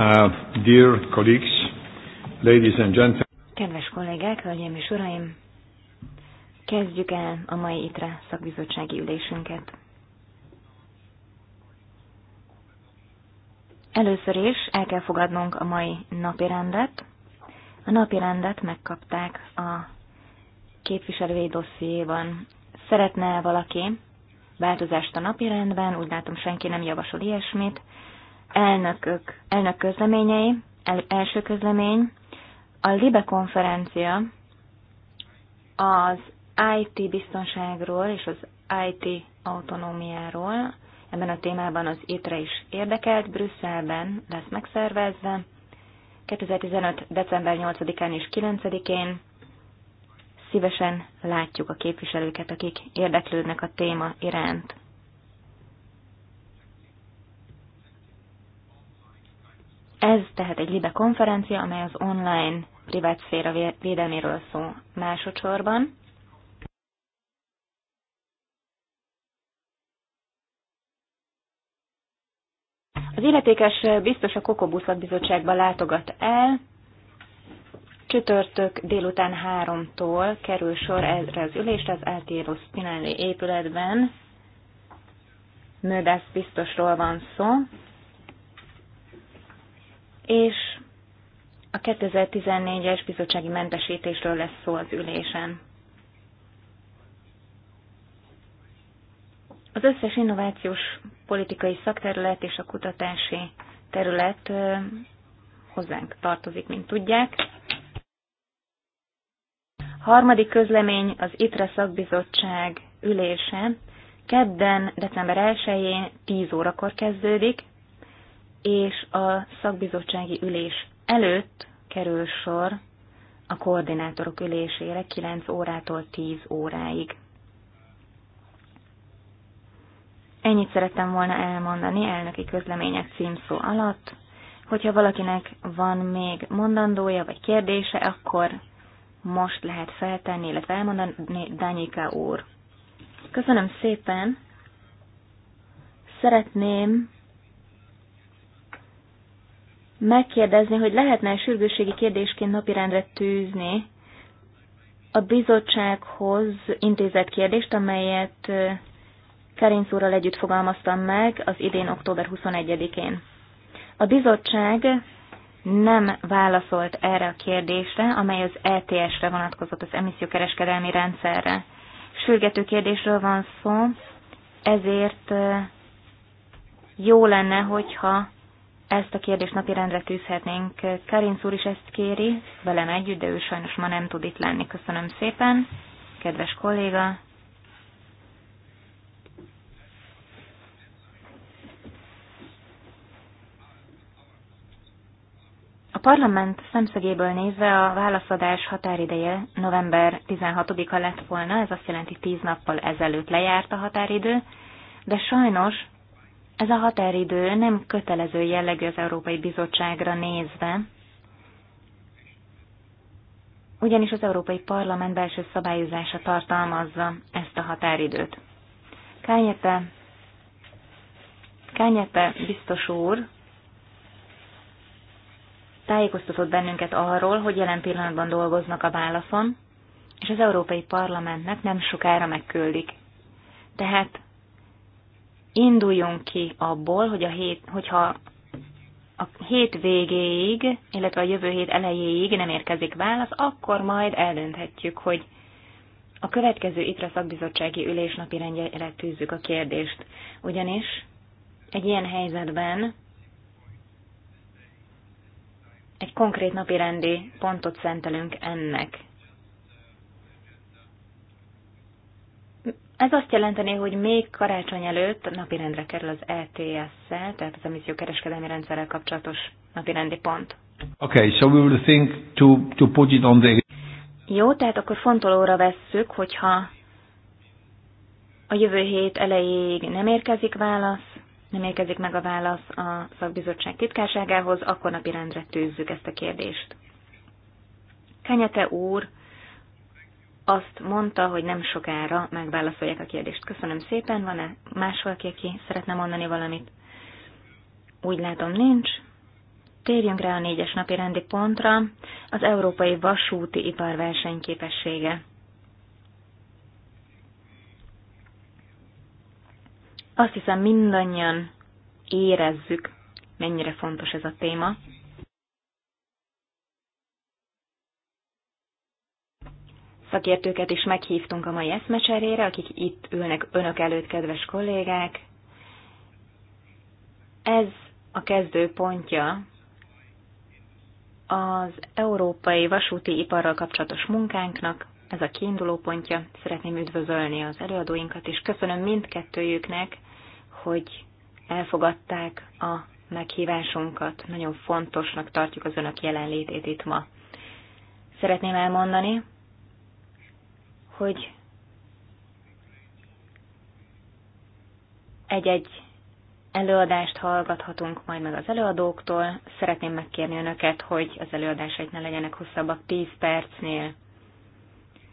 Uh, dear colleagues, ladies and gentlemen. Kedves kollégák, hölgyeim és uraim, kezdjük el a mai ITRE szakbizottsági ülésünket. Először is el kell fogadnunk a mai napi rendet. A napi rendet megkapták a képviselői dossziéban. Szeretne valaki változást a napi rendben? Úgy látom, senki nem javasol ilyesmit elnökök, elnök közleményei, el, első közlemény, a LIBE konferencia az IT biztonságról és az IT autonómiáról, ebben a témában az ITRE is érdekelt, Brüsszelben lesz megszervezve, 2015. december 8-án és 9-én. Szívesen látjuk a képviselőket, akik érdeklődnek a téma iránt. Ez tehát egy LIBE konferencia, amely az online privát szféra védelméről szól másodszorban. Az illetékes biztos a Kokobuszak bizottságba látogat el. Csütörtök délután háromtól kerül sor erre az ülésre az Altiero Spinelli épületben. Mődász biztosról van szó, és a 2014-es bizottsági mentesítésről lesz szó az ülésen. Az összes innovációs politikai szakterület és a kutatási terület hozzánk tartozik, mint tudják. Harmadik közlemény az ITRE szakbizottság ülése kedden, december 1-én 10 órakor kezdődik, és a szakbizottsági ülés előtt kerül sor a koordinátorok ülésére 9 órától 10 óráig. Ennyit szerettem volna elmondani elnöki közlemények címszó alatt. Hogyha valakinek van még mondandója vagy kérdése, akkor most lehet feltenni, illetve elmondani Danika úr. Köszönöm szépen! Szeretném megkérdezni, hogy lehetne sürgősségi kérdésként napirendre tűzni a bizottsághoz intézett kérdést, amelyet Ferenc úrral együtt fogalmaztam meg az idén október 21-én. A bizottság nem válaszolt erre a kérdésre, amely az ETS-re vonatkozott, az emissziókereskedelmi rendszerre. Sürgető kérdésről van szó, ezért jó lenne, hogyha ezt a kérdést napirendre tűzhetnénk. Karin úr is ezt kéri, velem együtt, de ő sajnos ma nem tud itt lenni. Köszönöm szépen, kedves kolléga. A parlament szemszögéből nézve a válaszadás határideje november 16-a lett volna, ez azt jelenti 10 nappal ezelőtt lejárt a határidő, de sajnos ez a határidő nem kötelező jellegű az Európai Bizottságra nézve, ugyanis az Európai Parlament belső szabályozása tartalmazza ezt a határidőt. Kányete, Kányete biztos úr tájékoztatott bennünket arról, hogy jelen pillanatban dolgoznak a válaszon, és az Európai Parlamentnek nem sokára megküldik. Tehát induljunk ki abból, hogy a hét, hogyha a hét végéig, illetve a jövő hét elejéig nem érkezik válasz, akkor majd eldönthetjük, hogy a következő ITRA szakbizottsági ülés napi rendjére tűzzük a kérdést. Ugyanis egy ilyen helyzetben egy konkrét napi rendi pontot szentelünk ennek. Ez azt jelenteni, hogy még karácsony előtt napirendre kerül az ETS-szel, tehát az kereskedelmi rendszerrel kapcsolatos napirendi pont. Okay, so we will think to, to put it on the... Jó, tehát akkor fontolóra vesszük, hogyha a jövő hét elejéig nem érkezik válasz, nem érkezik meg a válasz a szakbizottság titkárságához, akkor napirendre tűzzük ezt a kérdést. Kenyete úr azt mondta, hogy nem sokára megválaszolják a kérdést. Köszönöm szépen, van-e más valaki, aki szeretne mondani valamit? Úgy látom, nincs. Térjünk rá a négyes napi rendi pontra, az európai vasúti ipar versenyképessége. Azt hiszem mindannyian érezzük, mennyire fontos ez a téma. Szakértőket is meghívtunk a mai eszmecserére, akik itt ülnek önök előtt, kedves kollégák. Ez a kezdőpontja az európai vasúti iparral kapcsolatos munkánknak, ez a kiinduló pontja. Szeretném üdvözölni az előadóinkat, és köszönöm mindkettőjüknek, hogy elfogadták a meghívásunkat. Nagyon fontosnak tartjuk az önök jelenlétét itt ma. Szeretném elmondani, hogy egy-egy előadást hallgathatunk majd meg az előadóktól. Szeretném megkérni önöket, hogy az előadásait ne legyenek hosszabbak 10 percnél.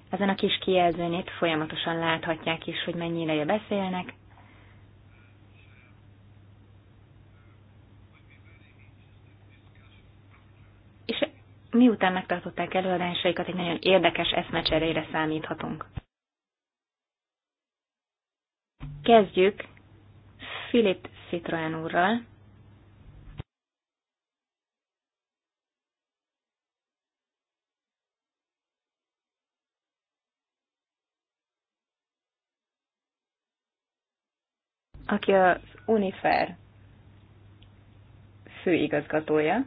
Ezen a kis kijelzőn itt folyamatosan láthatják is, hogy mennyi ideje beszélnek. miután megtartották előadásaikat, egy nagyon érdekes eszmecserére számíthatunk. Kezdjük Philip Citroen úrral. aki az Unifer főigazgatója.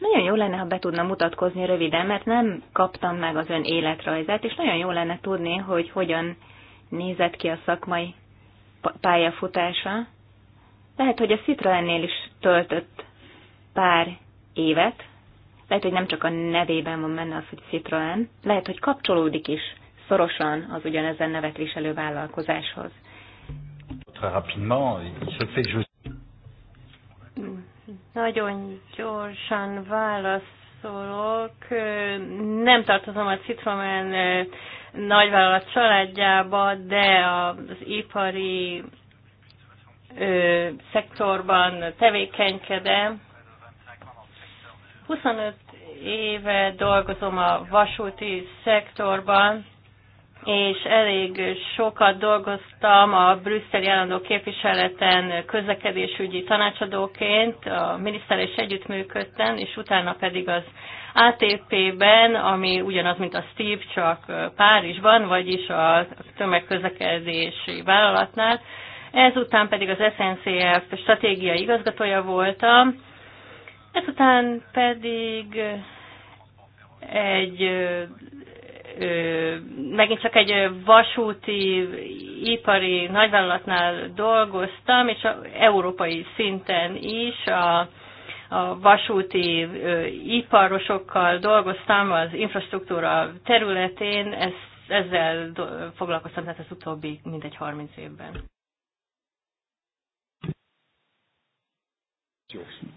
nagyon jó lenne, ha be tudna mutatkozni röviden, mert nem kaptam meg az ön életrajzát, és nagyon jó lenne tudni, hogy hogyan nézett ki a szakmai pályafutása. Lehet, hogy a Citroennél is töltött pár évet, lehet, hogy nem csak a nevében van menne az, hogy Citroen, lehet, hogy kapcsolódik is szorosan az ugyanezen nevet viselő vállalkozáshoz. Nagyon gyorsan válaszolok. Nem tartozom a Citromen nagyvállalat családjába, de az ipari szektorban tevékenykedem. 25 éve dolgozom a vasúti szektorban, és elég sokat dolgoztam a brüsszeli állandó képviseleten közlekedésügyi tanácsadóként, a miniszter is együttműködtem, és utána pedig az ATP-ben, ami ugyanaz, mint a Steve, csak Párizsban, vagyis a tömegközlekedési vállalatnál. Ezután pedig az SNCF stratégiai igazgatója voltam, ezután pedig egy megint csak egy vasúti, ipari nagyvállalatnál dolgoztam, és a, európai szinten is a, a vasúti ö, iparosokkal dolgoztam az infrastruktúra területén, ez, ezzel do, foglalkoztam tehát az utóbbi mindegy 30 évben.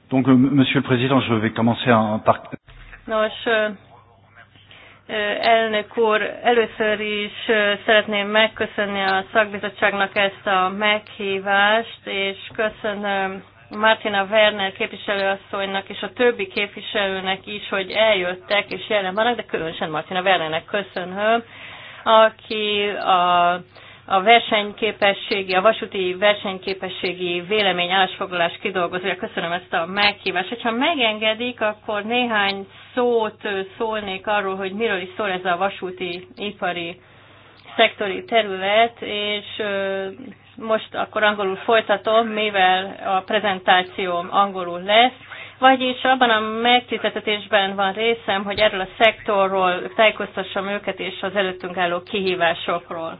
Donc, euh, Monsieur le Président, je vais commencer en par... Nos, elnök úr, először is szeretném megköszönni a szakbizottságnak ezt a meghívást, és köszönöm Martina Werner képviselőasszonynak és a többi képviselőnek is, hogy eljöttek és jelen vannak, de különösen Martina Wernernek köszönöm, aki a a versenyképességi, a vasúti versenyképességi vélemény állásfoglalás kidolgozója. Köszönöm ezt a meghívást. ha megengedik, akkor néhány szót szólnék arról, hogy miről is szól ez a vasúti ipari szektori terület, és most akkor angolul folytatom, mivel a prezentációm angolul lesz. Vagyis abban a megtiszteltetésben van részem, hogy erről a szektorról tájékoztassam őket és az előttünk álló kihívásokról.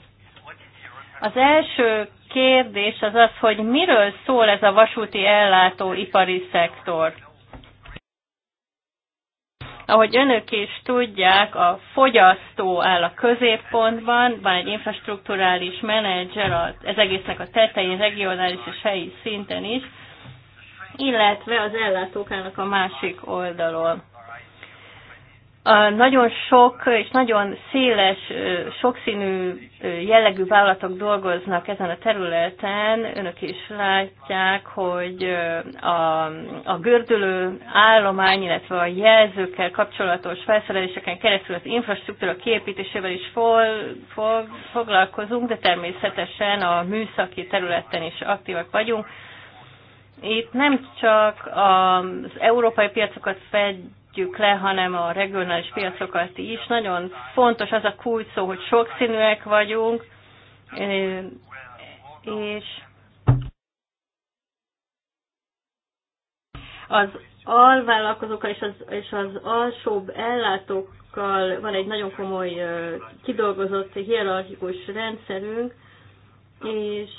Az első kérdés az az, hogy miről szól ez a vasúti ellátó ipari szektor. Ahogy önök is tudják, a fogyasztó áll a középpontban, van egy infrastruktúrális menedzser az egésznek a tetején, regionális és helyi szinten is, illetve az ellátók állnak a másik oldalon nagyon sok és nagyon széles, sokszínű jellegű vállalatok dolgoznak ezen a területen. Önök is látják, hogy a, a gördülő állomány, illetve a jelzőkkel kapcsolatos felszereléseken keresztül az infrastruktúra kiépítésével is fol, fol, foglalkozunk, de természetesen a műszaki területen is aktívak vagyunk. Itt nem csak az európai piacokat fed, szűkítjük le, hanem a regionális piacokat is. Nagyon fontos az a kulcs szó, hogy sokszínűek vagyunk, és az alvállalkozókkal és az, és az alsóbb ellátókkal van egy nagyon komoly kidolgozott hierarchikus rendszerünk, és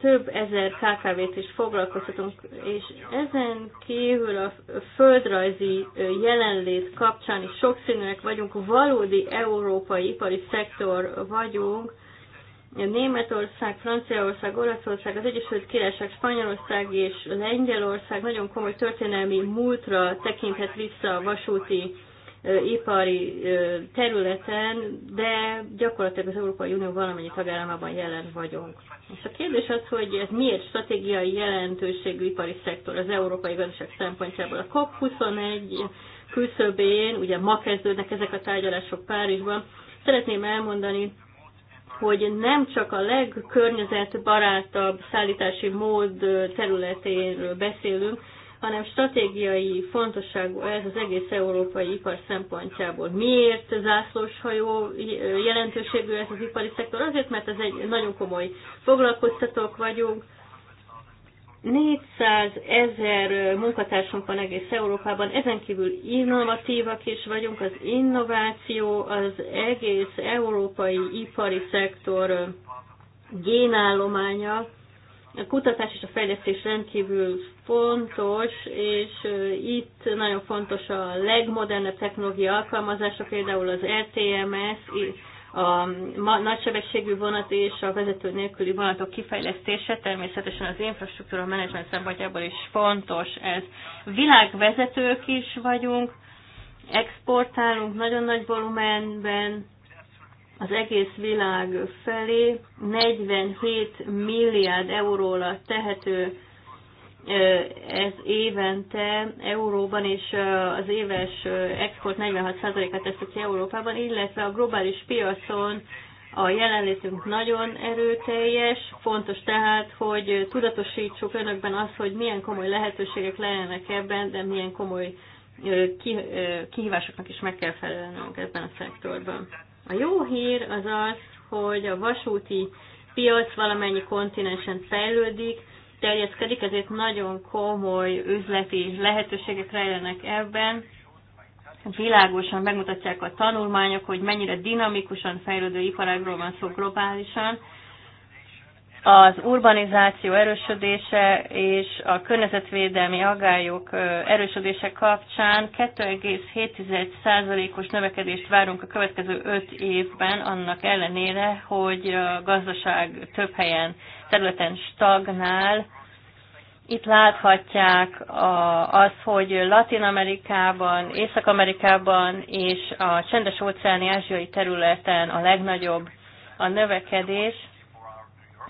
több ezer KKV-t is foglalkoztatunk, és ezen kívül a földrajzi jelenlét kapcsán is sokszínűek vagyunk, valódi európai ipari szektor vagyunk, Németország, Franciaország, Olaszország, az Egyesült Királyság, Spanyolország és Lengyelország nagyon komoly történelmi múltra tekinthet vissza a vasúti ipari területen, de gyakorlatilag az Európai Unió valamennyi tagállamában jelen vagyunk. És a kérdés az, hogy ez miért stratégiai jelentőségű ipari szektor az európai gazdaság szempontjából. A COP21 küszöbén, ugye ma kezdődnek ezek a tárgyalások Párizsban, szeretném elmondani, hogy nem csak a legkörnyezetbarátabb szállítási mód területéről beszélünk, hanem stratégiai fontosságú ez az egész európai ipar szempontjából. Miért zászlós hajó jelentőségű ez az ipari szektor? Azért, mert ez egy nagyon komoly foglalkoztatók vagyunk. 400 ezer munkatársunk van egész Európában, ezen kívül innovatívak is vagyunk, az innováció az egész európai ipari szektor génállománya, a kutatás és a fejlesztés rendkívül fontos, és itt nagyon fontos a legmodernebb technológia alkalmazása, például az RTMS, a nagysebességű vonat és a vezető nélküli vonatok kifejlesztése, természetesen az infrastruktúra menedzsment szempontjából is fontos ez. Világvezetők is vagyunk, exportálunk nagyon nagy volumenben az egész világ felé, 47 milliárd euróra tehető ez évente euróban, és az éves export 46%-át teszik ki Európában, illetve a globális piacon a jelenlétünk nagyon erőteljes, fontos tehát, hogy tudatosítsuk önökben azt, hogy milyen komoly lehetőségek lennek ebben, de milyen komoly kihívásoknak is meg kell felelnünk ebben a szektorban. A jó hír az az, hogy a vasúti piac valamennyi kontinensen fejlődik, terjeszkedik, ezért nagyon komoly üzleti lehetőségek rejlenek ebben. Világosan megmutatják a tanulmányok, hogy mennyire dinamikusan fejlődő iparágról van szó globálisan. Az urbanizáció erősödése és a környezetvédelmi agályok erősödése kapcsán 2,7%-os növekedést várunk a következő 5 évben, annak ellenére, hogy a gazdaság több helyen területen stagnál. Itt láthatják a, az, hogy Latin Amerikában, Észak-Amerikában és a csendes óceáni ázsiai területen a legnagyobb a növekedés,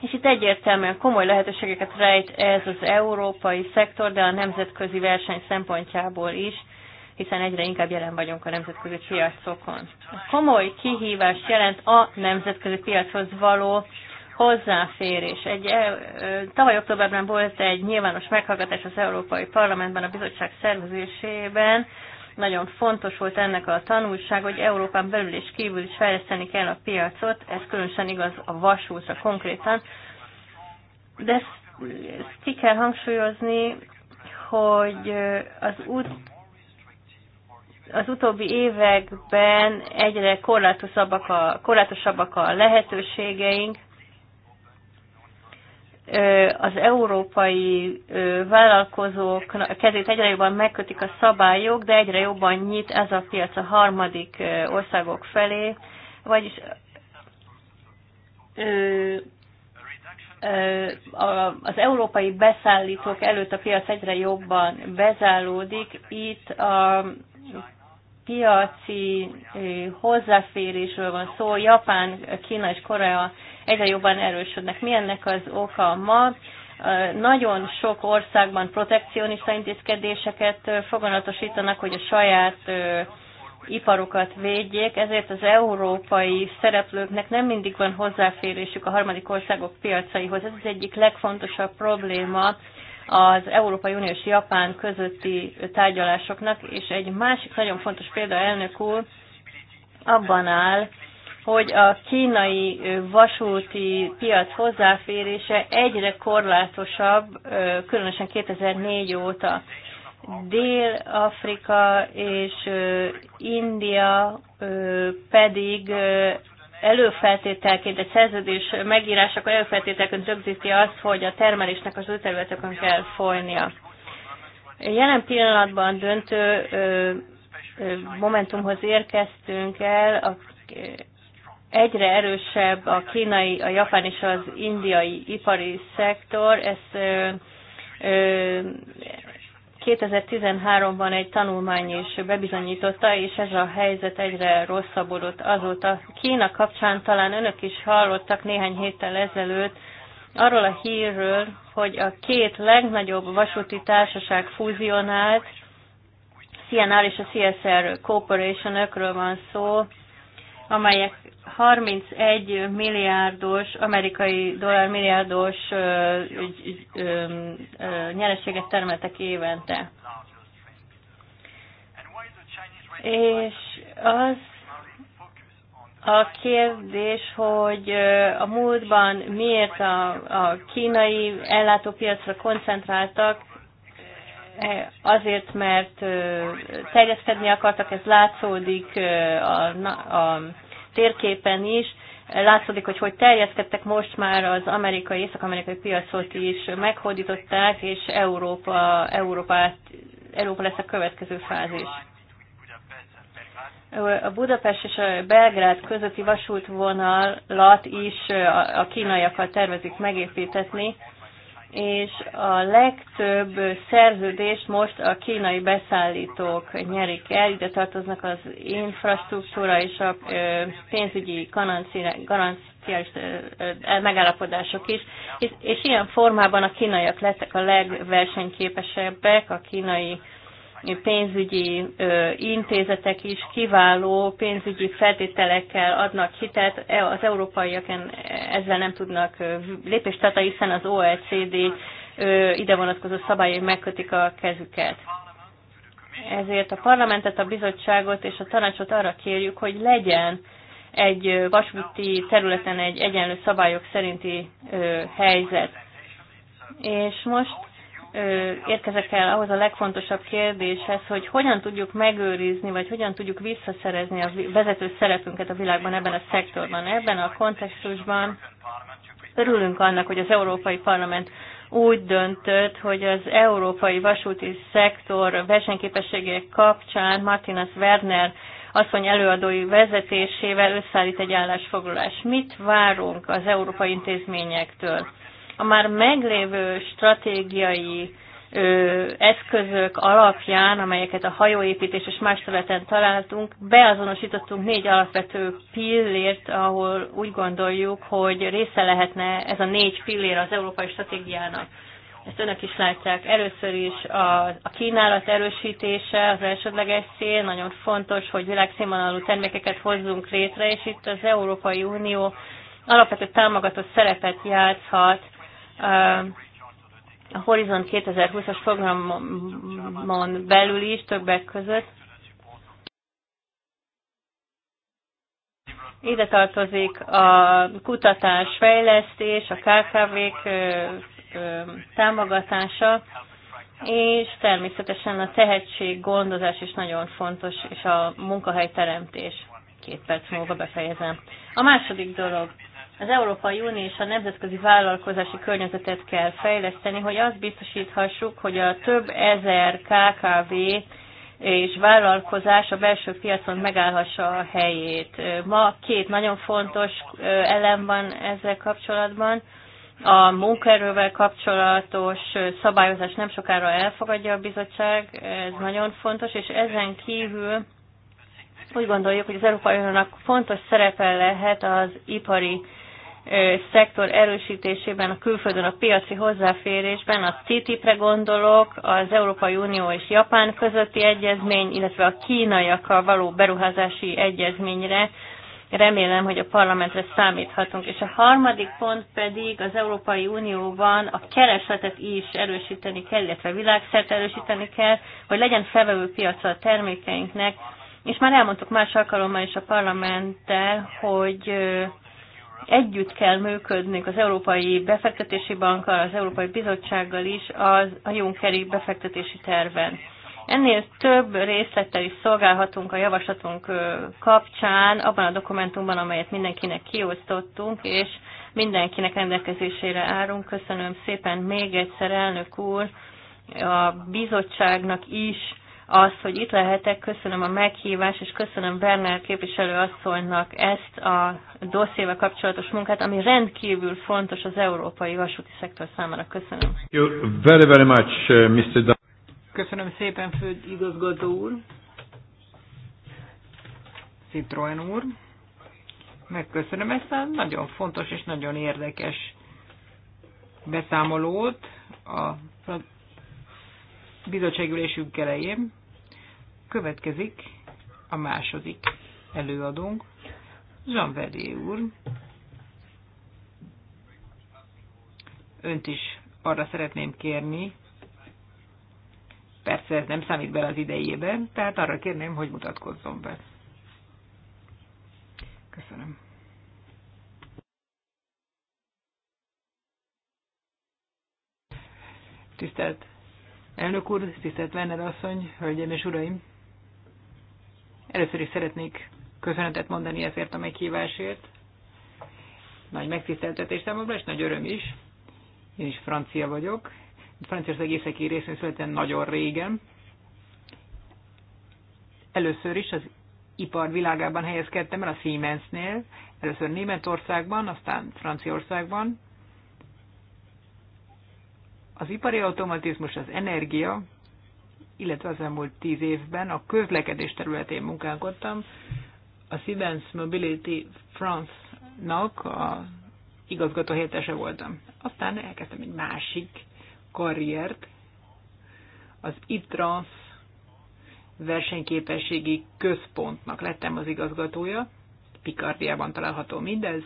és itt egyértelműen komoly lehetőségeket rejt ez az európai szektor, de a nemzetközi verseny szempontjából is, hiszen egyre inkább jelen vagyunk a nemzetközi piacokon. A komoly kihívást jelent a nemzetközi piachoz való hozzáférés. Egy, e, tavaly októberben volt egy nyilvános meghallgatás az Európai Parlamentben a bizottság szervezésében. Nagyon fontos volt ennek a tanulság, hogy Európán belül és kívül is fejleszteni kell a piacot, ez különösen igaz a vasútra konkrétan. De ezt, ezt ki kell hangsúlyozni, hogy az út az utóbbi években egyre korlátosabbak a, korlátosabbak a lehetőségeink, az európai vállalkozók kezét egyre jobban megkötik a szabályok, de egyre jobban nyit ez a piac a harmadik országok felé, vagyis az európai beszállítók előtt a piac egyre jobban bezállódik. Itt a piaci hozzáférésről van szó. Japán, Kína és Korea egyre jobban erősödnek. Mi ennek az oka ma? Nagyon sok országban protekcionista intézkedéseket foganatosítanak, hogy a saját iparokat védjék, ezért az európai szereplőknek nem mindig van hozzáférésük a harmadik országok piacaihoz. Ez az egyik legfontosabb probléma az Európai Unió és Japán közötti tárgyalásoknak, és egy másik nagyon fontos példa, elnök úr, abban áll, hogy a kínai vasúti piac hozzáférése egyre korlátosabb, különösen 2004 óta. Dél-Afrika és India pedig előfeltételként, egy szerződés megírásakor előfeltételként rögzíti azt, hogy a termelésnek az ő területeken kell folynia. Jelen pillanatban döntő momentumhoz érkeztünk el a egyre erősebb a kínai, a japán és az indiai ipari szektor. Ez 2013-ban egy tanulmány is bebizonyította, és ez a helyzet egyre rosszabbodott azóta. Kína kapcsán talán önök is hallottak néhány héttel ezelőtt arról a hírről, hogy a két legnagyobb vasúti társaság fúzionált, CNR és a CSR Corporation ökről van szó, amelyek 31 milliárdos, amerikai dollár milliárdos nyereséget termeltek évente. És az a kérdés, hogy a múltban miért a, a kínai ellátópiacra koncentráltak, E, azért, mert terjeszkedni akartak, ez látszódik a, a térképen is, látszódik, hogy hogy terjeszkedtek, most már az amerikai, észak-amerikai piacot is meghódították, és Európa, Európát, Európa lesz a következő fázis. A Budapest és a Belgrád közötti vasútvonalat is a kínaiakkal tervezik megépítetni, és a legtöbb szerződést most a kínai beszállítók nyerik el, ide tartoznak az infrastruktúra és a pénzügyi garanciális megállapodások is, és, és ilyen formában a kínaiak lettek a legversenyképesebbek, a kínai pénzügyi intézetek is kiváló pénzügyi feltételekkel adnak hitet. E, az európaiak ezzel nem tudnak lépést tartani, hiszen az OECD ide vonatkozó szabályai megkötik a kezüket. Ezért a parlamentet, a bizottságot és a tanácsot arra kérjük, hogy legyen egy vasúti területen egy egyenlő szabályok szerinti helyzet. És most érkezek el ahhoz a legfontosabb kérdéshez, hogy hogyan tudjuk megőrizni, vagy hogyan tudjuk visszaszerezni a vezető szerepünket a világban ebben a szektorban. Ebben a kontextusban örülünk annak, hogy az Európai Parlament úgy döntött, hogy az európai vasúti szektor versenyképességek kapcsán Martinas Werner asszony előadói vezetésével összeállít egy állásfoglalás. Mit várunk az európai intézményektől? a már meglévő stratégiai ö, eszközök alapján, amelyeket a hajóépítés és más területen találtunk, beazonosítottunk négy alapvető pillért, ahol úgy gondoljuk, hogy része lehetne ez a négy pillér az európai stratégiának. Ezt önök is látják. Először is a, a kínálat erősítése az elsődleges cél. Nagyon fontos, hogy világszínvonalú termékeket hozzunk létre, és itt az Európai Unió alapvető támogató szerepet játszhat a Horizon 2020-as programon belül is, többek között. Ide tartozik a kutatás, fejlesztés, a KKV-k támogatása, és természetesen a tehetség gondozás is nagyon fontos, és a munkahelyteremtés. Két perc múlva befejezem. A második dolog, az Európai Unió és a nemzetközi vállalkozási környezetet kell fejleszteni, hogy azt biztosíthassuk, hogy a több ezer KKV és vállalkozás a belső piacon megállhassa a helyét. Ma két nagyon fontos elem van ezzel kapcsolatban. A munkaerővel kapcsolatos szabályozás nem sokára elfogadja a bizottság, ez nagyon fontos, és ezen kívül úgy gondoljuk, hogy az Európai Uniónak fontos szerepe lehet az ipari szektor erősítésében, a külföldön a piaci hozzáférésben, a TTIP-re gondolok, az Európai Unió és Japán közötti egyezmény, illetve a kínaiakkal való beruházási egyezményre. Remélem, hogy a parlamentre számíthatunk. És a harmadik pont pedig az Európai Unióban a keresletet is erősíteni kell, illetve világszerte erősíteni kell, hogy legyen felvevő piaca a termékeinknek. És már elmondtuk más alkalommal is a parlamenttel, hogy együtt kell működnünk az Európai Befektetési Bankkal, az Európai Bizottsággal is az, a Junckeri befektetési terven. Ennél több részlettel is szolgálhatunk a javaslatunk kapcsán, abban a dokumentumban, amelyet mindenkinek kiosztottunk, és mindenkinek rendelkezésére állunk. Köszönöm szépen még egyszer, elnök úr, a bizottságnak is, az, hogy itt lehetek. Köszönöm a meghívást, és köszönöm Bernár képviselő asszonynak ezt a dossziével kapcsolatos munkát, ami rendkívül fontos az európai vasúti szektor számára. Köszönöm. you very, very much, uh, Mr. Dan köszönöm szépen, igazgató úr. Citroen úr. Megköszönöm ezt a nagyon fontos és nagyon érdekes beszámolót a bizottságülésünk elején. Következik a második előadónk, Jean Verdier úr. Önt is arra szeretném kérni, persze ez nem számít bele az idejében, tehát arra kérném, hogy mutatkozzon be. Köszönöm. Tisztelt Elnök úr, tisztelt Werner asszony, hölgyeim és uraim! Először is szeretnék köszönetet mondani ezért a meghívásért. Nagy megtiszteltetés számomra, és nagy öröm is. Én is francia vagyok. Franciaország északi részén születtem nagyon régen. Először is az ipar világában helyezkedtem el a Siemensnél, először Németországban, aztán Franciaországban, az ipari automatizmus, az energia, illetve az elmúlt tíz évben a közlekedés területén munkálkodtam. A Siemens Mobility France-nak a igazgató helyettese voltam. Aztán elkezdtem egy másik karriert, az ITRANS versenyképességi központnak lettem az igazgatója. Pikardiában található mindez.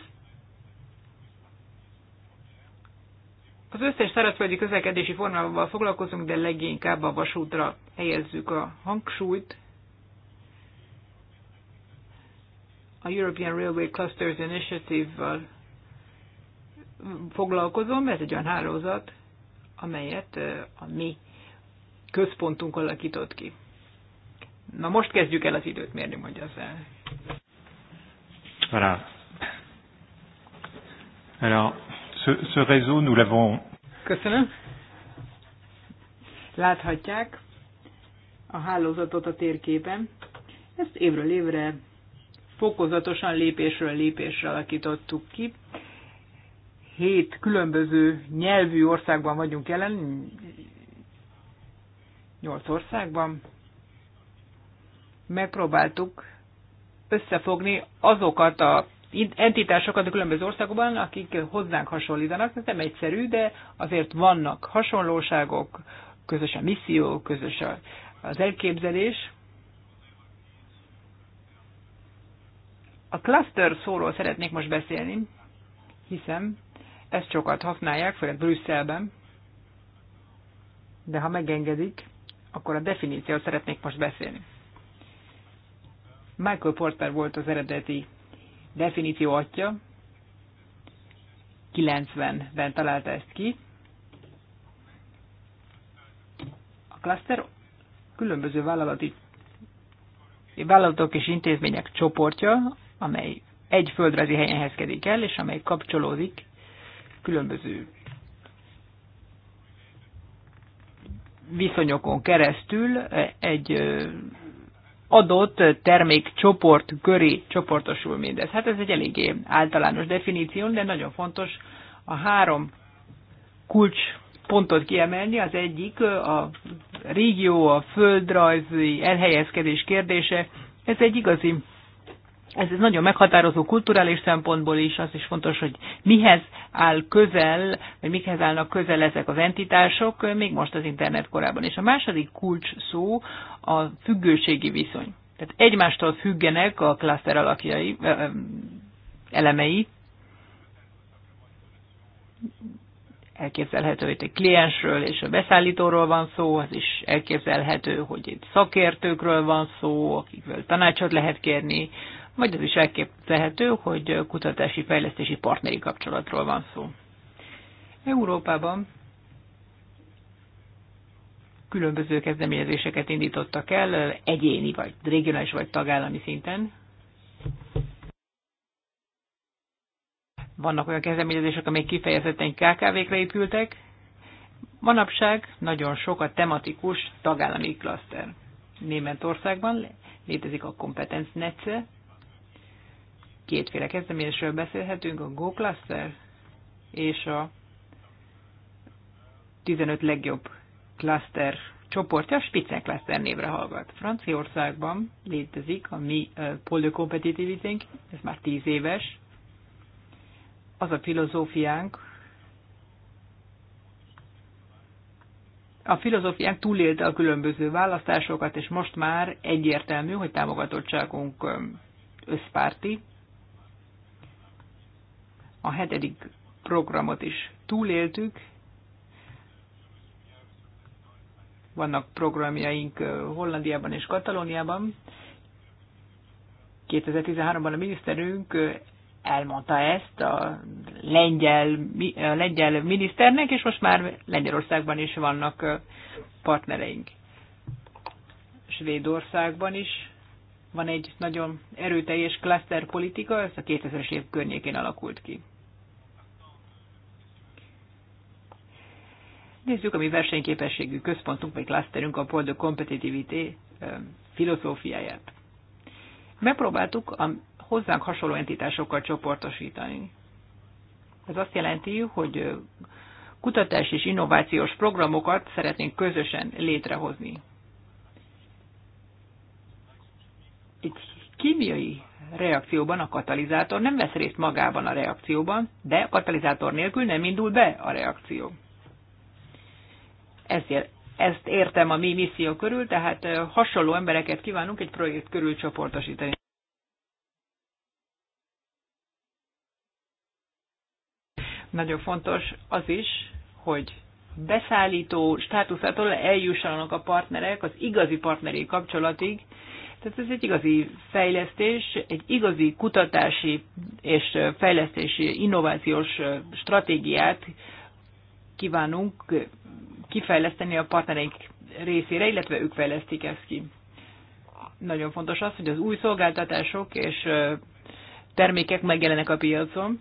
Az összes szárazföldi közlekedési formával foglalkozunk, de leginkább a vasútra helyezzük a hangsúlyt. A European Railway Clusters Initiative-val foglalkozom, ez egy olyan hálózat, amelyet a mi központunk alakított ki. Na most kezdjük el az időt mérni, mondja az el. Alors, ce, ce réseau, nous l'avons. Köszönöm. Láthatják a hálózatot a térképen. Ezt évről évre fokozatosan lépésről lépésre alakítottuk ki. Hét különböző nyelvű országban vagyunk jelen, nyolc országban. Megpróbáltuk összefogni azokat a entitásokat a különböző országokban, akik hozzánk hasonlítanak. Ez nem egyszerű, de azért vannak hasonlóságok, közös a misszió, közös az elképzelés. A cluster szóról szeretnék most beszélni, hiszem ezt sokat használják, főleg Brüsszelben. De ha megengedik, akkor a definíciót szeretnék most beszélni. Michael Porter volt az eredeti definíció atya, 90-ben találta ezt ki. A klaszter különböző vállalati vállalatok és intézmények csoportja, amely egy földrajzi helyen helyezkedik el, és amely kapcsolódik különböző viszonyokon keresztül eh, egy eh, adott termékcsoport köré csoportosul mindez. Hát ez egy eléggé általános definíció, de nagyon fontos a három kulcs pontot kiemelni. Az egyik a régió, a földrajzi elhelyezkedés kérdése. Ez egy igazi ez, ez nagyon meghatározó kulturális szempontból is, az is fontos, hogy mihez áll közel, vagy mihez állnak közel ezek az entitások, még most az internet korában. És a második kulcs szó a függőségi viszony. Tehát egymástól függenek a klaszter alakjai, elemei. Elképzelhető, hogy egy kliensről és a beszállítóról van szó, az is elképzelhető, hogy egy szakértőkről van szó, akikről tanácsot lehet kérni, vagy az is elképzelhető, hogy kutatási fejlesztési partneri kapcsolatról van szó. Európában különböző kezdeményezéseket indítottak el, egyéni vagy regionális vagy tagállami szinten. Vannak olyan kezdeményezések, amelyek kifejezetten KKV-kre épültek. Manapság nagyon sok a tematikus tagállami klaszter. Németországban létezik a Competence Netze, kétféle kezdeményezésről beszélhetünk, a Go Cluster és a 15 legjobb cluster csoportja, a Spitzen Cluster névre hallgat. Franciaországban létezik a mi pol kompetitiviténk, ez már 10 éves. Az a filozófiánk, a filozófiánk túlélte a különböző választásokat, és most már egyértelmű, hogy támogatottságunk összpárti a hetedik programot is túléltük. Vannak programjaink Hollandiában és Katalóniában. 2013-ban a miniszterünk elmondta ezt a lengyel, a lengyel miniszternek, és most már Lengyelországban is vannak partnereink. Svédországban is van egy nagyon erőteljes klaszterpolitika, ez a 2000-es év környékén alakult ki. Nézzük a mi versenyképességű központunk, vagy klaszterünk a Poldo Competitivity filozófiáját. Megpróbáltuk a hozzánk hasonló entitásokkal csoportosítani. Ez azt jelenti, hogy kutatás és innovációs programokat szeretnénk közösen létrehozni. Egy kémiai reakcióban a katalizátor nem vesz részt magában a reakcióban, de a katalizátor nélkül nem indul be a reakció ezért, ezt értem a mi misszió körül, tehát hasonló embereket kívánunk egy projekt körül csoportosítani. Nagyon fontos az is, hogy beszállító státuszától eljussanak a partnerek az igazi partneri kapcsolatig. Tehát ez egy igazi fejlesztés, egy igazi kutatási és fejlesztési innovációs stratégiát kívánunk kifejleszteni a partnereink részére, illetve ők fejlesztik ezt ki. Nagyon fontos az, hogy az új szolgáltatások és termékek megjelenek a piacon.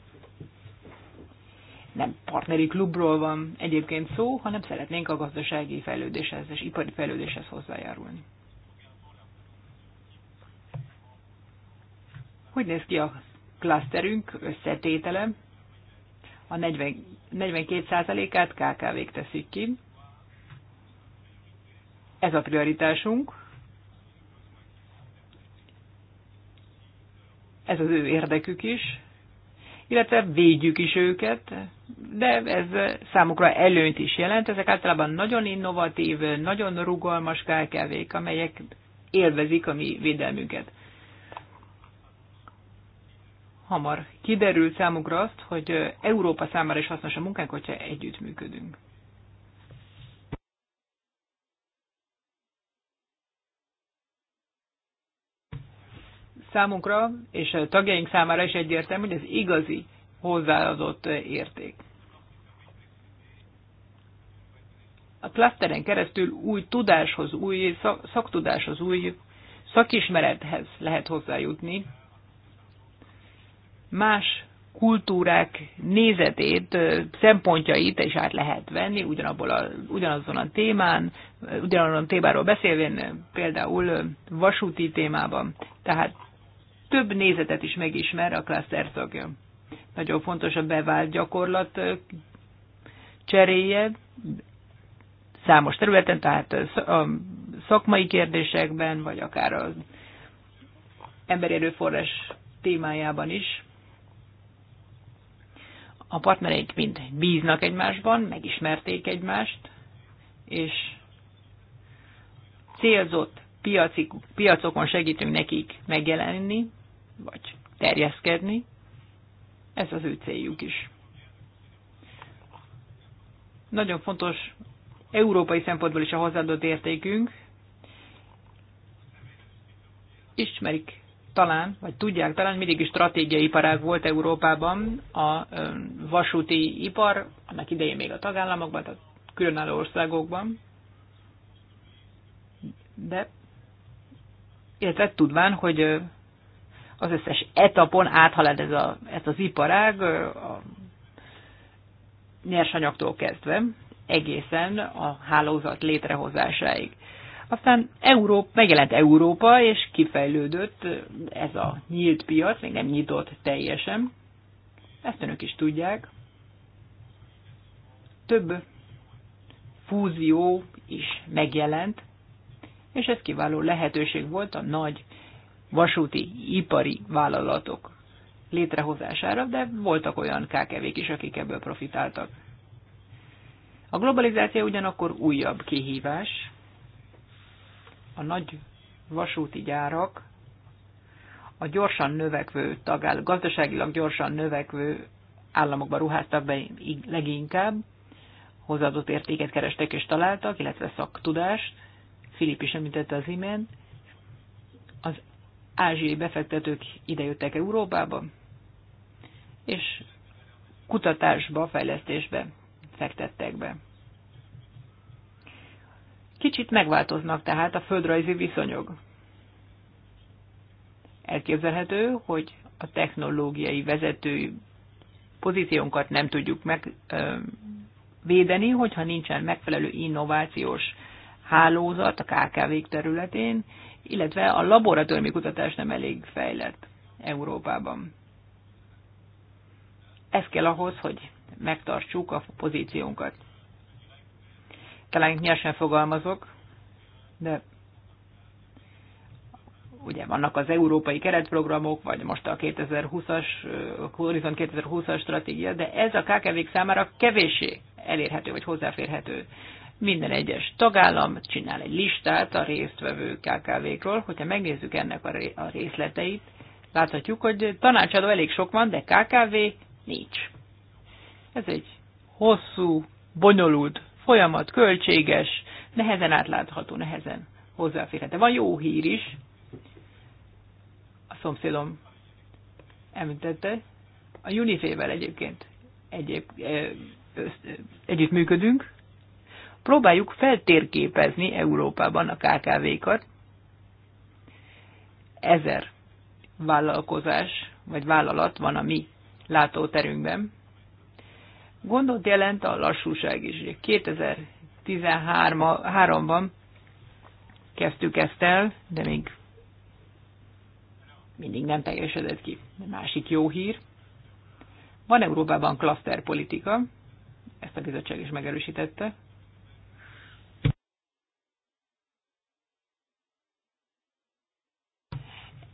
Nem partneri klubról van egyébként szó, hanem szeretnénk a gazdasági fejlődéshez és ipari fejlődéshez hozzájárulni. Hogy néz ki a klaszterünk összetétele? A 40, 42%-át KKV-k teszik ki, ez a prioritásunk. Ez az ő érdekük is, illetve védjük is őket, de ez számukra előnyt is jelent. Ezek általában nagyon innovatív, nagyon rugalmas kárkevék, amelyek élvezik a mi védelmünket. Hamar kiderült számukra azt, hogy Európa számára is hasznos a munkánk, hogyha együttműködünk. számunkra és a tagjaink számára is egyértelmű, hogy ez igazi hozzáadott érték. A klaszteren keresztül új tudáshoz, új szak, szaktudáshoz, új szakismerethez lehet hozzájutni. Más kultúrák nézetét, szempontjait is át lehet venni, ugyanabból a, ugyanazon a témán, ugyanazon a témáról beszélvén, például vasúti témában. Tehát több nézetet is megismer a klaszter tagja. Nagyon fontos a bevált gyakorlat cseréje számos területen, tehát a szakmai kérdésekben, vagy akár az emberi erőforrás témájában is. A partnereik mind bíznak egymásban, megismerték egymást, és célzott piaci, piacokon segítünk nekik megjelenni, vagy terjeszkedni. Ez az ő céljuk is. Nagyon fontos európai szempontból is a hozzáadott értékünk. Ismerik talán, vagy tudják talán, mindig is stratégiai iparág volt Európában a vasúti ipar, annak idején még a tagállamokban, tehát különálló országokban. De illetve tudván, hogy az összes etapon áthalad ez, a, ez az iparág, a nyersanyagtól kezdve egészen a hálózat létrehozásáig. Aztán Európa, megjelent Európa, és kifejlődött ez a nyílt piac, még nem nyitott teljesen. Ezt önök is tudják. Több fúzió is megjelent, és ez kiváló lehetőség volt a nagy vasúti ipari vállalatok létrehozására, de voltak olyan kkv is, akik ebből profitáltak. A globalizáció ugyanakkor újabb kihívás. A nagy vasúti gyárak a gyorsan növekvő tagáll, gazdaságilag gyorsan növekvő államokba ruháztak be leginkább, hozzáadott értéket kerestek és találtak, illetve szaktudást. Filip is említette az imént ázsiai befektetők idejöttek Európába, és kutatásba, fejlesztésbe fektettek be. Kicsit megváltoznak tehát a földrajzi viszonyok. Elképzelhető, hogy a technológiai vezető pozíciónkat nem tudjuk megvédeni, hogyha nincsen megfelelő innovációs hálózat a KKV területén, illetve a laboratóriumi kutatás nem elég fejlett Európában. Ez kell ahhoz, hogy megtartsuk a pozíciónkat. Talán nyersen fogalmazok, de ugye vannak az európai keretprogramok, vagy most a 2020-as, Horizon 2020-as stratégia, de ez a kkv számára kevéssé elérhető, vagy hozzáférhető. Minden egyes tagállam csinál egy listát a résztvevő KKV-król, hogyha megnézzük ennek a részleteit, láthatjuk, hogy tanácsadó elég sok van, de KKV nincs. Ez egy hosszú, bonyolult folyamat, költséges, nehezen átlátható, nehezen hozzáférhető. Van jó hír is, a szomszédom említette, a Unifével egyébként egyéb, együttműködünk, Próbáljuk feltérképezni Európában a KKV-kat. Ezer vállalkozás vagy vállalat van a mi látóterünkben. Gondot jelent a lassúság is. 2013-ban kezdtük ezt el, de még mindig nem teljesedett ki. Másik jó hír. Van Európában klaszterpolitika, ezt a bizottság is megerősítette.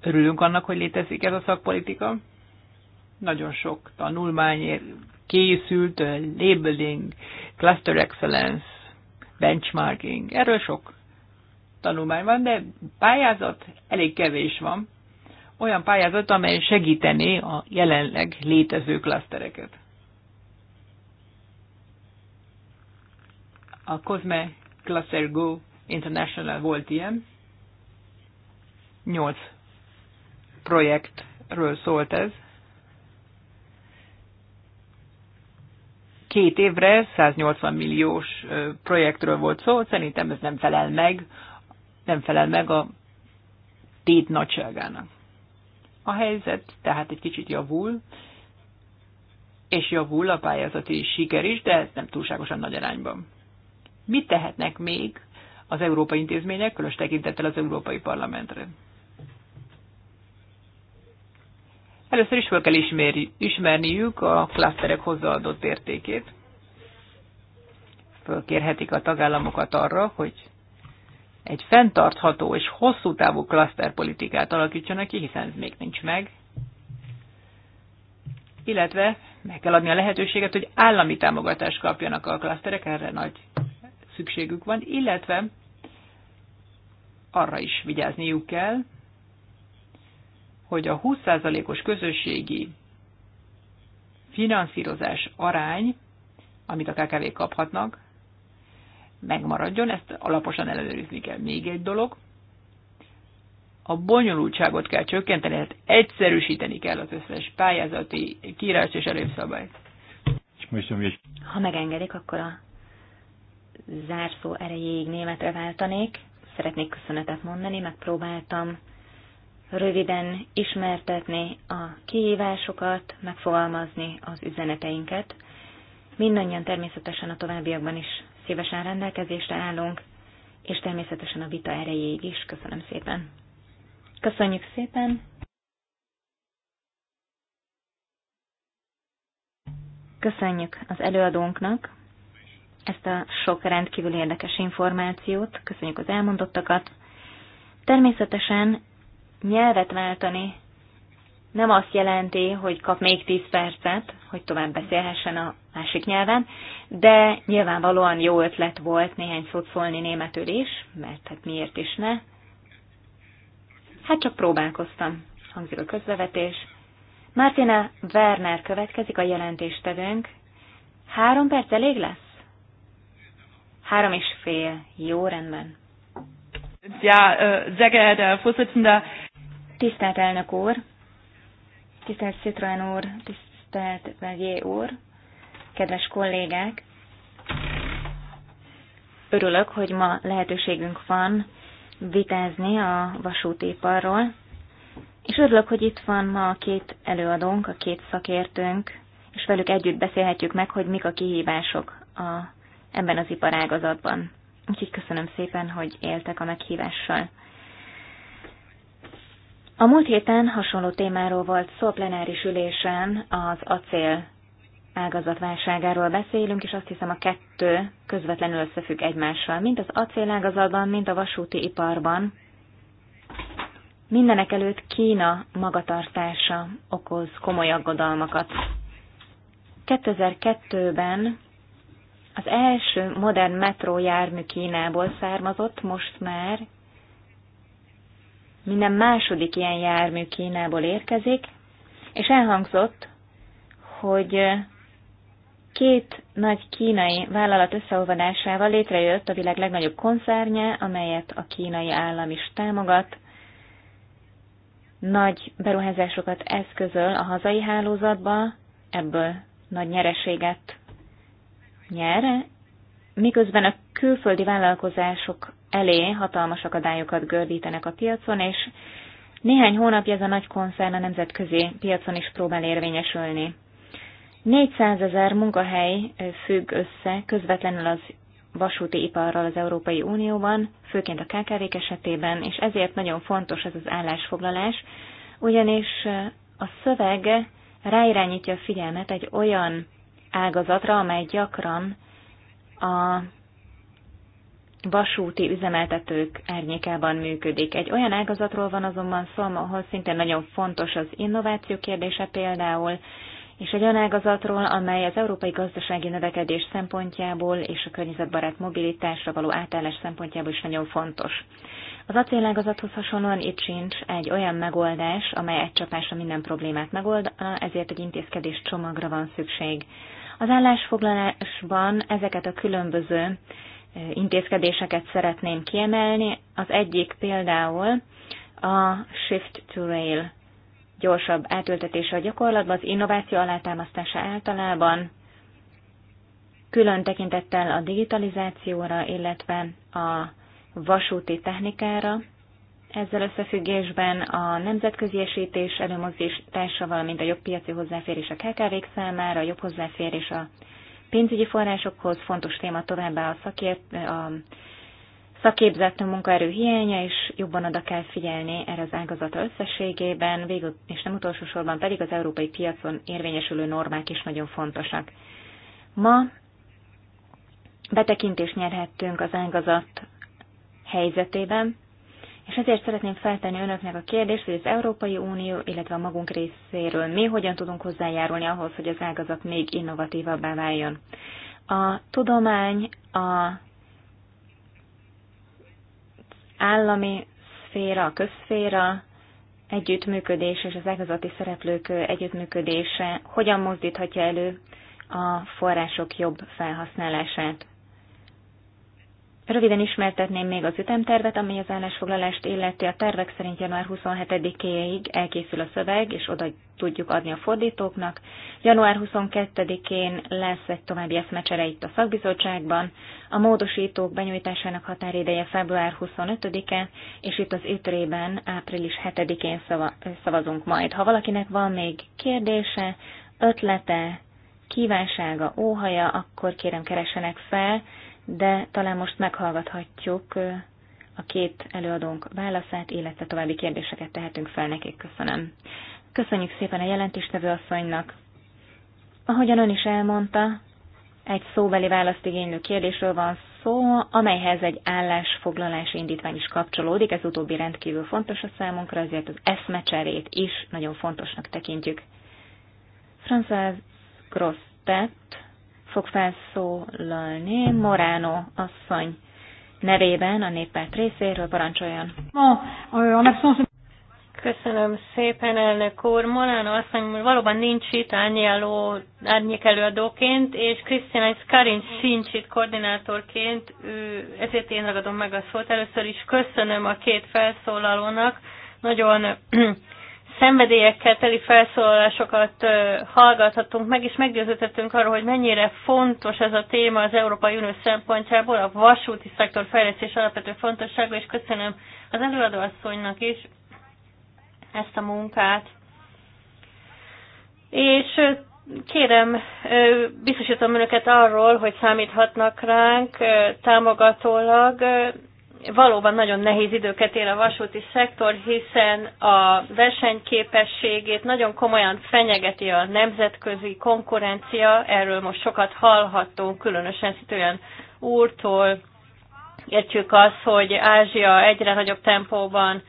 Örülünk annak, hogy létezik ez a szakpolitika. Nagyon sok tanulmány készült, labeling, cluster excellence, benchmarking. Erről sok tanulmány van, de pályázat elég kevés van. Olyan pályázat, amely segítené a jelenleg létező klasztereket. A Cosme Cluster Go International volt ilyen. Nyolc projektről szólt ez. Két évre 180 milliós projektről volt szó, szerintem ez nem felel meg, nem felel meg a tét nagyságának. A helyzet tehát egy kicsit javul, és javul a pályázati siker is, de ez nem túlságosan nagy arányban. Mit tehetnek még az európai intézmények, különös tekintettel az Európai Parlamentre? Először is fel kell ismeri, ismerniük a klaszterek hozzáadott értékét. Fölkérhetik a tagállamokat arra, hogy egy fenntartható és hosszú távú klaszterpolitikát alakítsanak ki, hiszen ez még nincs meg. Illetve meg kell adni a lehetőséget, hogy állami támogatást kapjanak a klaszterek, erre nagy szükségük van, illetve arra is vigyázniuk kell, hogy a 20%-os közösségi finanszírozás arány, amit a kkv kaphatnak, megmaradjon, ezt alaposan ellenőrizni kell. Még egy dolog, a bonyolultságot kell csökkenteni, tehát egyszerűsíteni kell az összes pályázati kírás és előszabályt. Ha megengedik, akkor a zárszó erejéig németre váltanék. Szeretnék köszönetet mondani, megpróbáltam röviden ismertetni a kihívásokat, megfogalmazni az üzeneteinket. Mindannyian természetesen a továbbiakban is szívesen rendelkezésre állunk, és természetesen a vita erejéig is. Köszönöm szépen. Köszönjük szépen. Köszönjük az előadónknak ezt a sok rendkívül érdekes információt, köszönjük az elmondottakat. Természetesen nyelvet váltani nem azt jelenti, hogy kap még 10 percet, hogy tovább beszélhessen a másik nyelven, de nyilvánvalóan jó ötlet volt néhány szót szólni németül is, mert hát miért is ne. Hát csak próbálkoztam, hangzik a közbevetés. Martina Werner következik a jelentéstevőnk. Három perc elég lesz? Három és fél. Jó, rendben. Ja, sehr geehrter Vorsitzender, Tisztelt elnök úr, tisztelt Citroen úr, tisztelt Vegyé úr, kedves kollégák! Örülök, hogy ma lehetőségünk van vitázni a vasútiparról, és örülök, hogy itt van ma a két előadónk, a két szakértőnk, és velük együtt beszélhetjük meg, hogy mik a kihívások a, ebben az iparágazatban. Úgyhogy köszönöm szépen, hogy éltek a meghívással. A múlt héten hasonló témáról volt szó a plenáris ülésen, az acél ágazatválságáról beszélünk, és azt hiszem a kettő közvetlenül összefügg egymással, mint az acélágazatban, mint a vasúti iparban. Mindenek előtt Kína magatartása okoz komoly aggodalmakat. 2002-ben az első modern metró jármű Kínából származott, most már minden második ilyen jármű Kínából érkezik, és elhangzott, hogy két nagy kínai vállalat összeolvadásával létrejött a világ legnagyobb koncernje, amelyet a kínai állam is támogat. Nagy beruházásokat eszközöl a hazai hálózatba, ebből nagy nyereséget nyer, miközben a külföldi vállalkozások elé hatalmas akadályokat gördítenek a piacon, és néhány hónapja ez a nagy koncern a nemzetközi piacon is próbál érvényesülni. 400 ezer munkahely függ össze közvetlenül az vasúti iparral az Európai Unióban, főként a kkv esetében, és ezért nagyon fontos ez az állásfoglalás, ugyanis a szöveg ráirányítja a figyelmet egy olyan ágazatra, amely gyakran a vasúti üzemeltetők árnyékában működik. Egy olyan ágazatról van azonban szó, ahol szintén nagyon fontos az innováció kérdése például, és egy olyan ágazatról, amely az európai gazdasági növekedés szempontjából és a környezetbarát mobilitásra való átállás szempontjából is nagyon fontos. Az acélágazathoz hasonlóan itt sincs egy olyan megoldás, amely egy csapásra minden problémát megold, ezért egy intézkedés csomagra van szükség. Az állásfoglalásban ezeket a különböző intézkedéseket szeretném kiemelni. Az egyik például a Shift to Rail gyorsabb átültetése a gyakorlatban, az innováció alátámasztása általában, külön tekintettel a digitalizációra, illetve a vasúti technikára, ezzel összefüggésben a nemzetközi esítés előmozdítása, valamint a jobb piaci hozzáférés a kkv számára, a jobb hozzáférés a pénzügyi forrásokhoz, fontos téma továbbá a, szakért, a szakképzett munkaerő hiánya, és jobban oda kell figyelni erre az ágazata összességében, végül és nem utolsó sorban pedig az európai piacon érvényesülő normák is nagyon fontosak. Ma betekintést nyerhettünk az ágazat helyzetében, és ezért szeretném feltenni önöknek a kérdést, hogy az Európai Unió, illetve a magunk részéről mi hogyan tudunk hozzájárulni ahhoz, hogy az ágazat még innovatívabbá váljon. A tudomány, a állami szféra, a közszféra együttműködés és az ágazati szereplők együttműködése hogyan mozdíthatja elő a források jobb felhasználását. Röviden ismertetném még az ütemtervet, ami az állásfoglalást illeti. A tervek szerint január 27-éig elkészül a szöveg, és oda tudjuk adni a fordítóknak. Január 22-én lesz egy további eszmecsere itt a szakbizottságban. A módosítók benyújtásának határideje február 25-e, és itt az ütrében április 7-én szavazunk majd. Ha valakinek van még kérdése, ötlete, kívánsága, óhaja, akkor kérem keresenek fel de talán most meghallgathatjuk a két előadónk válaszát, illetve további kérdéseket tehetünk fel nekik. Köszönöm. Köszönjük szépen a jelentéstevő asszonynak. Ahogyan ön is elmondta, egy szóbeli választ igénylő kérdésről van szó, amelyhez egy állásfoglalás indítvány is kapcsolódik, ez utóbbi rendkívül fontos a számunkra, ezért az eszmecserét is nagyon fontosnak tekintjük. François Grosztett fog felszólalni Morano asszony nevében a néppárt részéről. Parancsoljon! Köszönöm szépen, elnök úr. Morano asszony valóban nincs itt árnyeló, árnyék előadóként, és Krisztián Skarin sincs itt koordinátorként, ő, ezért én ragadom meg a szót. Először is köszönöm a két felszólalónak, nagyon szenvedélyekkel teli felszólalásokat hallgathatunk meg, és meggyőződhetünk arról, hogy mennyire fontos ez a téma az Európai Unió szempontjából, a vasúti szektor fejlesztés alapvető fontossága, és köszönöm az előadóasszonynak is ezt a munkát. És kérem, biztosítom önöket arról, hogy számíthatnak ránk támogatólag, valóban nagyon nehéz időket él a vasúti szektor, hiszen a versenyképességét nagyon komolyan fenyegeti a nemzetközi konkurencia, erről most sokat hallhattunk, különösen olyan úrtól értjük azt, hogy Ázsia egyre nagyobb tempóban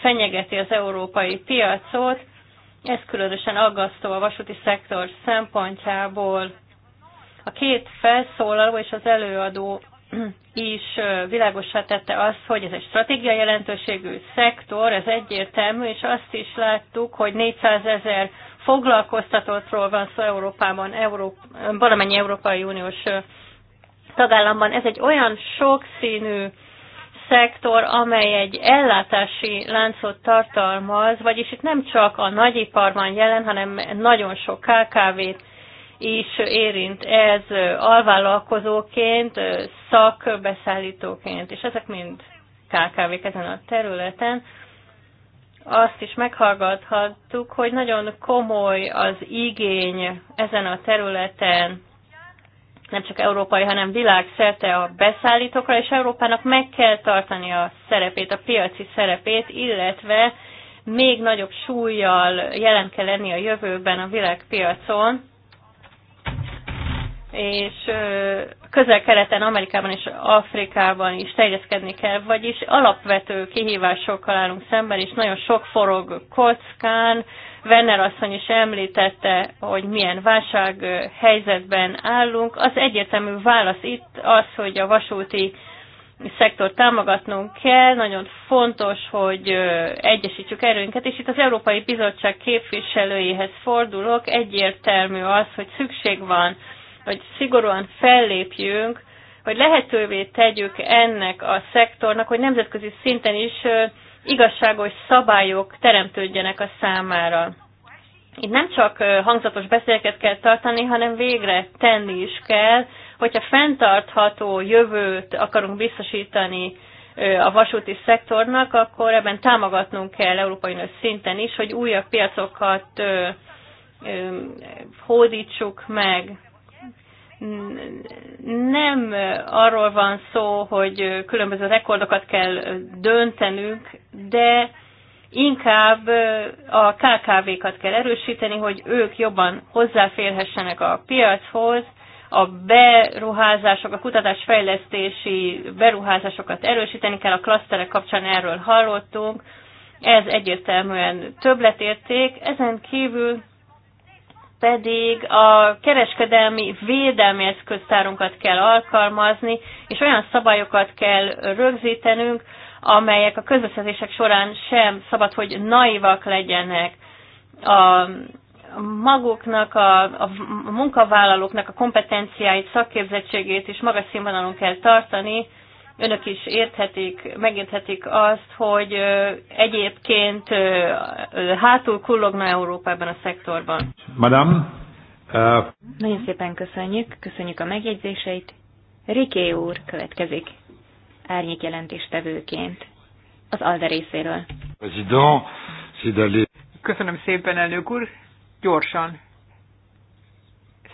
fenyegeti az európai piacot, ez különösen aggasztó a vasúti szektor szempontjából. A két felszólaló és az előadó is világosá tette azt, hogy ez egy stratégiai jelentőségű szektor, ez egyértelmű, és azt is láttuk, hogy 400 ezer foglalkoztatottról van szó Európában, Európa, valamennyi Európai Uniós tagállamban. Ez egy olyan sokszínű szektor, amely egy ellátási láncot tartalmaz, vagyis itt nem csak a nagyipar van jelen, hanem nagyon sok KKV-t, is érint ez alvállalkozóként, szakbeszállítóként, és ezek mind kkv ezen a területen. Azt is meghallgathattuk, hogy nagyon komoly az igény ezen a területen, nem csak európai, hanem világszerte a beszállítókra, és Európának meg kell tartani a szerepét, a piaci szerepét, illetve még nagyobb súlyjal jelen kell lenni a jövőben a világpiacon, és közel-keleten, Amerikában és Afrikában is terjeszkedni kell, vagyis alapvető kihívásokkal állunk szemben, és nagyon sok forog kockán. Werner asszony is említette, hogy milyen válság helyzetben állunk. Az egyértelmű válasz itt az, hogy a vasúti szektor támogatnunk kell, nagyon fontos, hogy egyesítsük erőnket, és itt az Európai Bizottság képviselőihez fordulok, egyértelmű az, hogy szükség van hogy szigorúan fellépjünk, hogy lehetővé tegyük ennek a szektornak, hogy nemzetközi szinten is igazságos szabályok teremtődjenek a számára. Itt nem csak hangzatos beszéleket kell tartani, hanem végre tenni is kell, hogyha fenntartható jövőt akarunk biztosítani a vasúti szektornak, akkor ebben támogatnunk kell európai nő szinten is, hogy újabb piacokat hódítsuk meg nem arról van szó, hogy különböző rekordokat kell döntenünk, de inkább a KKV-kat kell erősíteni, hogy ők jobban hozzáférhessenek a piachoz, a beruházások, a kutatásfejlesztési beruházásokat erősíteni kell, a klaszterek kapcsán erről hallottunk, ez egyértelműen többletérték, ezen kívül pedig a kereskedelmi védelmi eszköztárunkat kell alkalmazni, és olyan szabályokat kell rögzítenünk, amelyek a közbeszerzések során sem szabad, hogy naivak legyenek. A, maguknak, a, a munkavállalóknak a kompetenciáit, szakképzettségét is magas színvonalon kell tartani, önök is érthetik, megérthetik azt, hogy egyébként hátul kullogna Európában a szektorban. Madame. Uh... Nagyon szépen köszönjük, köszönjük a megjegyzéseit. Riké úr következik, árnyék jelentéstevőként, az ALDE részéről. Köszönöm szépen, elnök úr. Gyorsan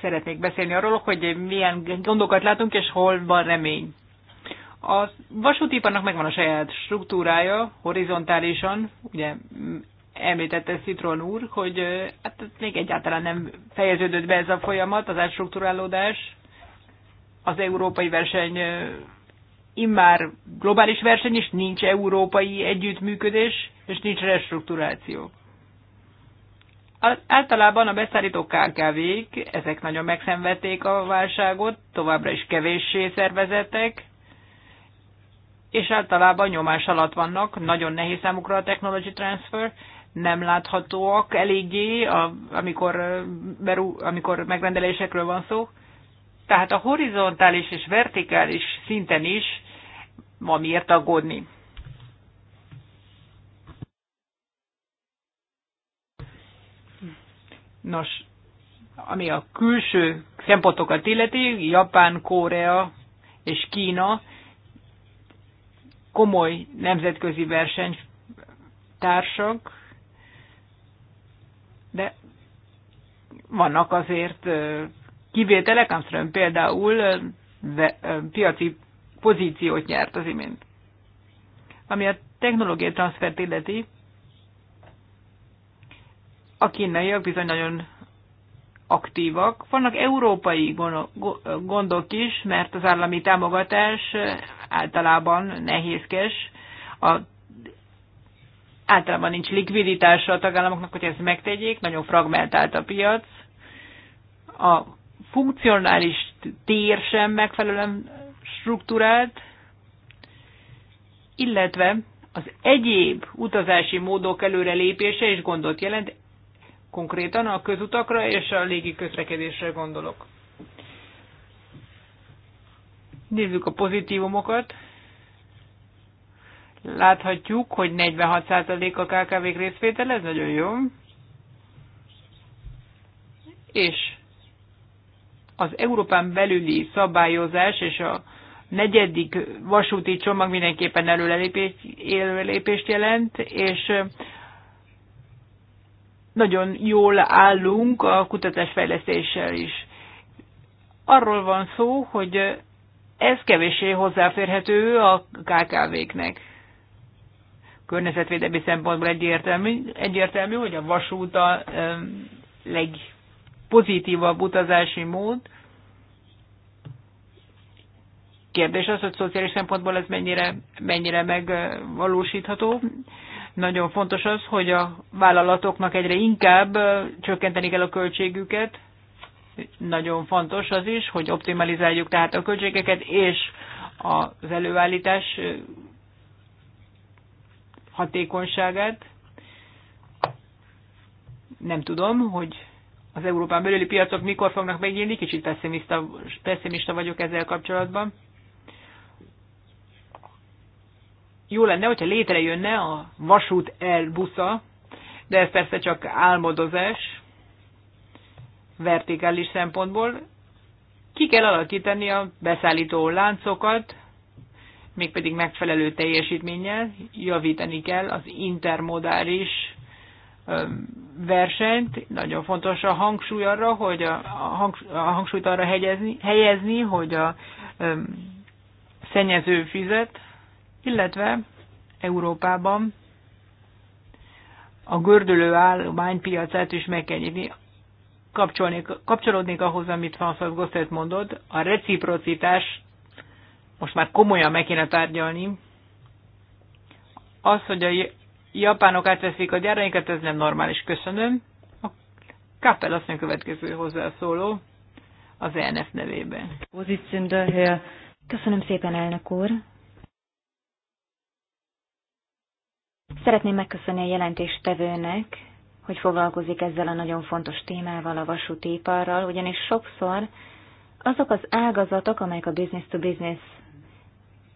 szeretnék beszélni arról, hogy milyen gondokat látunk, és hol van remény. A vasútiparnak megvan a saját struktúrája, horizontálisan, ugye említette Citron úr, hogy hát még egyáltalán nem fejeződött be ez a folyamat, az átstruktúrálódás, az európai verseny immár globális verseny, és nincs európai együttműködés, és nincs restruktúráció. Általában a beszállító kkv ezek nagyon megszenvedték a válságot, továbbra is kevéssé szervezetek, és általában nyomás alatt vannak, nagyon nehéz számukra a technology transfer, nem láthatóak eléggé, a, amikor, beru, amikor megrendelésekről van szó. Tehát a horizontális és vertikális szinten is van miért aggódni. Nos, ami a külső szempontokat illeti, Japán, Korea és Kína komoly nemzetközi versenytársak, de vannak azért kivételek, Amström például piaci pozíciót nyert az imént. Ami a technológiai transfert illeti, a kínaiak bizony nagyon aktívak. Vannak európai gondok is, mert az állami támogatás általában nehézkes. A, általában nincs likviditása a tagállamoknak, hogy ezt megtegyék, nagyon fragmentált a piac. A funkcionális tér sem megfelelően struktúrált, illetve az egyéb utazási módok előrelépése is gondot jelent, konkrétan a közutakra és a légi közlekedésre gondolok. Nézzük a pozitívumokat. Láthatjuk, hogy 46% a KKV-k részvétel, ez nagyon jó. És az Európán belüli szabályozás és a negyedik vasúti csomag mindenképpen előrelépést jelent, és nagyon jól állunk a kutatásfejlesztéssel is. Arról van szó, hogy ez kevéssé hozzáférhető a KKV-knek. Környezetvédelmi szempontból egyértelmű, egyértelmű hogy a vasút a legpozitívabb utazási mód. Kérdés az, hogy szociális szempontból ez mennyire, mennyire megvalósítható. Nagyon fontos az, hogy a vállalatoknak egyre inkább csökkenteni kell a költségüket. Nagyon fontos az is, hogy optimalizáljuk tehát a költségeket és az előállítás hatékonyságát. Nem tudom, hogy az Európán belüli piacok mikor fognak megnyílni, kicsit pessimista, pessimista vagyok ezzel kapcsolatban. jó lenne, hogyha létrejönne a vasút busza, de ez persze csak álmodozás vertikális szempontból. Ki kell alakítani a beszállító láncokat, mégpedig megfelelő teljesítménnyel, javítani kell az intermodális versenyt. Nagyon fontos a hangsúly arra, hogy a, a hangsúlyt arra helyezni, helyezni hogy a, a szennyező fizet, illetve Európában a gördülő állománypiacát is meg kell nyitni. kapcsolódnék ahhoz, amit François Gosset mondott, a reciprocitás most már komolyan meg kéne tárgyalni. Az, hogy a japánok átveszik a gyárainkat, ez nem normális. Köszönöm. A Kappel azt következő hozzászóló az ENF nevében. Köszönöm szépen, elnök úr. Szeretném megköszönni a jelentéstevőnek, hogy foglalkozik ezzel a nagyon fontos témával, a vasútéparral, ugyanis sokszor azok az ágazatok, amelyek a business-to-business -business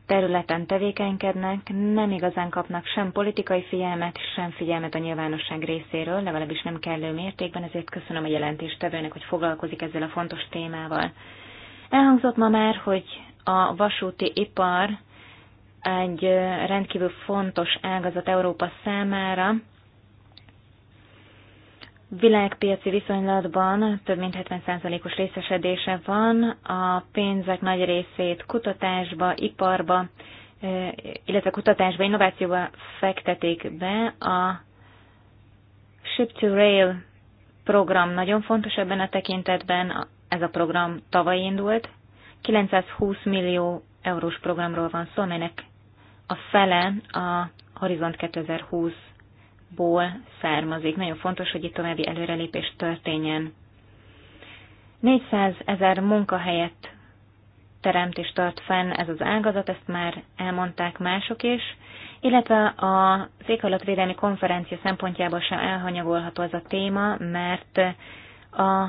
területen tevékenykednek, nem igazán kapnak sem politikai figyelmet, sem figyelmet a nyilvánosság részéről, legalábbis nem kellő mértékben, ezért köszönöm a jelentéstevőnek, hogy foglalkozik ezzel a fontos témával. Elhangzott ma már, hogy a vasúti ipar egy rendkívül fontos ágazat Európa számára. Világpiaci viszonylatban több mint 70%-os részesedése van, a pénzek nagy részét kutatásba, iparba, illetve kutatásba, innovációba fektetik be. A Ship to Rail program nagyon fontos ebben a tekintetben, ez a program tavaly indult. 920 millió eurós programról van szó, amelynek a fele a Horizont 2020-ból származik. Nagyon fontos, hogy itt további előrelépés történjen. 400 ezer munkahelyet teremt és tart fenn ez az ágazat, ezt már elmondták mások is, illetve a éghajlatvédelmi konferencia szempontjából sem elhanyagolható ez a téma, mert a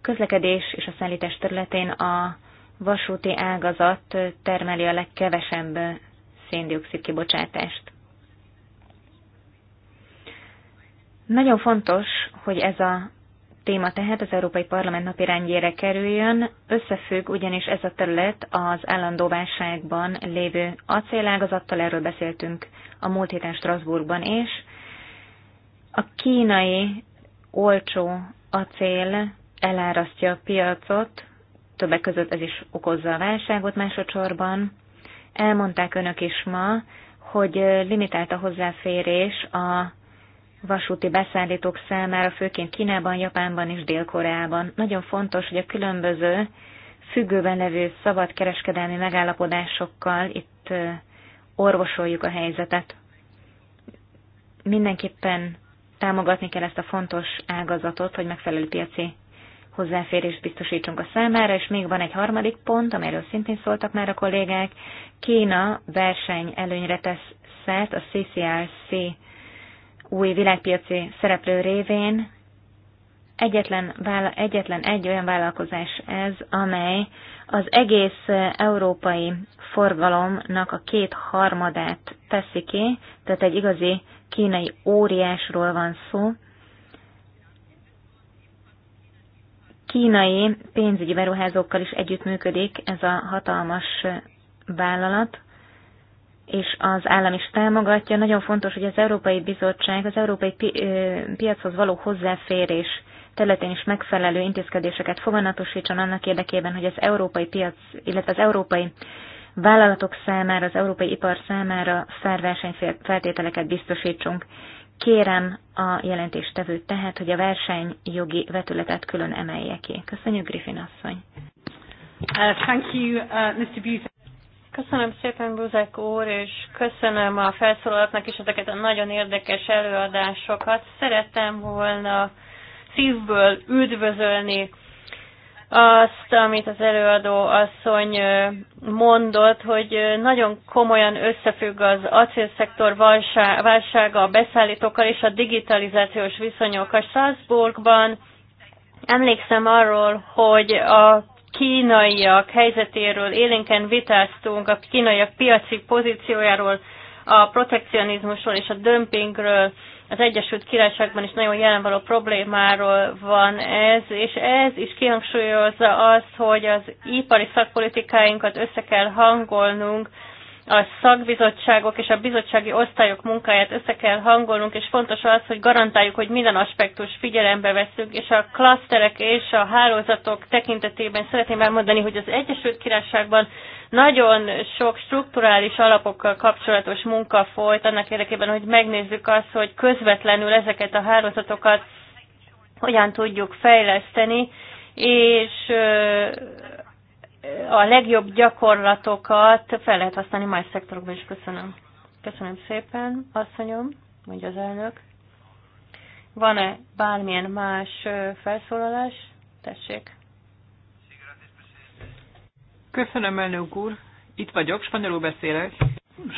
közlekedés és a szállítás területén a vasúti ágazat termeli a legkevesebb széndiokszid kibocsátást. Nagyon fontos, hogy ez a téma tehát az Európai Parlament napirendjére kerüljön, összefügg ugyanis ez a terület az állandó válságban lévő acélágazattal, erről beszéltünk a múlt héten Strasbourgban is. A kínai olcsó acél elárasztja a piacot, többek között ez is okozza a válságot másodszorban, Elmondták önök is ma, hogy limitált a hozzáférés a vasúti beszállítók számára, főként Kínában, Japánban és Dél-Koreában. Nagyon fontos, hogy a különböző függőben levő szabad kereskedelmi megállapodásokkal itt orvosoljuk a helyzetet. Mindenképpen támogatni kell ezt a fontos ágazatot, hogy megfelelő piaci hozzáférést biztosítsunk a számára, és még van egy harmadik pont, amelyről szintén szóltak már a kollégák. Kína verseny előnyre tesz szert a CCRC új világpiaci szereplő révén. Egyetlen, vála- egyetlen egy olyan vállalkozás ez, amely az egész európai forgalomnak a két harmadát teszi ki, tehát egy igazi kínai óriásról van szó, kínai pénzügyi beruházókkal is együttműködik ez a hatalmas vállalat, és az állam is támogatja. Nagyon fontos, hogy az Európai Bizottság az európai pi- piachoz való hozzáférés területén is megfelelő intézkedéseket foganatosítson annak érdekében, hogy az európai piac, illetve az európai vállalatok számára, az európai ipar számára fair versenyfeltételeket biztosítsunk. Kérem a jelentéstevőt tehát, hogy a versenyjogi vetületet külön emelje ki. Köszönjük, Griffin asszony. Uh, thank you, uh, Mr. Buzek. Köszönöm szépen, Buzek úr, és köszönöm a felszólalatnak is ezeket a nagyon érdekes előadásokat. Szerettem volna szívből üdvözölni azt, amit az előadó asszony mondott, hogy nagyon komolyan összefügg az acélszektor válsága a beszállítókkal és a digitalizációs viszonyok a Salzburgban emlékszem arról, hogy a kínaiak helyzetéről élénken vitáztunk, a kínaiak piaci pozíciójáról, a protekcionizmusról és a dömpingről, az Egyesült Királyságban is nagyon jelenvaló problémáról van ez, és ez is kihangsúlyozza azt, hogy az ipari szakpolitikáinkat össze kell hangolnunk a szakbizottságok és a bizottsági osztályok munkáját össze kell hangolnunk, és fontos az, hogy garantáljuk, hogy minden aspektus figyelembe veszünk, és a klaszterek és a hálózatok tekintetében szeretném elmondani, hogy az Egyesült Királyságban nagyon sok strukturális alapokkal kapcsolatos munka folyt, annak érdekében, hogy megnézzük azt, hogy közvetlenül ezeket a hálózatokat hogyan tudjuk fejleszteni, és a legjobb gyakorlatokat fel lehet használni más szektorokban is. Köszönöm. Köszönöm szépen, asszonyom, mondja az elnök. Van-e bármilyen más felszólalás? Tessék. Köszönöm, elnök úr. Itt vagyok, spanyolul beszélek.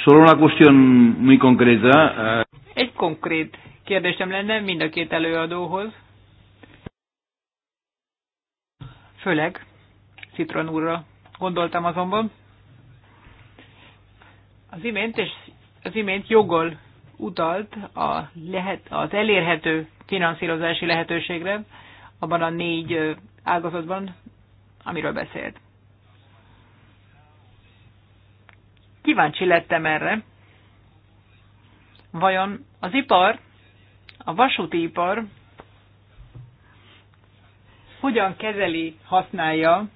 Szóval una cuestión muy concreta. Eh. Egy konkrét kérdésem lenne mind a két előadóhoz. Főleg Citron úrra gondoltam azonban. Az imént, és az imént jogol utalt a lehet, az elérhető finanszírozási lehetőségre abban a négy ágazatban, amiről beszélt. Kíváncsi lettem erre. Vajon az ipar, a vasúti ipar hogyan kezeli, használja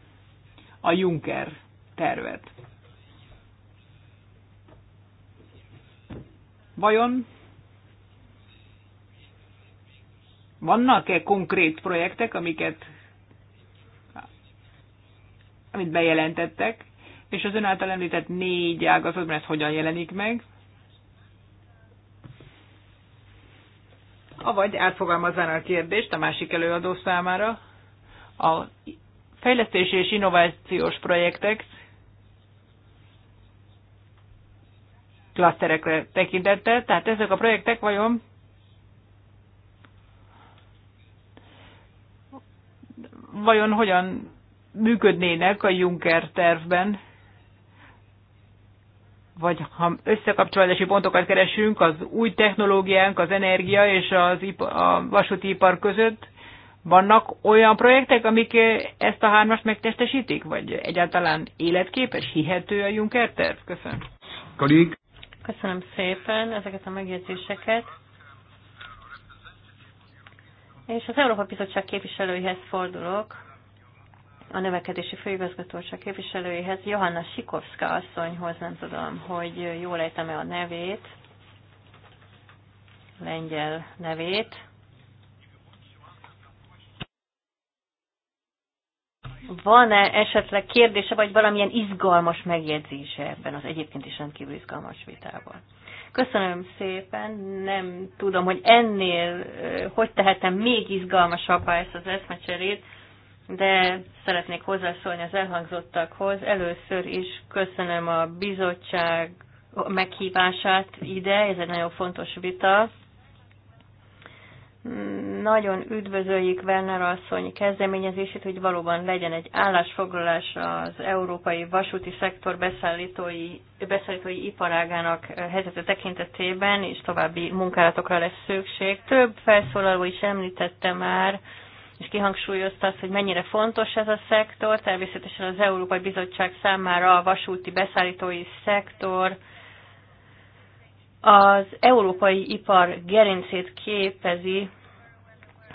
a Juncker tervet. Vajon vannak-e konkrét projektek, amiket amit bejelentettek, és az ön által említett négy ágazatban ez hogyan jelenik meg? Avagy átfogalmazván a kérdést a másik előadó számára, a fejlesztési és innovációs projektek klaszterekre tekintettel, tehát ezek a projektek vajon vajon hogyan működnének a Juncker tervben, vagy ha összekapcsolási pontokat keresünk az új technológiánk, az energia és az ipa, a vasúti ipar között, vannak olyan projektek, amik eh, ezt a hármast megtestesítik, vagy egyáltalán életképes, hihető a Juncker terv? Köszönöm. Kollég. Köszönöm szépen ezeket a megjegyzéseket. És az Európa Bizottság képviselőihez fordulok, a növekedési főigazgatóság képviselőihez, Johanna Sikovska asszonyhoz, nem tudom, hogy jól ejtem-e a nevét, lengyel nevét. van-e esetleg kérdése, vagy valamilyen izgalmas megjegyzése ebben az egyébként is rendkívül izgalmas vitában? Köszönöm szépen, nem tudom, hogy ennél hogy tehetem még izgalmasabbá ezt az eszmecserét, de szeretnék hozzászólni az elhangzottakhoz. Először is köszönöm a bizottság meghívását ide, ez egy nagyon fontos vita nagyon üdvözöljük Werner asszony kezdeményezését, hogy valóban legyen egy állásfoglalás az európai vasúti szektor beszállítói, beszállítói iparágának helyzete tekintetében, és további munkálatokra lesz szükség. Több felszólaló is említette már, és kihangsúlyozta azt, hogy mennyire fontos ez a szektor. Természetesen az Európai Bizottság számára a vasúti beszállítói szektor az európai ipar gerincét képezi,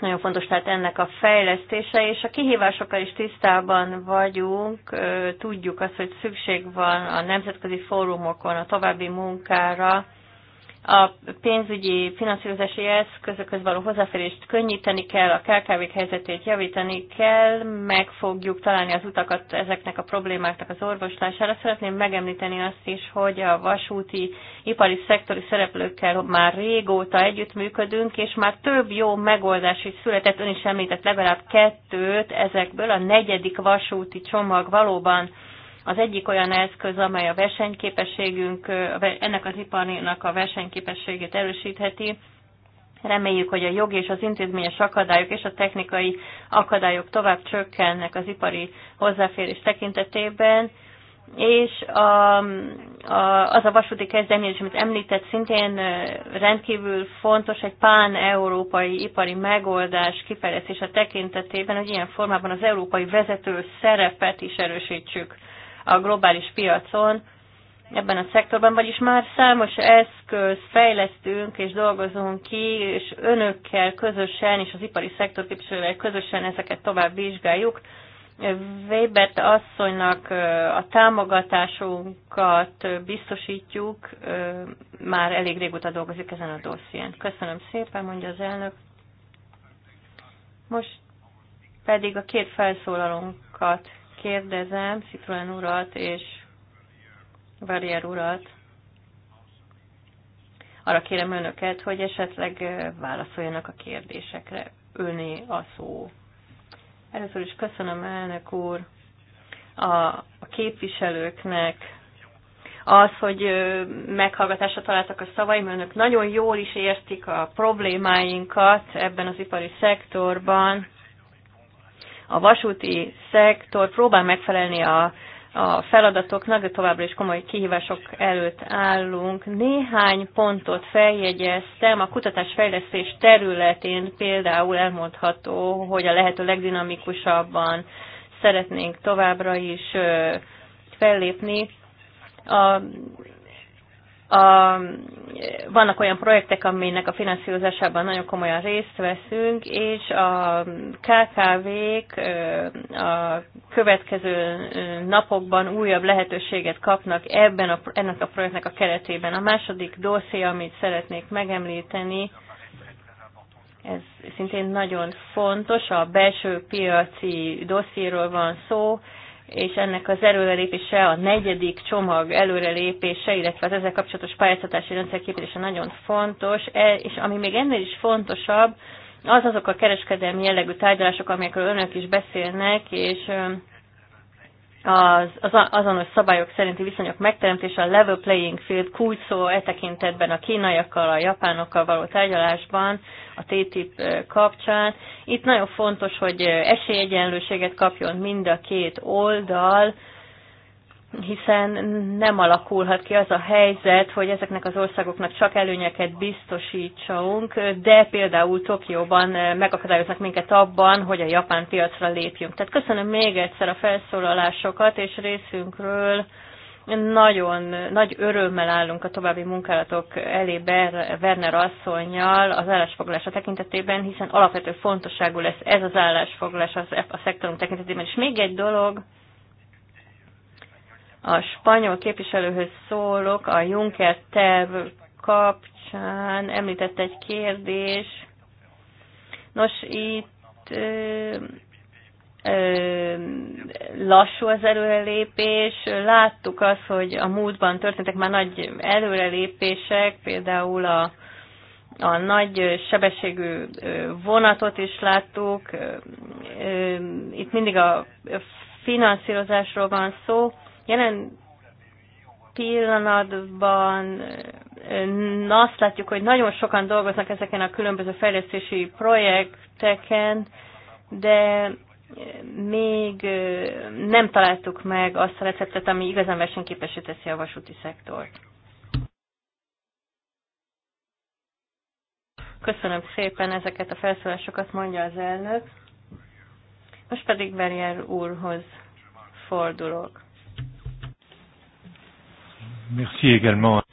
nagyon fontos tehát ennek a fejlesztése, és a kihívásokkal is tisztában vagyunk, tudjuk azt, hogy szükség van a nemzetközi fórumokon a további munkára, a pénzügyi finanszírozási eszközökhöz való hozzáférést könnyíteni kell, a kkv helyzetét javítani kell, meg fogjuk találni az utakat ezeknek a problémáknak az orvoslására. Szeretném megemlíteni azt is, hogy a vasúti ipari szektori szereplőkkel már régóta együttműködünk, és már több jó megoldás is született, ön is említett legalább kettőt ezekből, a negyedik vasúti csomag valóban az egyik olyan eszköz, amely a versenyképességünk, ennek az iparnak a versenyképességét erősítheti, Reméljük, hogy a jogi és az intézményes akadályok és a technikai akadályok tovább csökkennek az ipari hozzáférés tekintetében, és a, a, az a vasúti kezdeményezés, amit említett, szintén rendkívül fontos egy pán-európai ipari megoldás kifejlesztése tekintetében, hogy ilyen formában az európai vezető szerepet is erősítsük a globális piacon ebben a szektorban, vagyis már számos eszköz fejlesztünk és dolgozunk ki, és önökkel közösen, és az ipari szektor képviselővel közösen ezeket tovább vizsgáljuk. Weber asszonynak a támogatásunkat biztosítjuk, már elég régóta dolgozik ezen a dosszién. Köszönöm szépen, mondja az elnök. Most pedig a két felszólalónkat kérdezem Citroen urat és Barrier urat. Arra kérem önöket, hogy esetleg válaszoljanak a kérdésekre. Öné a szó. Először is köszönöm, elnök úr, a, képviselőknek az, hogy meghallgatásra találtak a szavaim, önök nagyon jól is értik a problémáinkat ebben az ipari szektorban, a vasúti szektor próbál megfelelni a, a feladatoknak, de továbbra is komoly kihívások előtt állunk. Néhány pontot feljegyeztem. A kutatásfejlesztés területén például elmondható, hogy a lehető legdinamikusabban szeretnénk továbbra is fellépni. A a, vannak olyan projektek, aminek a finanszírozásában nagyon komolyan részt veszünk, és a KKV-k a következő napokban újabb lehetőséget kapnak ebben a, ennek a projektnek a keretében. A második dosszé, amit szeretnék megemlíteni, ez szintén nagyon fontos, a belső piaci dossziéről van szó, és ennek az előrelépése, a negyedik csomag előrelépése, illetve az ezzel kapcsolatos pályáztatási rendszer képítése nagyon fontos, e, és ami még ennél is fontosabb, az azok a kereskedelmi jellegű tárgyalások, amelyekről önök is beszélnek, és az, az azonos szabályok szerinti viszonyok megteremtése, a level playing field kulcs szó e tekintetben a kínaiakkal, a japánokkal való tárgyalásban, a TTIP kapcsán. Itt nagyon fontos, hogy esélyegyenlőséget kapjon mind a két oldal, hiszen nem alakulhat ki az a helyzet, hogy ezeknek az országoknak csak előnyeket biztosítsunk, de például Tokióban megakadályoznak minket abban, hogy a japán piacra lépjünk. Tehát köszönöm még egyszer a felszólalásokat, és részünkről nagyon nagy örömmel állunk a további munkálatok elé Werner asszonynal az állásfoglalása tekintetében, hiszen alapvető fontosságú lesz ez az állásfoglalás e- a szektorunk tekintetében. És még egy dolog, a spanyol képviselőhöz szólok, a Juncker terv kapcsán említett egy kérdés. Nos, itt ö, ö, lassú az előrelépés. Láttuk azt, hogy a múltban történtek már nagy előrelépések, például a, a nagy sebességű vonatot is láttuk. Itt mindig a finanszírozásról van szó. Jelen pillanatban azt látjuk, hogy nagyon sokan dolgoznak ezeken a különböző fejlesztési projekteken, de még nem találtuk meg azt a receptet, ami igazán versenyképesé teszi a vasúti szektort. Köszönöm szépen ezeket a felszólásokat, mondja az elnök. Most pedig Verier úrhoz fordulok. Merci également.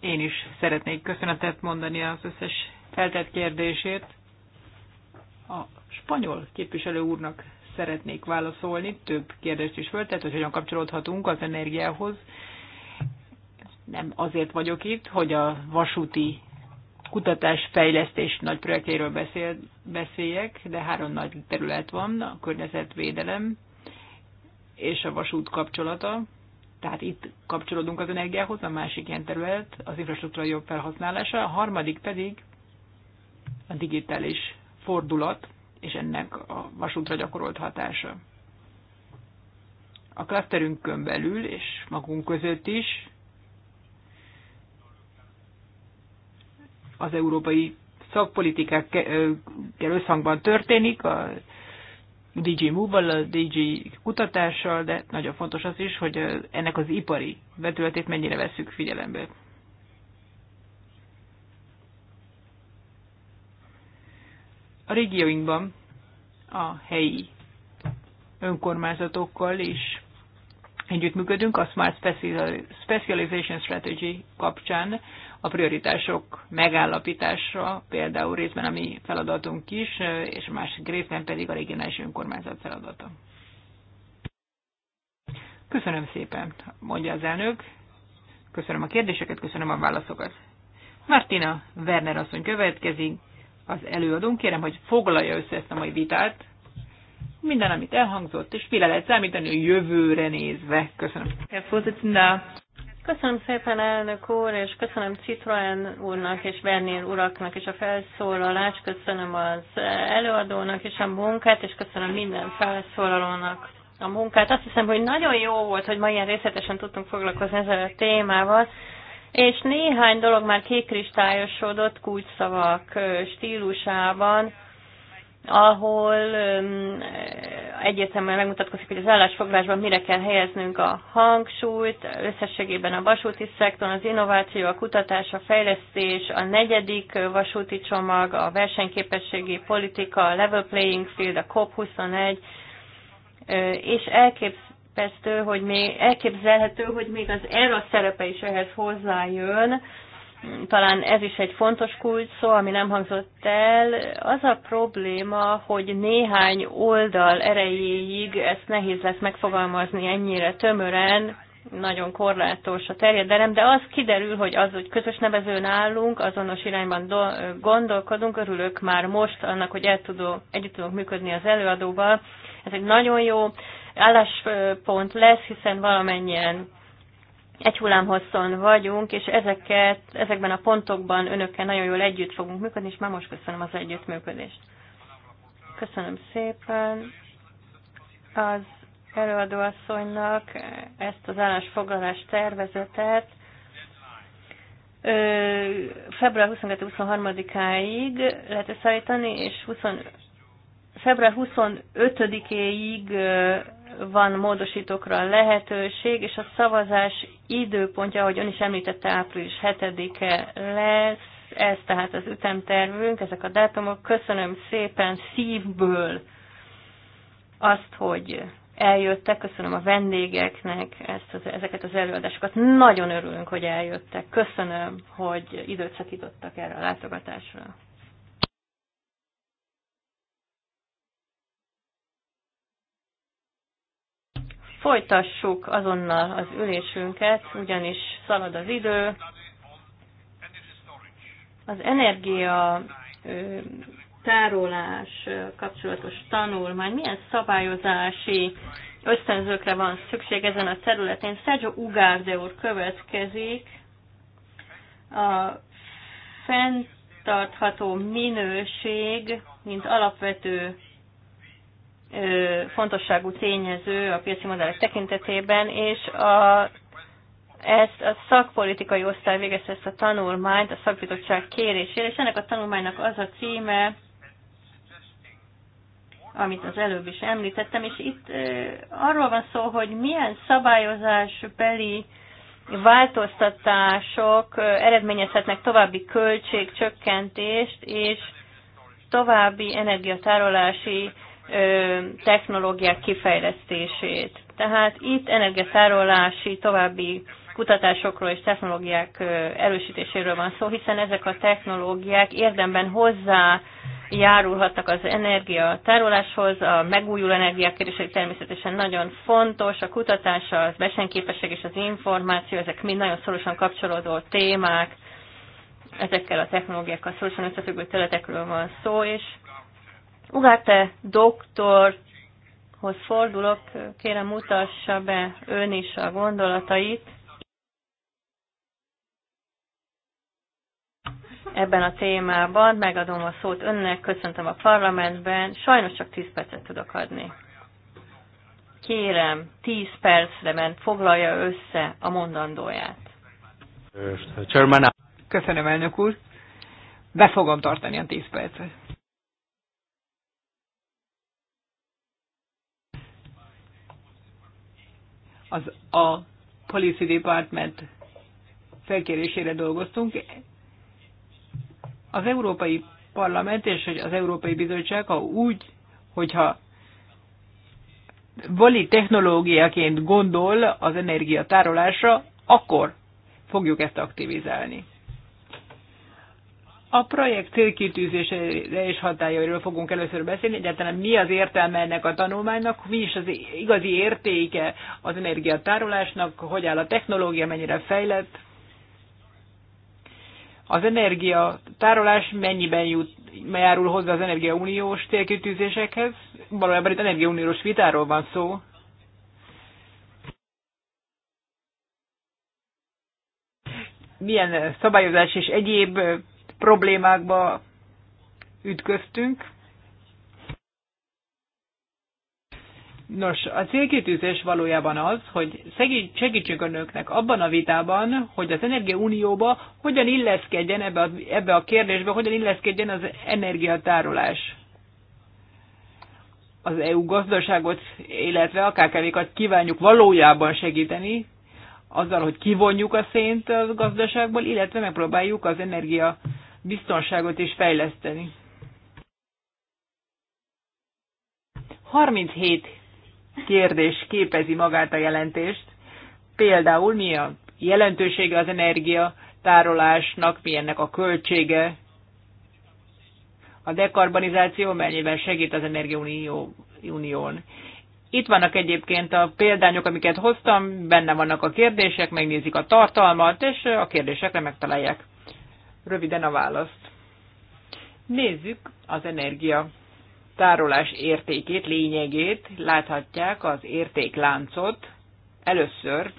Én is szeretnék köszönetet mondani az összes feltett kérdését. A spanyol képviselő úrnak szeretnék válaszolni. Több kérdést is föltett, hogy hogyan kapcsolódhatunk az energiához. Nem azért vagyok itt, hogy a vasúti kutatás, fejlesztés nagy projektjéről beszél, beszéljek, de három nagy terület van, a környezetvédelem és a vasút kapcsolata, tehát itt kapcsolódunk az energiához, a másik ilyen terület az infrastruktúra jobb felhasználása, a harmadik pedig a digitális fordulat és ennek a vasútra gyakorolt hatása. A klaszterünkön belül és magunk között is az európai szakpolitikák kell összhangban történik, az DJ Move-val, DJ kutatással, de nagyon fontos az is, hogy ennek az ipari vetületét mennyire veszük figyelembe. A régióinkban a helyi önkormányzatokkal is együttműködünk a Smart Specialization Strategy kapcsán a prioritások megállapítása például részben a mi feladatunk is, és másik részben pedig a regionális önkormányzat feladata. Köszönöm szépen, mondja az elnök. Köszönöm a kérdéseket, köszönöm a válaszokat. Martina Werner asszony következik, az előadónk. Kérem, hogy foglalja össze ezt a mai vitát. Minden, amit elhangzott, és mire lehet számítani a jövőre nézve. Köszönöm. Köszönöm szépen elnök úr, és köszönöm Citroen úrnak és Bernier uraknak és a felszólalást, köszönöm az előadónak és a munkát, és köszönöm minden felszólalónak a munkát. Azt hiszem, hogy nagyon jó volt, hogy ma ilyen részletesen tudtunk foglalkozni ezzel a témával, és néhány dolog már kékristályosodott kulcsszavak stílusában, ahol egyértelműen megmutatkozik, hogy az állásfoglásban mire kell helyeznünk a hangsúlyt, összességében a vasúti szektor, az innováció, a kutatás, a fejlesztés, a negyedik vasúti csomag, a versenyképességi politika, a level playing field, a COP21, és elképesztő, hogy még elképzelhető, hogy még az ERA szerepe is ehhez hozzájön, talán ez is egy fontos kulcs szó, ami nem hangzott el. Az a probléma, hogy néhány oldal erejéig ezt nehéz lesz megfogalmazni ennyire tömören, nagyon korlátos a terjedelem, de az kiderül, hogy az, hogy közös nevezőn állunk, azonos irányban do- gondolkodunk, örülök már most annak, hogy el tudó, együtt tudunk működni az előadóval. Ez egy nagyon jó álláspont lesz, hiszen valamennyien egy hullámhosszon vagyunk, és ezeket, ezekben a pontokban önökkel nagyon jól együtt fogunk működni, és már most köszönöm az együttműködést. Köszönöm szépen az előadóasszonynak ezt az állásfoglalás tervezetet. Február 22-23-áig lehet összeállítani, és 20, február 25-éig van módosítókra lehetőség, és a szavazás időpontja, ahogy ön is említette, április 7-e lesz. Ez tehát az ütemtervünk, ezek a dátumok. Köszönöm szépen szívből azt, hogy eljöttek, köszönöm a vendégeknek ezt az, ezeket az előadásokat. Nagyon örülünk, hogy eljöttek. Köszönöm, hogy időt szakítottak erre a látogatásra. Folytassuk azonnal az ülésünket, ugyanis szalad az idő. Az energia tárolás kapcsolatos tanulmány, milyen szabályozási ösztönzőkre van szükség ezen a területen. Sergio Ugárde úr következik. A fenntartható minőség, mint alapvető fontosságú tényező a piaci modellek tekintetében, és a ezt a szakpolitikai osztály végezte ezt a tanulmányt a szakbizottság kérésére, és ennek a tanulmánynak az a címe, amit az előbb is említettem, és itt arról van szó, hogy milyen szabályozásbeli változtatások eredményezhetnek további költségcsökkentést és további energiatárolási technológiák kifejlesztését. Tehát itt energiatárolási további kutatásokról és technológiák erősítéséről van szó, hiszen ezek a technológiák érdemben hozzá járulhattak az energia a megújuló energiák kérdései természetesen nagyon fontos, a kutatás, az besenképesség és az információ, ezek mind nagyon szorosan kapcsolódó témák, ezekkel a technológiákkal szorosan összefüggő területekről van szó, és Ugarte doktorhoz fordulok, kérem mutassa be ön is a gondolatait ebben a témában. Megadom a szót önnek, köszöntöm a parlamentben. Sajnos csak 10 percet tudok adni. Kérem, 10 percre ment foglalja össze a mondandóját. Köszönöm, elnök úr. Be fogom tartani a 10 percet. az a Policy Department felkérésére dolgoztunk. Az Európai Parlament és az Európai Bizottság, ha úgy, hogyha vali technológiaként gondol az energiatárolásra, akkor fogjuk ezt aktivizálni. A projekt célkitűzésére és hatályairól fogunk először beszélni, egyáltalán mi az értelme ennek a tanulmánynak, mi is az igazi értéke az energiatárolásnak, hogy áll a technológia, mennyire fejlett, az energia tárolás mennyiben jut, járul hozzá az energiauniós célkitűzésekhez. Valójában itt energiauniós vitáról van szó. Milyen szabályozás és egyéb problémákba ütköztünk. Nos, a célkitűzés valójában az, hogy segítsünk a nőknek abban a vitában, hogy az Energia Unióba hogyan illeszkedjen ebbe a, ebbe a kérdésbe, hogyan illeszkedjen az energiatárolás. Az EU gazdaságot, illetve a KKV-kat kívánjuk valójában segíteni, azzal, hogy kivonjuk a szént a gazdaságból, illetve megpróbáljuk az energia biztonságot is fejleszteni. 37 kérdés képezi magát a jelentést. Például mi a jelentősége az energia tárolásnak, mi ennek a költsége, a dekarbonizáció mennyiben segít az Energiaunión. Itt vannak egyébként a példányok, amiket hoztam, benne vannak a kérdések, megnézik a tartalmat, és a kérdésekre megtalálják Röviden a választ. Nézzük az energia tárolás értékét, lényegét, láthatják az értékláncot. Először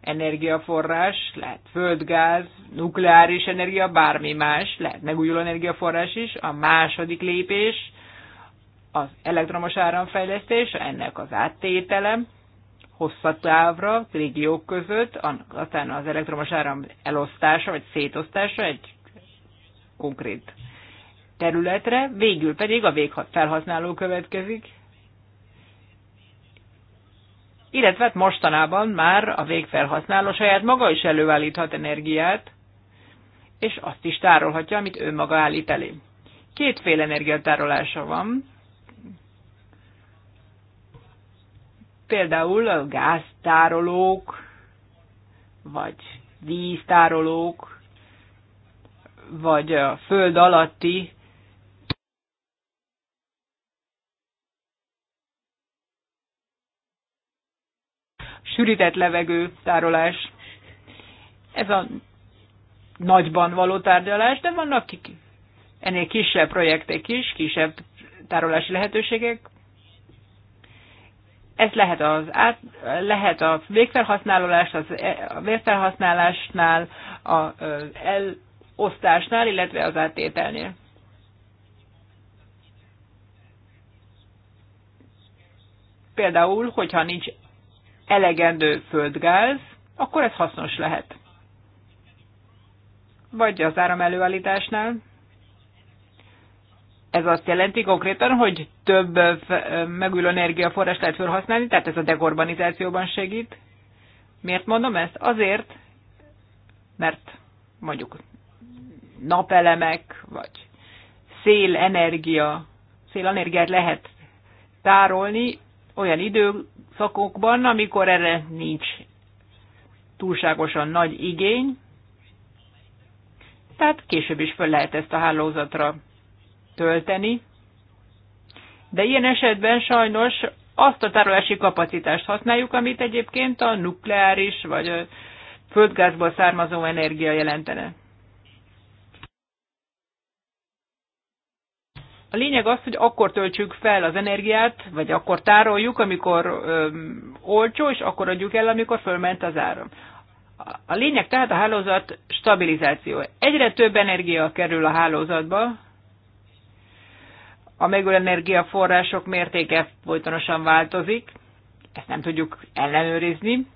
energiaforrás, lehet földgáz, nukleáris energia, bármi más, lehet megújuló energiaforrás is. A második lépés az elektromos áramfejlesztés, ennek az áttételem hosszabb távra, régiók között, aztán az elektromos áram elosztása vagy szétosztása egy konkrét területre, végül pedig a végfelhasználó következik, illetve hát mostanában már a végfelhasználó saját maga is előállíthat energiát, és azt is tárolhatja, amit ő maga állít elé. Kétféle energiatárolása van, Például a gáztárolók, vagy víztárolók, vagy a föld alatti sűrített levegő tárolás. Ez a nagyban való tárgyalás, de vannak ennél kisebb projektek is, kisebb tárolási lehetőségek. Ez lehet, az át, lehet a végfelhasználás, az, e, a végfelhasználásnál, az elosztásnál, illetve az átételnél. Például, hogyha nincs elegendő földgáz, akkor ez hasznos lehet. Vagy az áramelőállításnál, ez azt jelenti konkrétan, hogy több megújuló energiaforrás lehet felhasználni, tehát ez a dekorbanizációban segít. Miért mondom ezt? Azért, mert mondjuk napelemek, vagy szélenergia, szélenergiát lehet tárolni olyan időszakokban, amikor erre nincs túlságosan nagy igény, tehát később is föl lehet ezt a hálózatra tölteni, de ilyen esetben sajnos azt a tárolási kapacitást használjuk, amit egyébként a nukleáris vagy a földgázból származó energia jelentene. A lényeg az, hogy akkor töltsük fel az energiát, vagy akkor tároljuk, amikor öm, olcsó, és akkor adjuk el, amikor fölment az áram. A lényeg tehát a hálózat stabilizáció. Egyre több energia kerül a hálózatba, a megújuló energiaforrások mértéke folytonosan változik, ezt nem tudjuk ellenőrizni.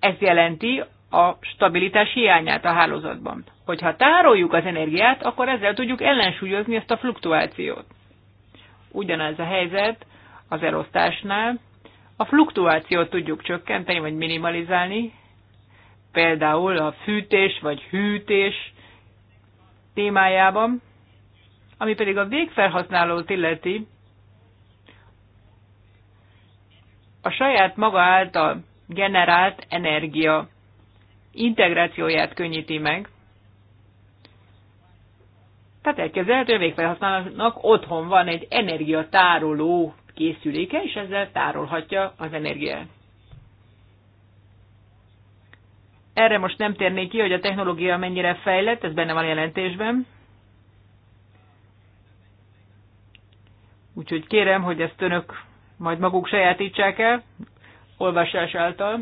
Ez jelenti a stabilitás hiányát a hálózatban. Hogyha tároljuk az energiát, akkor ezzel tudjuk ellensúlyozni ezt a fluktuációt. Ugyanez a helyzet az elosztásnál. A fluktuációt tudjuk csökkenteni, vagy minimalizálni, például a fűtés vagy hűtés témájában. Ami pedig a végfelhasználót illeti, a saját maga által generált energia integrációját könnyíti meg. Tehát elképzelhető, hogy a végfelhasználónak otthon van egy energiatároló készüléke, és ezzel tárolhatja az energiát. Erre most nem térnék ki, hogy a technológia mennyire fejlett, ez benne van a jelentésben. Úgyhogy kérem, hogy ezt önök majd maguk sajátítsák el, olvasás által.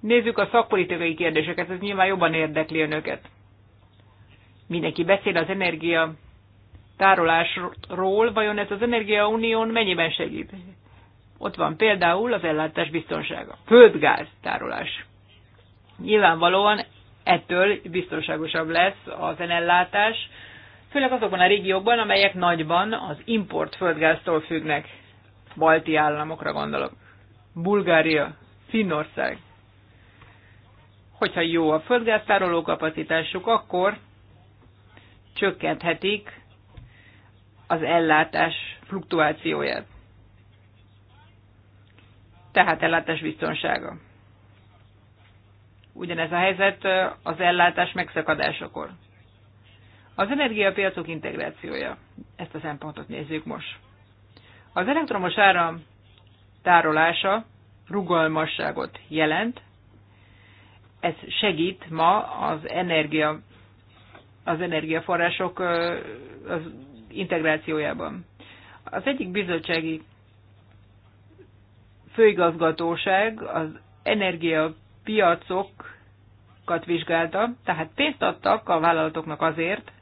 Nézzük a szakpolitikai kérdéseket, ez nyilván jobban érdekli önöket. Mindenki beszél az energia tárolásról, vajon ez az energia unión mennyiben segít? Ott van például az ellátás biztonsága, földgáz tárolás. Nyilvánvalóan ettől biztonságosabb lesz az ellátás, főleg azokban a régiókban, amelyek nagyban az import földgáztól függnek. Balti államokra gondolok. Bulgária, Finnország. Hogyha jó a földgáztároló kapacitásuk, akkor csökkenthetik az ellátás fluktuációját. Tehát ellátás biztonsága. Ugyanez a helyzet az ellátás megszakadásakor. Az energiapiacok integrációja. Ezt a szempontot nézzük most. Az elektromos áram tárolása rugalmasságot jelent. Ez segít ma az energia az energiaforrások az integrációjában. Az egyik bizottsági főigazgatóság az energiapiacokat vizsgálta, tehát pénzt adtak a vállalatoknak azért,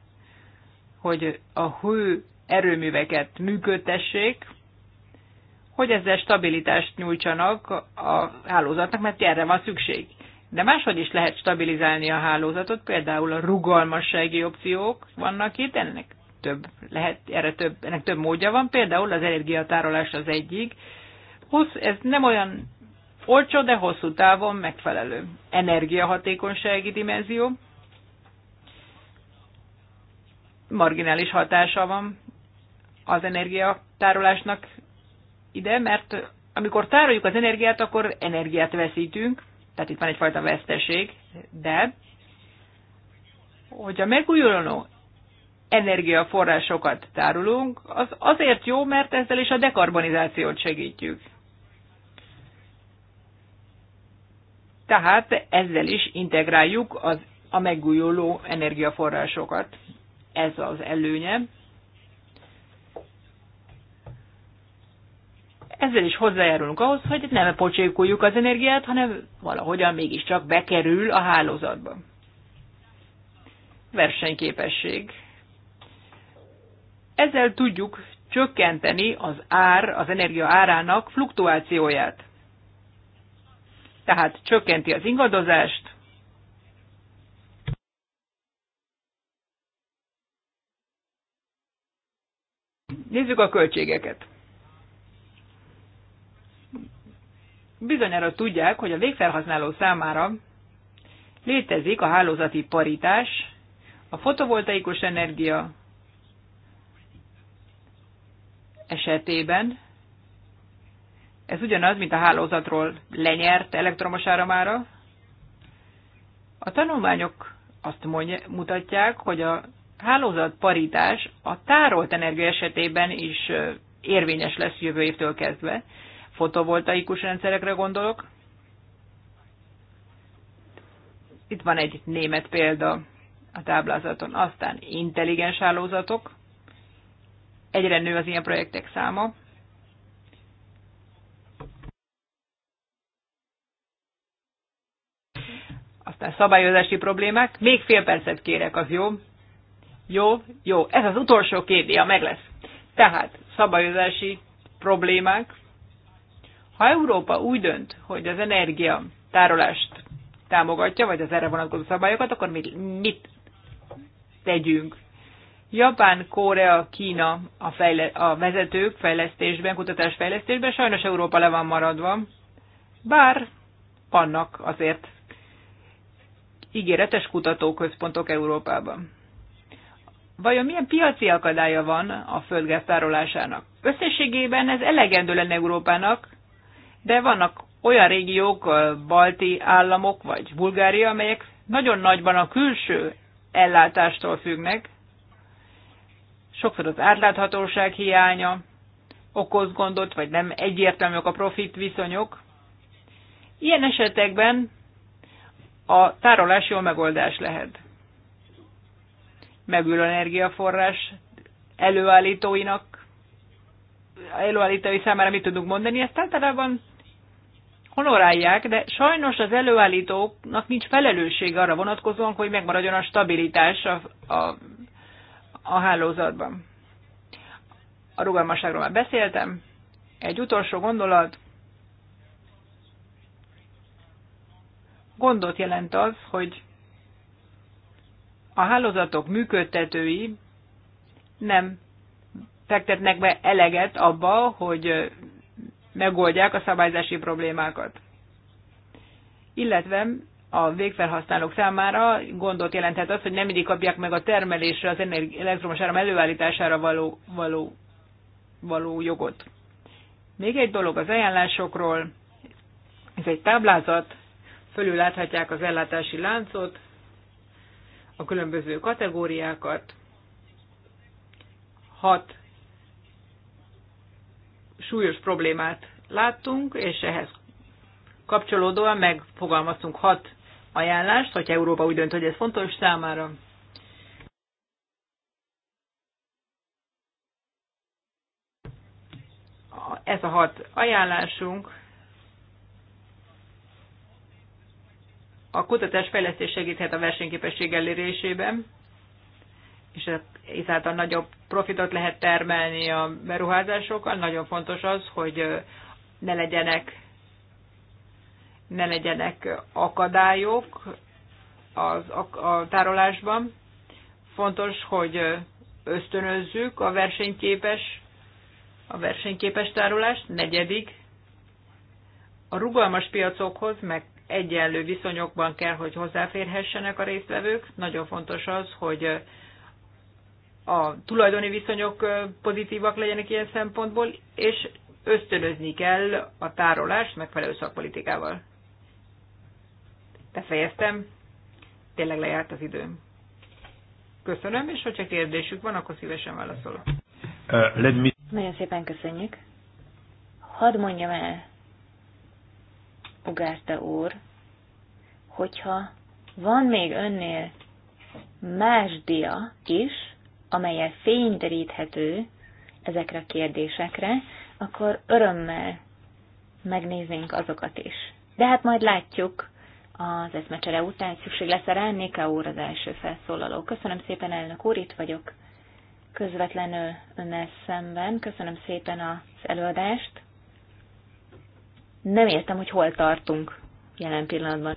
hogy a hő erőműveket működtessék, hogy ezzel stabilitást nyújtsanak a hálózatnak, mert erre van szükség. De máshogy is lehet stabilizálni a hálózatot, például a rugalmassági opciók vannak itt, ennek több, lehet, erre több, ennek több módja van, például az energiatárolás az egyik. Hossz, ez nem olyan olcsó, de hosszú távon megfelelő. Energiahatékonysági dimenzió, marginális hatása van az energiatárolásnak ide, mert amikor tároljuk az energiát, akkor energiát veszítünk, tehát itt van egyfajta veszteség, de hogyha megújuló energiaforrásokat tárolunk, az azért jó, mert ezzel is a dekarbonizációt segítjük. Tehát ezzel is integráljuk az, a megújuló energiaforrásokat ez az előnye. Ezzel is hozzájárulunk ahhoz, hogy nem pocsékoljuk az energiát, hanem valahogyan mégiscsak bekerül a hálózatba. Versenyképesség. Ezzel tudjuk csökkenteni az ár, az energia árának fluktuációját. Tehát csökkenti az ingadozást, Nézzük a költségeket. Bizonyára tudják, hogy a végfelhasználó számára létezik a hálózati paritás, a fotovoltaikus energia esetében, ez ugyanaz, mint a hálózatról lenyert elektromos áramára. A tanulmányok azt mutatják, hogy a hálózatparitás a tárolt energia esetében is érvényes lesz jövő évtől kezdve. Fotovoltaikus rendszerekre gondolok. Itt van egy német példa a táblázaton. Aztán intelligens hálózatok. Egyre nő az ilyen projektek száma. Aztán szabályozási problémák. Még fél percet kérek, az jó. Jó, jó, ez az utolsó kérdés, meg lesz. Tehát szabályozási problémák. Ha Európa úgy dönt, hogy az energia tárolást támogatja, vagy az erre vonatkozó szabályokat, akkor mit, mit tegyünk? Japán, Korea, Kína a, fejle- a vezetők fejlesztésben, kutatásfejlesztésben, sajnos Európa le van maradva, bár vannak azért ígéretes kutatóközpontok Európában vajon milyen piaci akadálya van a földgáz tárolásának? Összességében ez elegendő lenne Európának, de vannak olyan régiók, balti államok vagy Bulgária, amelyek nagyon nagyban a külső ellátástól függnek. Sokszor az átláthatóság hiánya okoz gondot, vagy nem egyértelműek a profit viszonyok. Ilyen esetekben a tárolás jó megoldás lehet megülő energiaforrás előállítóinak, előállítói számára mit tudunk mondani, ezt általában honorálják, de sajnos az előállítóknak nincs felelősség arra vonatkozóan, hogy megmaradjon a stabilitás a, a, a hálózatban. A rugalmasságról már beszéltem. Egy utolsó gondolat. Gondot jelent az, hogy a hálózatok működtetői nem fektetnek be eleget abba, hogy megoldják a szabályzási problémákat. Illetve a végfelhasználók számára gondot jelenthet az, hogy nem mindig kapják meg a termelésre, az elektromos áram előállítására való, való, való jogot. Még egy dolog az ajánlásokról, ez egy táblázat, fölül láthatják az ellátási láncot, a különböző kategóriákat, hat súlyos problémát láttunk, és ehhez kapcsolódóan megfogalmaztunk hat ajánlást, hogyha Európa úgy dönt, hogy ez fontos számára. Ez a hat ajánlásunk a kutatás fejlesztés segíthet a versenyképesség elérésében, és ezáltal nagyobb profitot lehet termelni a beruházásokkal. Nagyon fontos az, hogy ne legyenek, ne legyenek akadályok az, a, a tárolásban. Fontos, hogy ösztönözzük a versenyképes, a versenyképes tárolást. Negyedik, a rugalmas piacokhoz, meg egyenlő viszonyokban kell, hogy hozzáférhessenek a résztvevők. Nagyon fontos az, hogy a tulajdoni viszonyok pozitívak legyenek ilyen szempontból, és ösztönözni kell a tárolást megfelelő szakpolitikával. Befejeztem, tényleg lejárt az időm. Köszönöm, és hogyha kérdésük van, akkor szívesen válaszolok. Uh, me... Nagyon szépen köszönjük. Hadd mondjam el Ugárta úr, hogyha van még önnél más dia is, amelyel fényderíthető ezekre a kérdésekre, akkor örömmel megnéznénk azokat is. De hát majd látjuk az eszmecsere után, szükség lesz rá, Néka úr az első felszólaló. Köszönöm szépen, elnök úr, itt vagyok közvetlenül önnel szemben. Köszönöm szépen az előadást nem értem, hogy hol tartunk jelen pillanatban.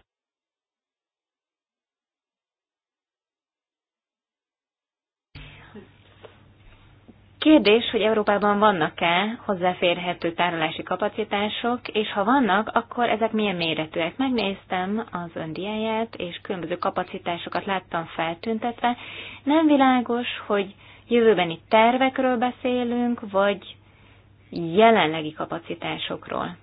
Kérdés, hogy Európában vannak-e hozzáférhető tárolási kapacitások, és ha vannak, akkor ezek milyen méretűek. Megnéztem az öndiáját, és különböző kapacitásokat láttam feltüntetve. Nem világos, hogy jövőbeni tervekről beszélünk, vagy jelenlegi kapacitásokról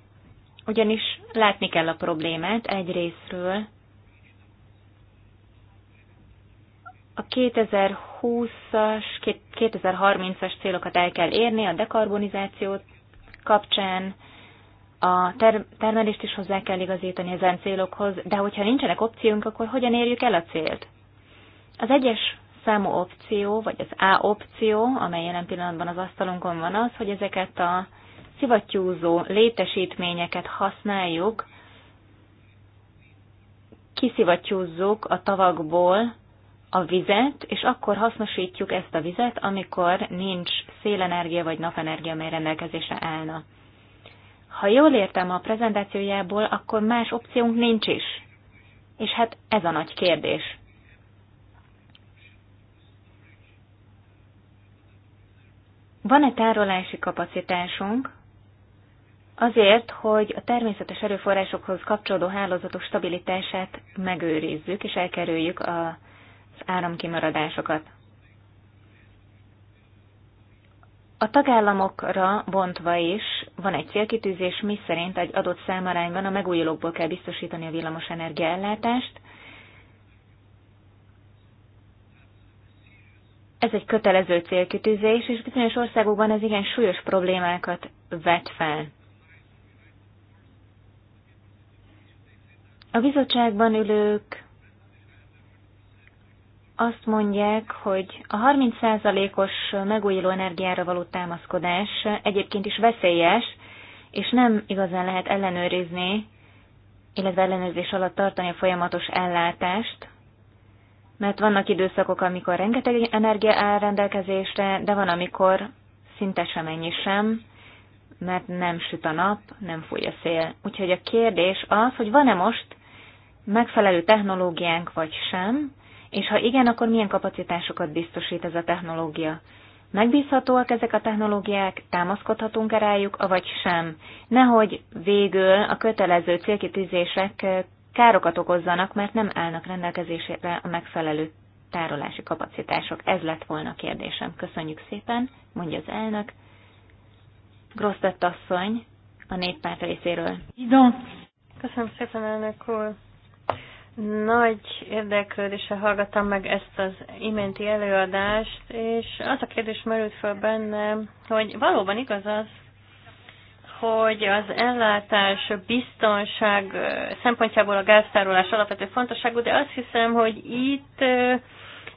ugyanis látni kell a problémát egy részről. A 2020-as, 2030-as célokat el kell érni a dekarbonizáció kapcsán, a ter- termelést is hozzá kell igazítani ezen célokhoz, de hogyha nincsenek opciónk, akkor hogyan érjük el a célt? Az egyes számú opció, vagy az A opció, amely jelen pillanatban az asztalunkon van az, hogy ezeket a szivattyúzó létesítményeket használjuk, kiszivattyúzzuk a tavakból a vizet, és akkor hasznosítjuk ezt a vizet, amikor nincs szélenergia vagy napenergia, amely rendelkezésre állna. Ha jól értem a prezentációjából, akkor más opciónk nincs is. És hát ez a nagy kérdés. Van-e tárolási kapacitásunk, azért, hogy a természetes erőforrásokhoz kapcsolódó hálózatok stabilitását megőrizzük, és elkerüljük az áramkimaradásokat. A tagállamokra bontva is van egy célkitűzés, mi szerint egy adott számarányban a megújulókból kell biztosítani a villamos energiaellátást. Ez egy kötelező célkitűzés, és bizonyos országokban ez igen súlyos problémákat vet fel. A bizottságban ülők azt mondják, hogy a 30%-os megújuló energiára való támaszkodás egyébként is veszélyes, és nem igazán lehet ellenőrizni, illetve ellenőrzés alatt tartani a folyamatos ellátást, mert vannak időszakok, amikor rengeteg energia áll rendelkezésre, de van, amikor szinte ennyi sem, mert nem süt a nap, nem fúj a szél. Úgyhogy a kérdés az, hogy van-e most megfelelő technológiánk vagy sem, és ha igen, akkor milyen kapacitásokat biztosít ez a technológia. Megbízhatóak ezek a technológiák, támaszkodhatunk-e rájuk, avagy sem. Nehogy végül a kötelező célkitűzések eh, károkat okozzanak, mert nem állnak rendelkezésére a megfelelő tárolási kapacitások. Ez lett volna a kérdésem. Köszönjük szépen, mondja az elnök. Grosztett asszony a néppárt részéről. Köszönöm szépen, elnök úr. Nagy érdeklődése hallgattam meg ezt az iménti előadást, és az a kérdés merült fel bennem, hogy valóban igaz az, hogy az ellátás biztonság szempontjából a gáztárolás alapvető fontosságú, de azt hiszem, hogy itt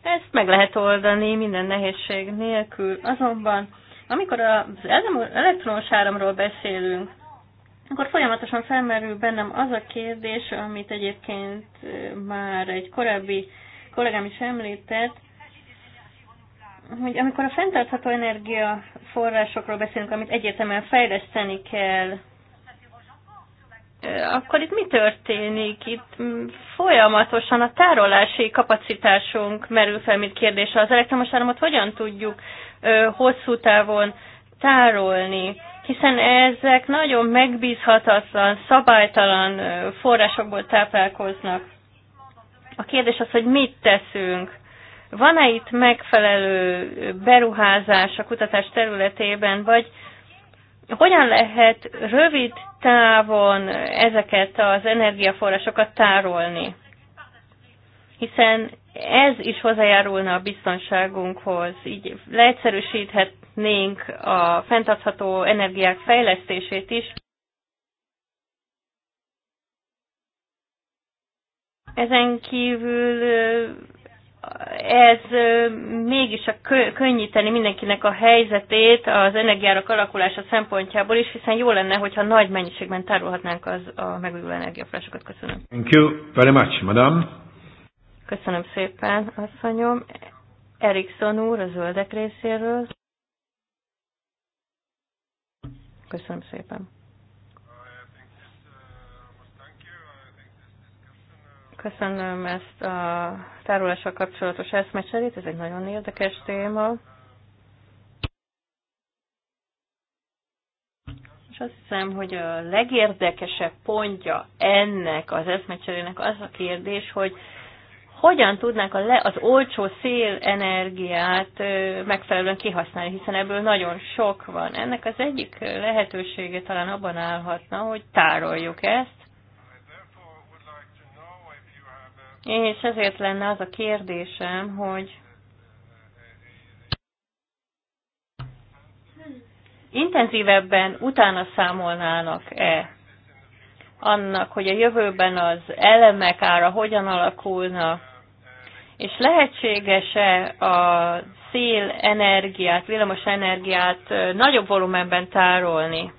ezt meg lehet oldani minden nehézség nélkül. Azonban amikor az elektronos áramról beszélünk, akkor folyamatosan felmerül bennem az a kérdés, amit egyébként már egy korábbi kollégám is említett, hogy amikor a fenntartható energiaforrásokról beszélünk, amit egyértelműen fejleszteni kell, akkor itt mi történik? Itt folyamatosan a tárolási kapacitásunk merül fel, mint kérdés. Az elektromos áramot hogyan tudjuk hosszú távon tárolni? Hiszen ezek nagyon megbízhatatlan, szabálytalan forrásokból táplálkoznak. A kérdés az, hogy mit teszünk. Van-e itt megfelelő beruházás a kutatás területében, vagy hogyan lehet rövid távon ezeket az energiaforrásokat tárolni? Hiszen ez is hozzájárulna a biztonságunkhoz, így leegyszerűsíthetnénk a fenntartható energiák fejlesztését is. Ezen kívül ez mégis a könnyíteni mindenkinek a helyzetét az energiárak alakulása szempontjából is, hiszen jó lenne, hogyha nagy mennyiségben tárolhatnánk az a megújuló energiaforrásokat. Köszönöm. Thank you very much, madam. Köszönöm szépen, asszonyom. Erikson úr a zöldek részéről. Köszönöm szépen. Köszönöm ezt a tárolással kapcsolatos eszmecserét, ez egy nagyon érdekes téma. És azt hiszem, hogy a legérdekesebb pontja ennek az eszmecserének az a kérdés, hogy hogyan tudnák a le, az olcsó szélenergiát megfelelően kihasználni, hiszen ebből nagyon sok van. Ennek az egyik lehetősége talán abban állhatna, hogy tároljuk ezt, És ezért lenne az a kérdésem, hogy intenzívebben utána számolnának-e annak, hogy a jövőben az elemek ára hogyan alakulna, és lehetséges-e a energiát, villamos energiát nagyobb volumenben tárolni,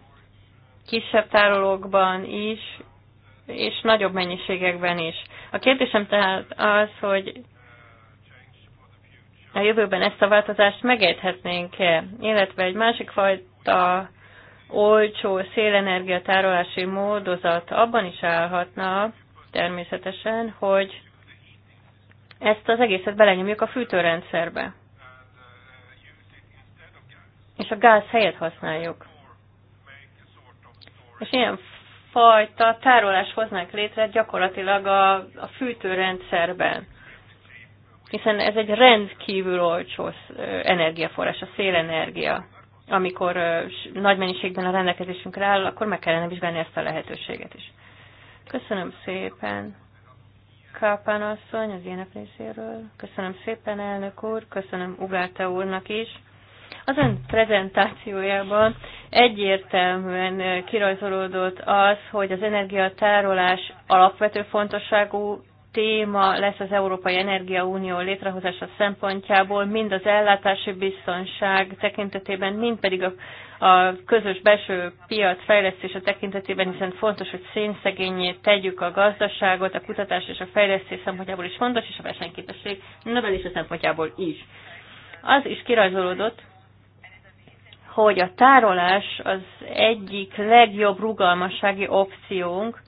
kisebb tárolókban is, és nagyobb mennyiségekben is. A kérdésem tehát az, hogy a jövőben ezt a változást megérthetnénk-e, illetve egy másik fajta olcsó szélenergia tárolási módozat abban is állhatna természetesen, hogy ezt az egészet belenyomjuk a fűtőrendszerbe. És a gáz helyett használjuk. És ilyen fajta tárolás hoznánk létre gyakorlatilag a, a fűtőrendszerben. Hiszen ez egy rendkívül olcsó energiaforrás, a szélenergia. Amikor nagy mennyiségben a rendelkezésünkre áll, akkor meg kellene vizsgálni ezt a lehetőséget is. Köszönöm szépen. Kápán asszony az ilyenek részéről. Köszönöm szépen, elnök úr, köszönöm Ugáta úrnak is az ön prezentációjában egyértelműen eh, kirajzolódott az, hogy az energiatárolás alapvető fontosságú téma lesz az Európai Energia Unió létrehozása szempontjából, mind az ellátási biztonság tekintetében, mind pedig a, a közös belső piac fejlesztése tekintetében, hiszen fontos, hogy szénszegényé tegyük a gazdaságot, a kutatás és a fejlesztés szempontjából is fontos, és a versenyképesség növelése szempontjából is. Az is kirajzolódott, hogy a tárolás az egyik legjobb rugalmassági opciónk,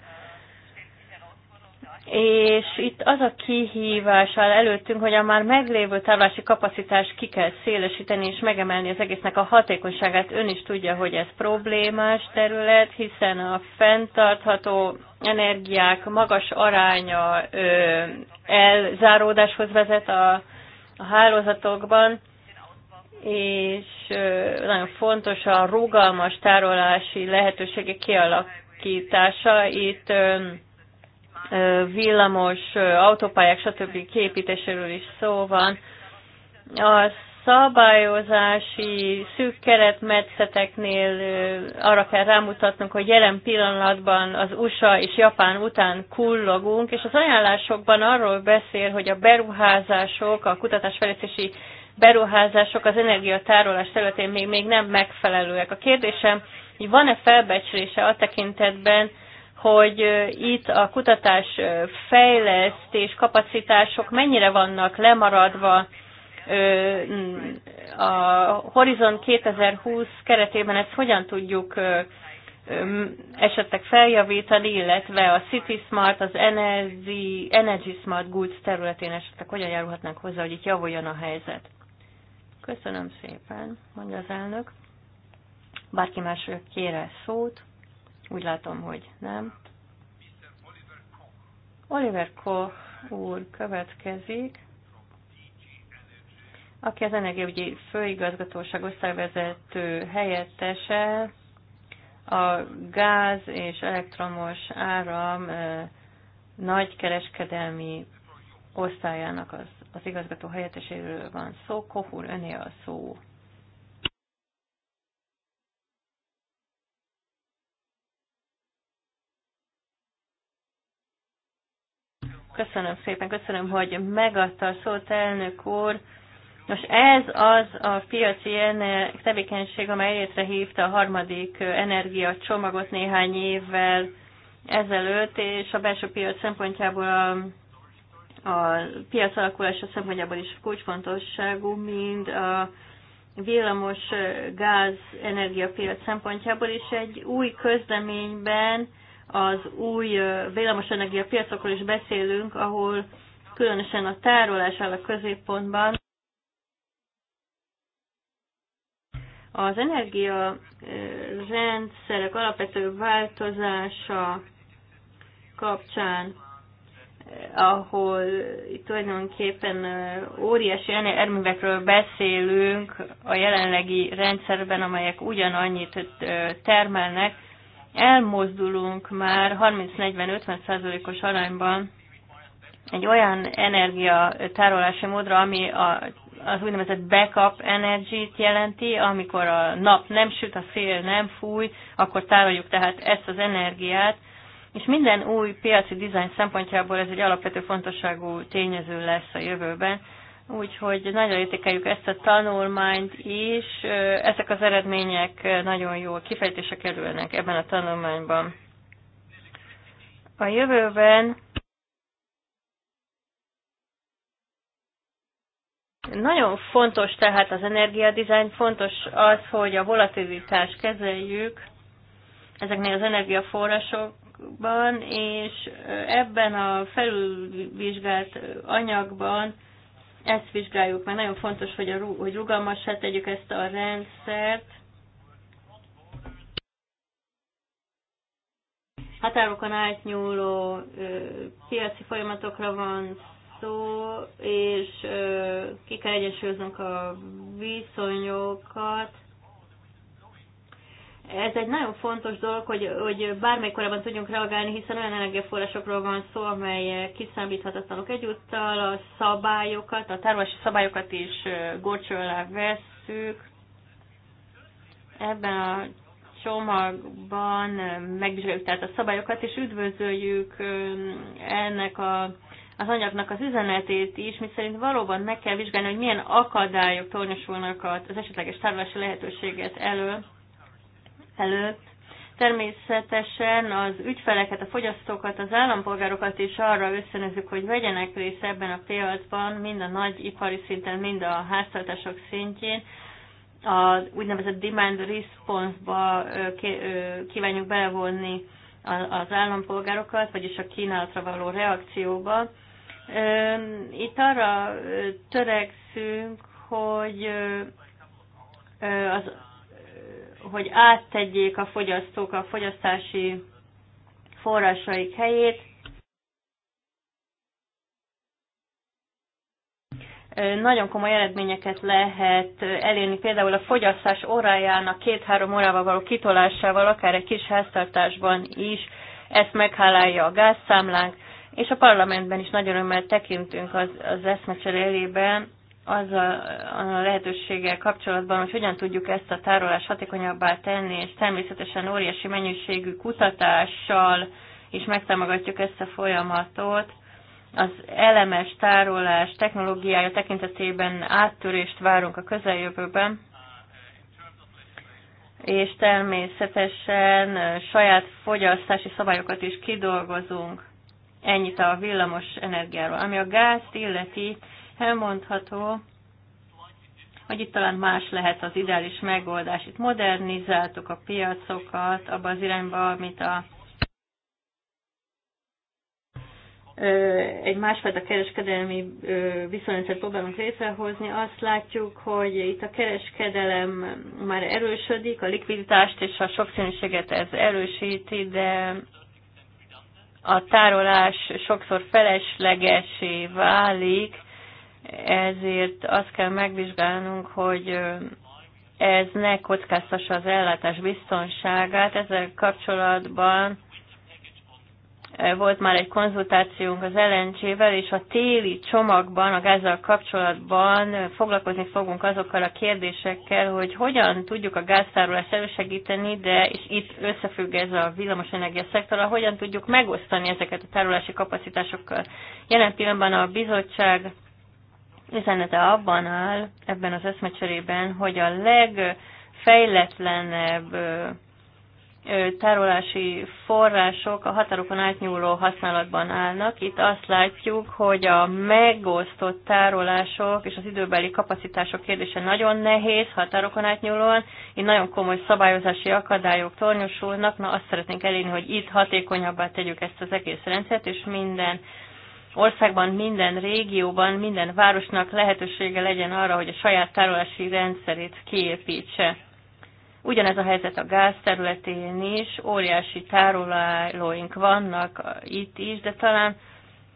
és itt az a kihívás áll előttünk, hogy a már meglévő tárolási kapacitást ki kell szélesíteni és megemelni az egésznek a hatékonyságát. Ön is tudja, hogy ez problémás terület, hiszen a fenntartható energiák magas aránya ö, elzáródáshoz vezet a, a hálózatokban és nagyon fontos a rugalmas tárolási lehetőségek kialakítása. Itt villamos, autópályák, stb. képítéséről is szó van. A szabályozási szűk keretmetszeteknél arra kell rámutatnunk, hogy jelen pillanatban az USA és Japán után kullogunk, és az ajánlásokban arról beszél, hogy a beruházások, a kutatásfejlesztési beruházások az energiatárolás területén még, még nem megfelelőek. A kérdésem, hogy van-e felbecslése a tekintetben, hogy itt a kutatás fejlesztés kapacitások mennyire vannak lemaradva a Horizon 2020 keretében ezt hogyan tudjuk esetleg feljavítani, illetve a City Smart, az Energy, Energy Smart Goods területén esetleg hogyan járulhatnánk hozzá, hogy itt javuljon a helyzet. Köszönöm szépen, mondja az elnök. Bárki más kére szót? Úgy látom, hogy nem. Oliver Koch úr következik, aki az energiaügyi főigazgatóság osztályvezető helyettese, a gáz és elektromos áram eh, nagykereskedelmi osztályának az az igazgató helyetteséről van szó. Kohur, öné a szó. Köszönöm szépen, köszönöm, hogy megadta a szót, elnök úr. Nos, ez az a piaci tevékenység, amely életre hívta a harmadik energiacsomagot néhány évvel ezelőtt, és a belső piac szempontjából a a piac alakulása szempontjából is kulcsfontosságú, mind a villamos gáz energiapiac szempontjából is egy új közleményben az új villamos energiapiacokról is beszélünk, ahol különösen a tárolás áll a középpontban. Az energia rendszerek alapvető változása kapcsán ahol itt tulajdonképpen óriási erművekről beszélünk a jelenlegi rendszerben, amelyek ugyanannyit termelnek, elmozdulunk már 30-40-50%-os arányban egy olyan energiatárolási módra, ami a, az úgynevezett backup energy jelenti, amikor a nap nem süt, a szél nem fúj, akkor tároljuk tehát ezt az energiát, és minden új piaci dizájn szempontjából ez egy alapvető fontosságú tényező lesz a jövőben, úgyhogy nagyon értékeljük ezt a tanulmányt is. Ezek az eredmények nagyon jó kifejtése kerülnek ebben a tanulmányban. A jövőben Nagyon fontos tehát az energiadizájn, fontos az, hogy a volatilitást kezeljük ezeknél az energiaforrások, anyagban, és ebben a felülvizsgált anyagban ezt vizsgáljuk mert Nagyon fontos, hogy, a, hogy rugalmassá tegyük ezt a rendszert. Határokon átnyúló ö, piaci folyamatokra van szó, és ö, ki kell egyensúlyoznunk a viszonyokat, ez egy nagyon fontos dolog, hogy, hogy bármely korábban tudjunk reagálni, hiszen olyan energiaforrásokról van szó, amely kiszámíthatatlanok egyúttal, a szabályokat, a tárolási szabályokat is górcső alá vesszük. Ebben a csomagban megvizsgáljuk tehát a szabályokat, és üdvözöljük ennek a az anyagnak az üzenetét is, szerint valóban meg kell vizsgálni, hogy milyen akadályok tornyosulnak az esetleges tárolási lehetőséget elő előtt természetesen az ügyfeleket, a fogyasztókat, az állampolgárokat is arra ösztönözzük, hogy vegyenek részt ebben a piacban, mind a nagy ipari szinten, mind a háztartások szintjén. A úgynevezett demand response-ba kívánjuk belevonni az állampolgárokat, vagyis a kínálatra való reakcióba. Itt arra törekszünk, hogy az hogy áttegyék a fogyasztók a fogyasztási forrásaik helyét. Nagyon komoly eredményeket lehet elérni, például a fogyasztás órájának két-három órával való kitolásával, akár egy kis háztartásban is, ezt meghálálja a gázszámlánk, és a parlamentben is nagyon örömmel tekintünk az, az eszmecserélében, az a lehetőséggel kapcsolatban, hogy hogyan tudjuk ezt a tárolást hatékonyabbá tenni, és természetesen óriási mennyiségű kutatással is megtámogatjuk ezt a folyamatot. Az elemes tárolás technológiája tekintetében áttörést várunk a közeljövőben, és természetesen saját fogyasztási szabályokat is kidolgozunk. Ennyit a villamos energiáról. Ami a gázt illeti, elmondható, hogy itt talán más lehet az ideális megoldás. Itt modernizáltuk a piacokat abba az irányba, amit a egy másfajta kereskedelmi viszonyrendszert próbálunk létrehozni, azt látjuk, hogy itt a kereskedelem már erősödik, a likviditást és a sokszínűséget ez erősíti, de a tárolás sokszor feleslegesé válik, ezért azt kell megvizsgálnunk, hogy ez ne kockáztassa az ellátás biztonságát. Ezzel kapcsolatban volt már egy konzultációnk az ellencsével, és a téli csomagban, a gázzal kapcsolatban foglalkozni fogunk azokkal a kérdésekkel, hogy hogyan tudjuk a gáztárolást elősegíteni, de és itt összefügg ez a villamosenergia szektorral, hogyan tudjuk megosztani ezeket a tárolási kapacitásokkal. Jelen pillanatban a bizottság üzenete abban áll ebben az eszmecserében, hogy a legfejletlenebb tárolási források a határokon átnyúló használatban állnak. Itt azt látjuk, hogy a megosztott tárolások és az időbeli kapacitások kérdése nagyon nehéz határokon átnyúlóan. Itt nagyon komoly szabályozási akadályok tornyosulnak. Na azt szeretnénk elérni, hogy itt hatékonyabbá tegyük ezt az egész rendszert, és minden országban, minden régióban, minden városnak lehetősége legyen arra, hogy a saját tárolási rendszerét kiépítse. Ugyanez a helyzet a gáz területén is, óriási tárolóink vannak itt is, de talán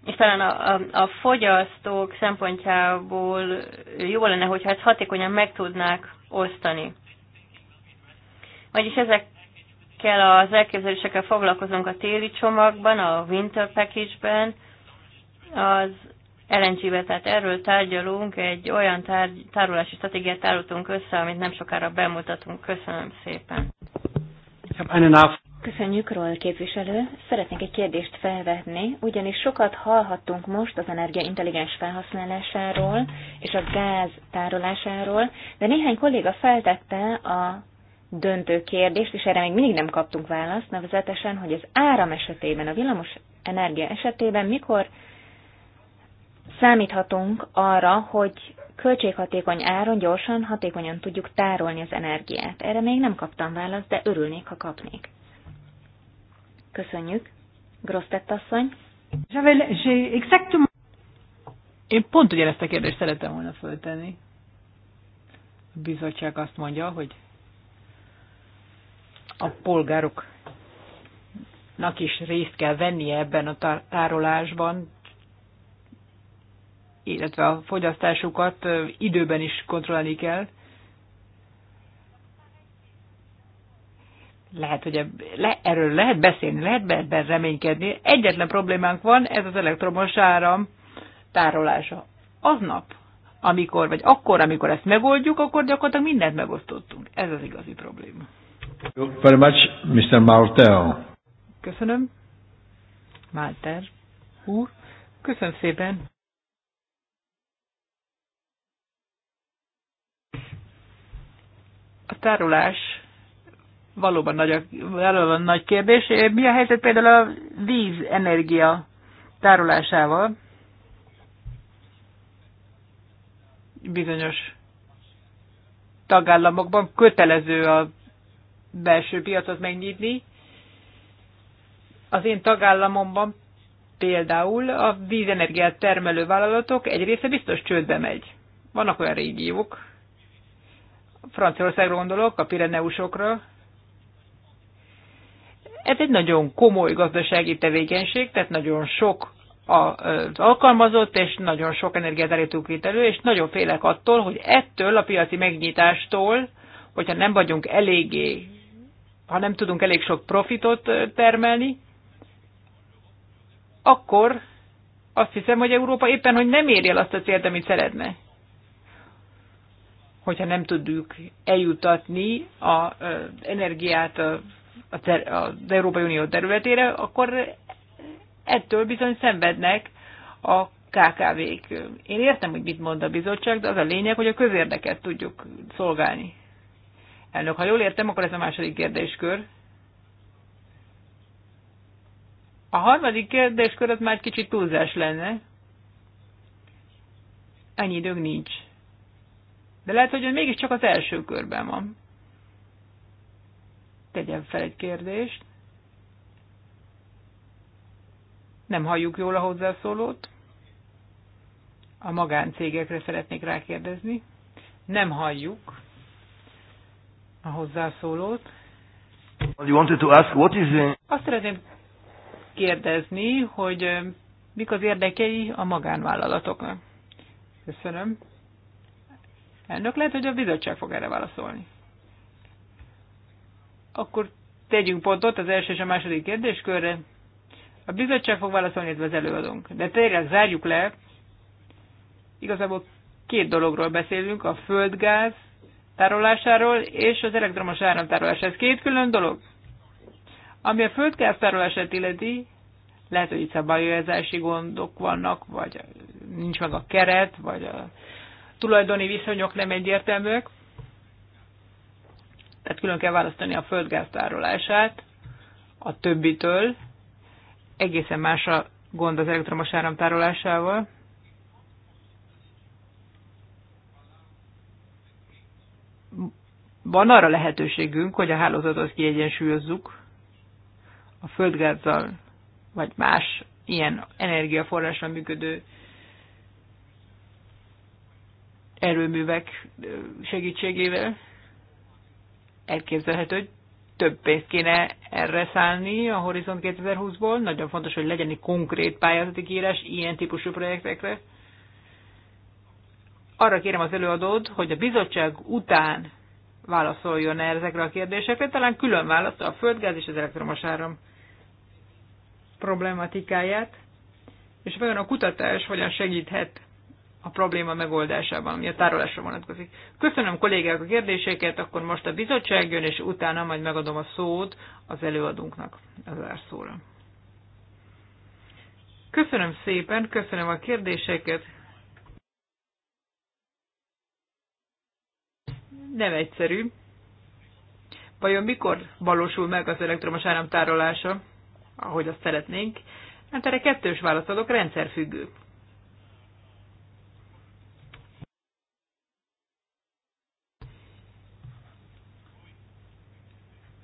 és talán a, a, a fogyasztók szempontjából jó lenne, hogyha ezt hatékonyan meg tudnák osztani. Vagyis ezekkel az elképzelésekkel foglalkozunk a téli csomagban, a winter package-ben, az ellencsébe, tehát erről tárgyalunk, egy olyan tárgy, tárolási stratégiát tároltunk össze, amit nem sokára bemutatunk. Köszönöm szépen. Köszönjük, Roll képviselő. Szeretnék egy kérdést felvetni, ugyanis sokat hallhattunk most az energia intelligens felhasználásáról és a gáz tárolásáról, de néhány kolléga feltette a döntő kérdést, és erre még mindig nem kaptunk választ, nevezetesen, hogy az áram esetében, a villamos energia esetében mikor számíthatunk arra, hogy költséghatékony áron gyorsan, hatékonyan tudjuk tárolni az energiát. Erre még nem kaptam választ, de örülnék, ha kapnék. Köszönjük. Grosztett asszony. Én pont ugyanezt a kérdést szeretem volna föltenni. A bizottság azt mondja, hogy a polgároknak is részt kell vennie ebben a tárolásban, illetve a fogyasztásukat időben is kontrollálni kell. Lehet, hogy ebb, le, erről lehet beszélni, lehet ebben reménykedni. Egyetlen problémánk van, ez az elektromos áram tárolása. Aznap, amikor, vagy akkor, amikor ezt megoldjuk, akkor gyakorlatilag mindent megosztottunk. Ez az igazi probléma. Very much, Mr. Martel. Köszönöm. Málter úr. Köszönöm szépen. tárolás valóban nagy, a, valóban nagy kérdés. Eh, mi a helyzet például a vízenergia tárolásával? Bizonyos tagállamokban kötelező a belső piacot megnyitni. Az én tagállamomban például a vízenergiát termelő vállalatok egy része biztos csődbe megy. Vannak olyan régiók, Franciaországra gondolok, a Pireneusokra. Ez egy nagyon komoly gazdasági tevékenység, tehát nagyon sok az alkalmazott, és nagyon sok energiát állítunk itt elő, és nagyon félek attól, hogy ettől a piaci megnyitástól, hogyha nem vagyunk eléggé, ha nem tudunk elég sok profitot termelni, akkor azt hiszem, hogy Európa éppen, hogy nem érje el azt a célt, amit szeretne hogyha nem tudjuk eljutatni az energiát az Európai Unió területére, akkor ettől bizony szenvednek a KKV-k. Én értem, hogy mit mond a bizottság, de az a lényeg, hogy a közérdeket tudjuk szolgálni. Elnök, ha jól értem, akkor ez a második kérdéskör. A harmadik kérdéskör az már kicsit túlzás lenne. Ennyi időnk nincs. De lehet, hogy ő mégiscsak az első körben van. Tegyen fel egy kérdést. Nem halljuk jól a hozzászólót. A magáncégekre szeretnék rákérdezni. Nem halljuk a hozzászólót. Azt szeretném kérdezni, hogy mik az érdekei a magánvállalatoknak. Köszönöm. Elnök lehet, hogy a bizottság fog erre válaszolni. Akkor tegyünk pontot az első és a második kérdéskörre. A bizottság fog válaszolni, illetve az előadónk. De tényleg zárjuk le. Igazából két dologról beszélünk, a földgáz tárolásáról és az elektromos áramtárolás. Ez két külön dolog. Ami a földgáz tárolását illeti, lehet, hogy itt szabályozási gondok vannak, vagy nincs meg a keret, vagy a tulajdoni viszonyok nem egyértelműek, tehát külön kell választani a földgáz tárolását a többitől, egészen más a gond az elektromos áramtárolásával. tárolásával. Van arra lehetőségünk, hogy a hálózatot kiegyensúlyozzuk a földgázzal, vagy más ilyen energiaforrással működő erőművek segítségével. Elképzelhető, hogy több pénzt kéne erre szállni a Horizont 2020-ból. Nagyon fontos, hogy legyen egy konkrét pályázati kiírás ilyen típusú projektekre. Arra kérem az előadót, hogy a bizottság után válaszoljon ezekre a kérdésekre, talán külön választ a földgáz és az elektromos áram problematikáját, és vajon a kutatás hogyan segíthet a probléma megoldásában, ami a tárolásra vonatkozik. Köszönöm kollégák a kérdéseket, akkor most a bizottság jön, és utána majd megadom a szót az előadónknak az árszóra. Köszönöm szépen, köszönöm a kérdéseket. Nem egyszerű. Vajon mikor valósul meg az elektromos áram tárolása, ahogy azt szeretnénk? Hát erre kettős választ adok, rendszerfüggő.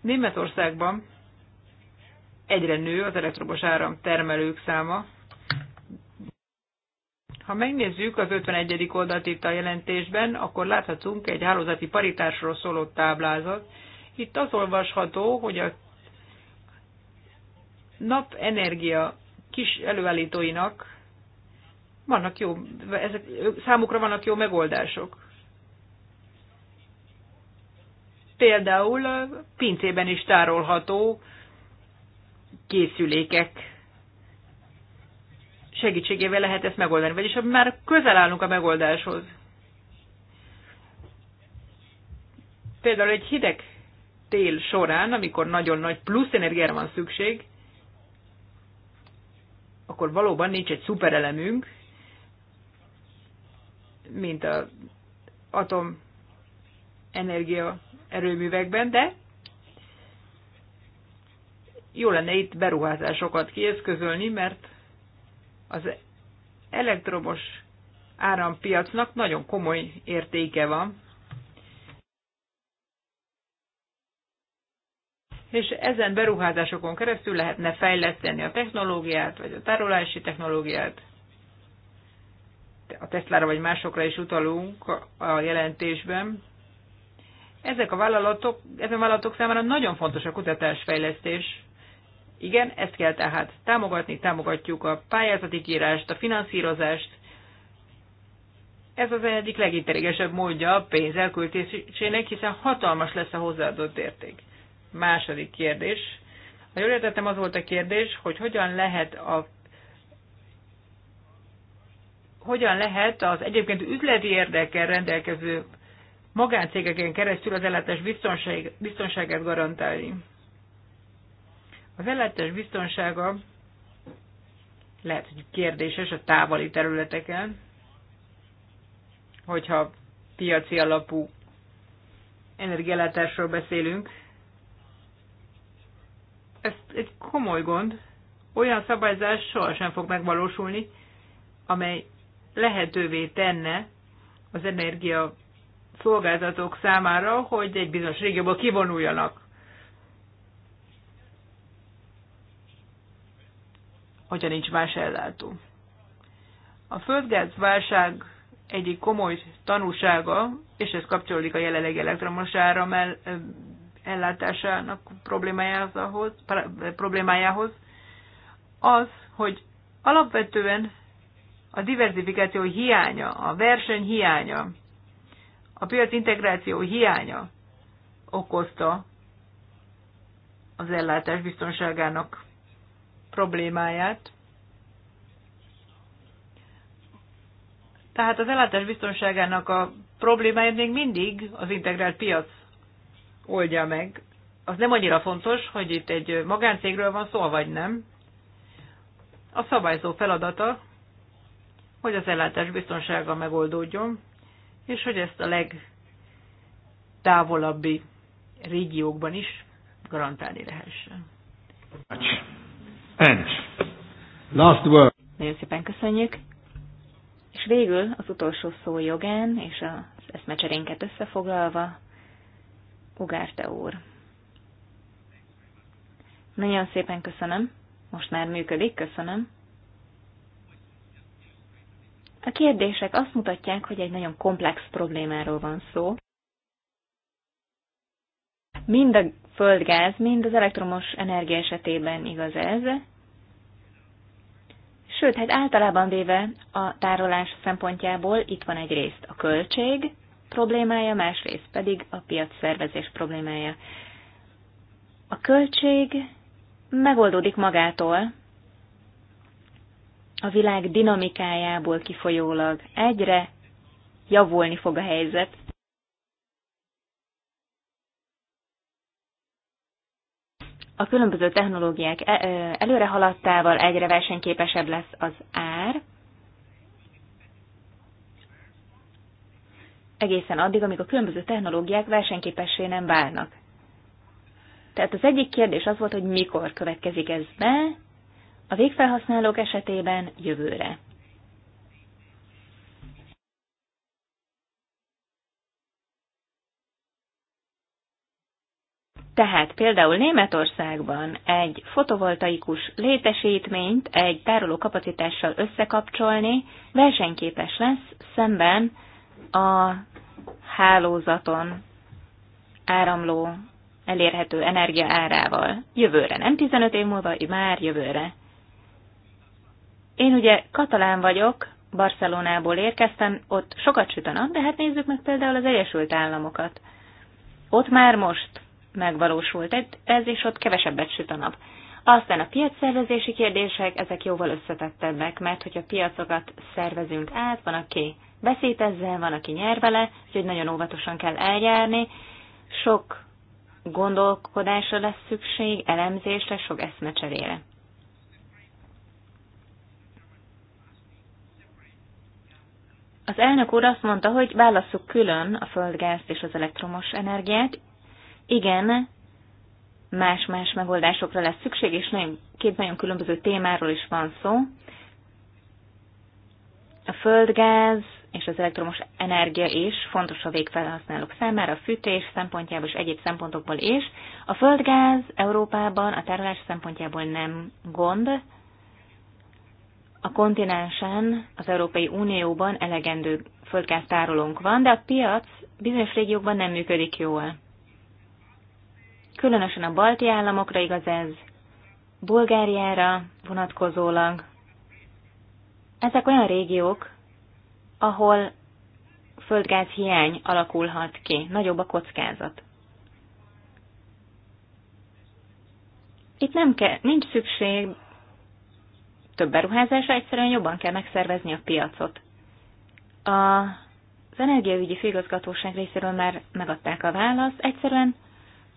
Németországban egyre nő az elektromos áram termelők száma. Ha megnézzük az 51. oldalt itt a jelentésben, akkor láthatunk egy hálózati paritásról szóló táblázat. Itt az olvasható, hogy a napenergia kis előállítóinak vannak jó, ezek, számukra vannak jó megoldások. például pincében is tárolható készülékek segítségével lehet ezt megoldani, vagyis már közel állunk a megoldáshoz. Például egy hideg tél során, amikor nagyon nagy plusz energiára van szükség, akkor valóban nincs egy szuperelemünk, mint az atomenergia erőművekben, de jó lenne itt beruházásokat kieszközölni, mert az elektromos árampiacnak nagyon komoly értéke van. És ezen beruházásokon keresztül lehetne fejleszteni a technológiát, vagy a tárolási technológiát. A Tesla-ra vagy másokra is utalunk a jelentésben. Ezek a vállalatok, ezen vállalatok számára nagyon fontos a kutatásfejlesztés. Igen, ezt kell tehát támogatni, támogatjuk a pályázati kírást, a finanszírozást. Ez az egyik legintelligesebb módja a pénz elköltésének, hiszen hatalmas lesz a hozzáadott érték. Második kérdés. Ha jól értettem, az volt a kérdés, hogy hogyan lehet a hogyan lehet az egyébként üzleti érdekkel rendelkező magáncégeken keresztül az ellátás biztonság, biztonságát garantálni. Az ellátás biztonsága lehet, hogy kérdéses a távoli területeken, hogyha piaci alapú energiállátásról beszélünk. Ez egy komoly gond. Olyan szabályzás sohasem fog megvalósulni, amely lehetővé tenne az energia szolgáltatók számára, hogy egy bizonyos régióból kivonuljanak. hogyha nincs más ellátó. A földgázválság egyik komoly tanúsága, és ez kapcsolódik a jelenlegi elektromos áram el, ellátásának problémájához, problémájához, az, hogy alapvetően a diversifikáció hiánya, a verseny hiánya, a piacintegráció integráció hiánya okozta az ellátás biztonságának problémáját. Tehát az ellátás biztonságának a problémáját még mindig az integrált piac oldja meg. Az nem annyira fontos, hogy itt egy magáncégről van szó, vagy nem. A szabályzó feladata, hogy az ellátás biztonsága megoldódjon, és hogy ezt a legtávolabbi régiókban is garantálni lehessen. And last word. Nagyon szépen köszönjük. És végül az utolsó szó jogán és az eszmecserénket összefoglalva, Ugárte úr. Nagyon szépen köszönöm. Most már működik, köszönöm. A kérdések azt mutatják, hogy egy nagyon komplex problémáról van szó. Mind a földgáz, mind az elektromos energia esetében igaz ez. Sőt, hát általában véve a tárolás szempontjából itt van egyrészt a költség problémája, másrészt pedig a piac szervezés problémája. A költség megoldódik magától, a világ dinamikájából kifolyólag egyre javulni fog a helyzet. A különböző technológiák e- e- előre haladtával egyre versenyképesebb lesz az ár, egészen addig, amíg a különböző technológiák versenyképessé nem válnak. Tehát az egyik kérdés az volt, hogy mikor következik ez be, a végfelhasználók esetében jövőre. Tehát például Németországban egy fotovoltaikus létesítményt egy tárolókapacitással összekapcsolni versenyképes lesz szemben a hálózaton áramló elérhető energia árával. Jövőre, nem 15 év múlva, már jövőre. Én ugye katalán vagyok, Barcelonából érkeztem, ott sokat süt a nap, de hát nézzük meg például az Egyesült Államokat. Ott már most megvalósult ez, és ott kevesebbet süt a nap. Aztán a piacszervezési kérdések, ezek jóval összetettebbek, mert hogyha piacokat szervezünk át, van, aki beszélt ezzel, van, aki nyer vele, úgyhogy nagyon óvatosan kell eljárni. Sok gondolkodásra lesz szükség, elemzésre, sok eszmecserére. Az elnök úr azt mondta, hogy válasszuk külön a földgázt és az elektromos energiát. Igen, más-más megoldásokra lesz szükség, és nagyon, két nagyon különböző témáról is van szó. A földgáz és az elektromos energia is fontos a végfelhasználók számára, a fűtés szempontjából és egyéb szempontokból is. A földgáz Európában a tárolás szempontjából nem gond, a kontinensen, az Európai Unióban elegendő földgáztárolónk van, de a piac bizonyos régiókban nem működik jól. Különösen a balti államokra igaz ez, Bulgáriára vonatkozólag. Ezek olyan régiók, ahol földgáz hiány alakulhat ki, nagyobb a kockázat. Itt nem ke- nincs szükség több beruházása, egyszerűen jobban kell megszervezni a piacot. A, az energiaügyi főigazgatóság részéről már megadták a választ, egyszerűen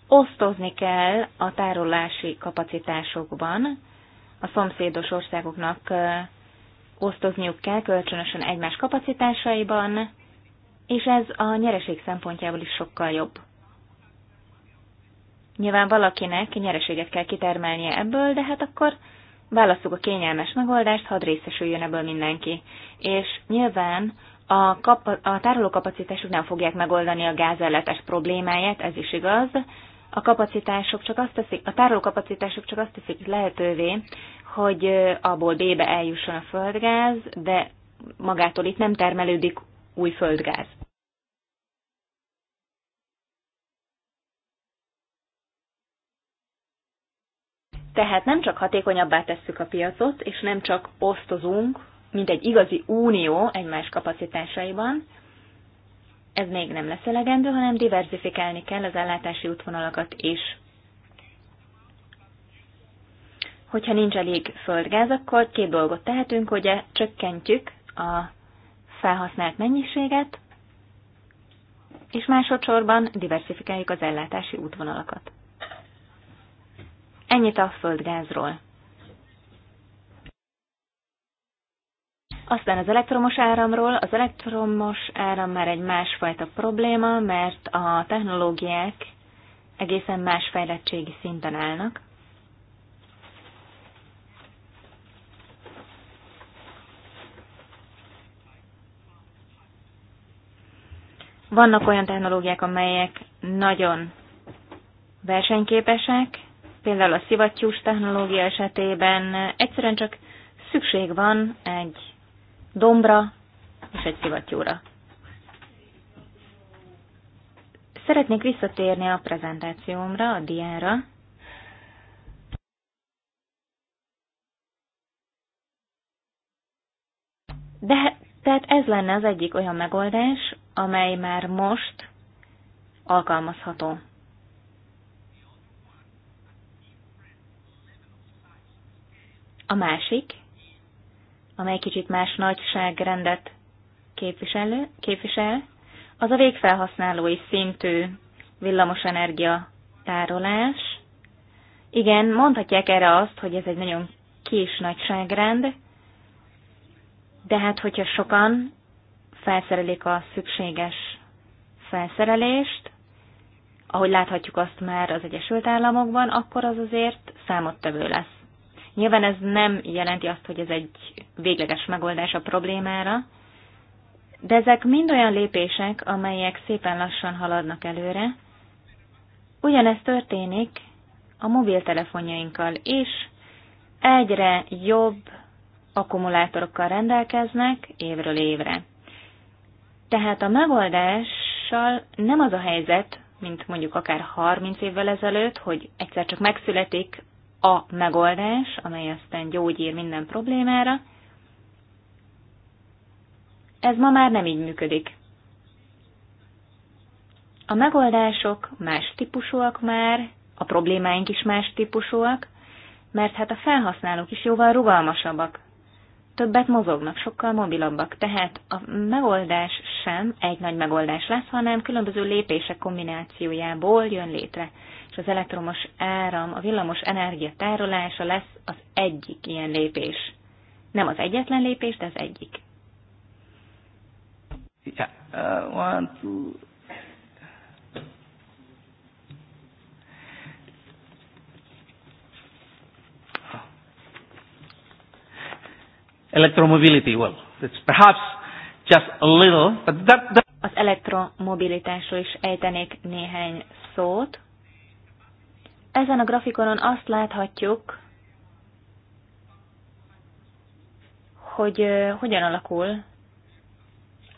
osztozni kell a tárolási kapacitásokban, a szomszédos országoknak osztozniuk kell kölcsönösen egymás kapacitásaiban, és ez a nyereség szempontjából is sokkal jobb. Nyilván valakinek nyereséget kell kitermelnie ebből, de hát akkor válasszuk a kényelmes megoldást, hadd részesüljön ebből mindenki. És nyilván a, kap- a tárolókapacitások nem fogják megoldani a gázelletes problémáját, ez is igaz. A kapacitások csak azt teszik, a tárolókapacitások csak azt teszik lehetővé, hogy abból B-be eljusson a földgáz, de magától itt nem termelődik új földgáz. Tehát nem csak hatékonyabbá tesszük a piacot, és nem csak osztozunk, mint egy igazi unió egymás kapacitásaiban, ez még nem lesz elegendő, hanem diversifikálni kell az ellátási útvonalakat is. Hogyha nincs elég földgáz, akkor két dolgot tehetünk, hogy csökkentjük a felhasznált mennyiséget, és másodszorban diversifikáljuk az ellátási útvonalakat. Ennyit a földgázról. Aztán az elektromos áramról. Az elektromos áram már egy másfajta probléma, mert a technológiák egészen más fejlettségi szinten állnak. Vannak olyan technológiák, amelyek nagyon versenyképesek, például a szivattyús technológia esetében egyszerűen csak szükség van egy dombra és egy szivattyúra. Szeretnék visszatérni a prezentációmra, a diára. De tehát ez lenne az egyik olyan megoldás, amely már most alkalmazható. A másik, amely kicsit más nagyságrendet képviselő, képvisel, az a végfelhasználói szintű villamosenergia tárolás. Igen, mondhatják erre azt, hogy ez egy nagyon kis nagyságrend, de hát hogyha sokan felszerelik a szükséges felszerelést, ahogy láthatjuk azt már az Egyesült Államokban, akkor az azért számottevő lesz. Nyilván ez nem jelenti azt, hogy ez egy végleges megoldás a problémára, de ezek mind olyan lépések, amelyek szépen lassan haladnak előre. Ugyanezt történik a mobiltelefonjainkkal is. Egyre jobb akkumulátorokkal rendelkeznek évről évre. Tehát a megoldással nem az a helyzet, mint mondjuk akár 30 évvel ezelőtt, hogy egyszer csak megszületik a megoldás, amely aztán gyógyír minden problémára, ez ma már nem így működik. A megoldások más típusúak már, a problémáink is más típusúak, mert hát a felhasználók is jóval rugalmasabbak. Többet mozognak, sokkal mobilabbak, tehát a megoldás sem egy nagy megoldás lesz, hanem különböző lépések kombinációjából jön létre az elektromos áram, a villamos energia tárolása lesz az egyik ilyen lépés. Nem az egyetlen lépés, de az egyik. Yeah. Uh, one, two. Electromobility, well, it's perhaps just a little, but that, that... Az elektromobilitásról is ejtenék néhány szót. Ezen a grafikonon azt láthatjuk, hogy hogyan alakul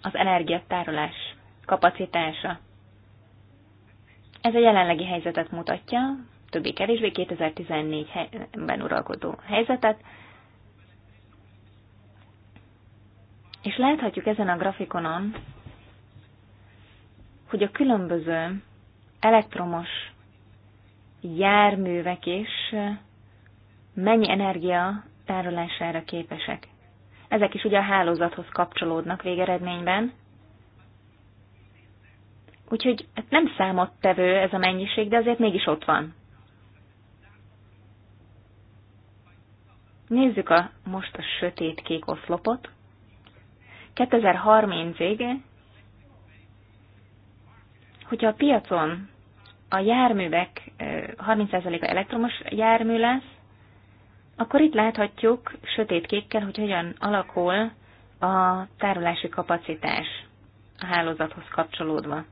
az energiatárolás kapacitása. Ez a jelenlegi helyzetet mutatja, többé-kevésbé 2014-ben uralkodó helyzetet, és láthatjuk ezen a grafikonon, hogy a különböző elektromos járművek is mennyi energia tárolására képesek. Ezek is ugye a hálózathoz kapcsolódnak végeredményben. Úgyhogy hát nem számottevő ez a mennyiség, de azért mégis ott van. Nézzük a most a sötét kék oszlopot. 2030-ig, hogyha a piacon a járművek 30%-a elektromos jármű lesz, akkor itt láthatjuk sötét kékkel, hogy hogyan alakul a tárolási kapacitás a hálózathoz kapcsolódva.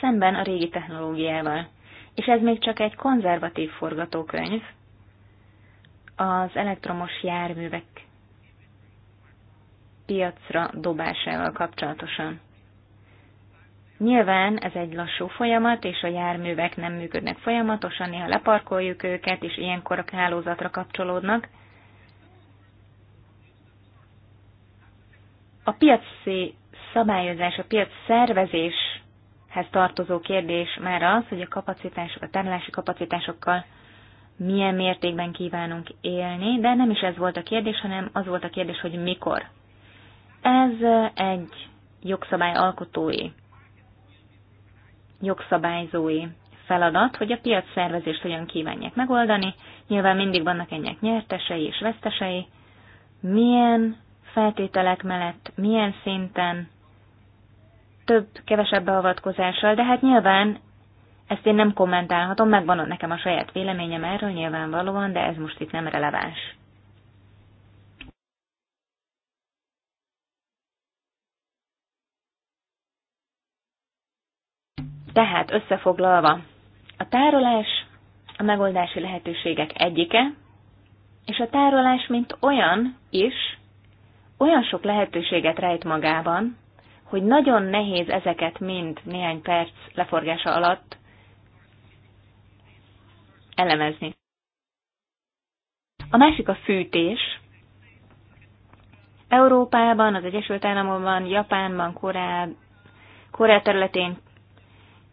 Szemben a régi technológiával. És ez még csak egy konzervatív forgatókönyv az elektromos járművek piacra dobásával kapcsolatosan. Nyilván ez egy lassú folyamat, és a járművek nem működnek folyamatosan, néha leparkoljuk őket, és ilyenkor a hálózatra kapcsolódnak. A piaci szabályozás, a piac szervezéshez tartozó kérdés már az, hogy a kapacitások, a tárolási kapacitásokkal milyen mértékben kívánunk élni, de nem is ez volt a kérdés, hanem az volt a kérdés, hogy mikor ez egy jogszabály alkotói, jogszabályzói feladat, hogy a piac szervezést hogyan kívánják megoldani. Nyilván mindig vannak ennek nyertesei és vesztesei. Milyen feltételek mellett, milyen szinten, több, kevesebb beavatkozással, de hát nyilván ezt én nem kommentálhatom, megvan nekem a saját véleményem erről nyilvánvalóan, de ez most itt nem releváns. Tehát összefoglalva, a tárolás a megoldási lehetőségek egyike, és a tárolás, mint olyan is, olyan sok lehetőséget rejt magában, hogy nagyon nehéz ezeket mind néhány perc leforgása alatt elemezni. A másik a fűtés. Európában, az Egyesült Államokban, Japánban, Koreá, Koreá területén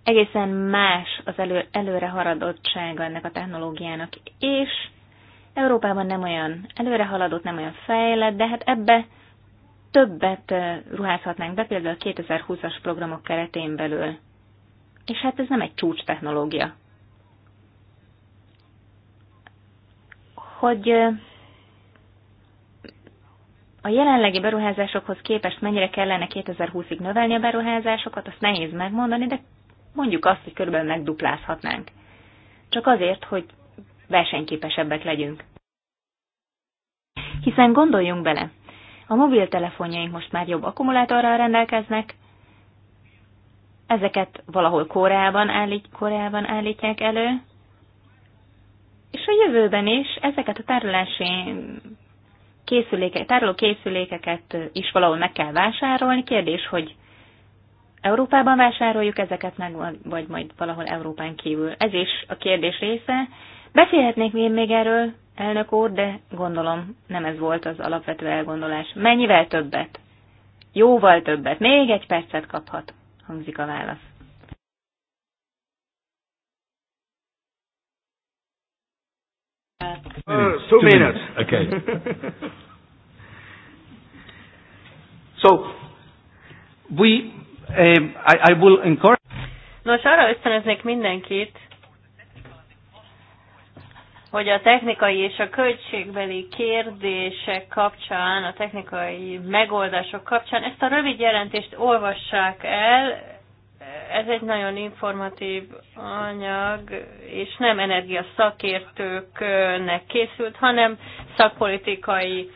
egészen más az elő, előre haradottsága ennek a technológiának, és Európában nem olyan előre haladott, nem olyan fejlett, de hát ebbe többet ruházhatnánk be, például a 2020-as programok keretén belül. És hát ez nem egy csúcs technológia. Hogy a jelenlegi beruházásokhoz képest mennyire kellene 2020-ig növelni a beruházásokat, azt nehéz megmondani, de mondjuk azt, hogy körülbelül megduplázhatnánk. Csak azért, hogy versenyképesebbek legyünk. Hiszen gondoljunk bele, a mobiltelefonjaink most már jobb akkumulátorral rendelkeznek, ezeket valahol Koreában, állít, Koreában állítják elő, és a jövőben is ezeket a tárolási készüléke, tároló készülékeket is valahol meg kell vásárolni. Kérdés, hogy Európában vásároljuk ezeket meg, vagy majd valahol Európán kívül? Ez is a kérdés része. Beszélhetnék én még erről, elnök úr, de gondolom nem ez volt az alapvető elgondolás. Mennyivel többet? Jóval többet. Még egy percet kaphat, hangzik a válasz. Uh, two minutes. Okay. so, we Um, I, I will encourage... Nos, arra ösztönöznék mindenkit, hogy a technikai és a költségbeli kérdések kapcsán, a technikai megoldások kapcsán ezt a rövid jelentést olvassák el. Ez egy nagyon informatív anyag, és nem energia szakértőknek készült, hanem szakpolitikai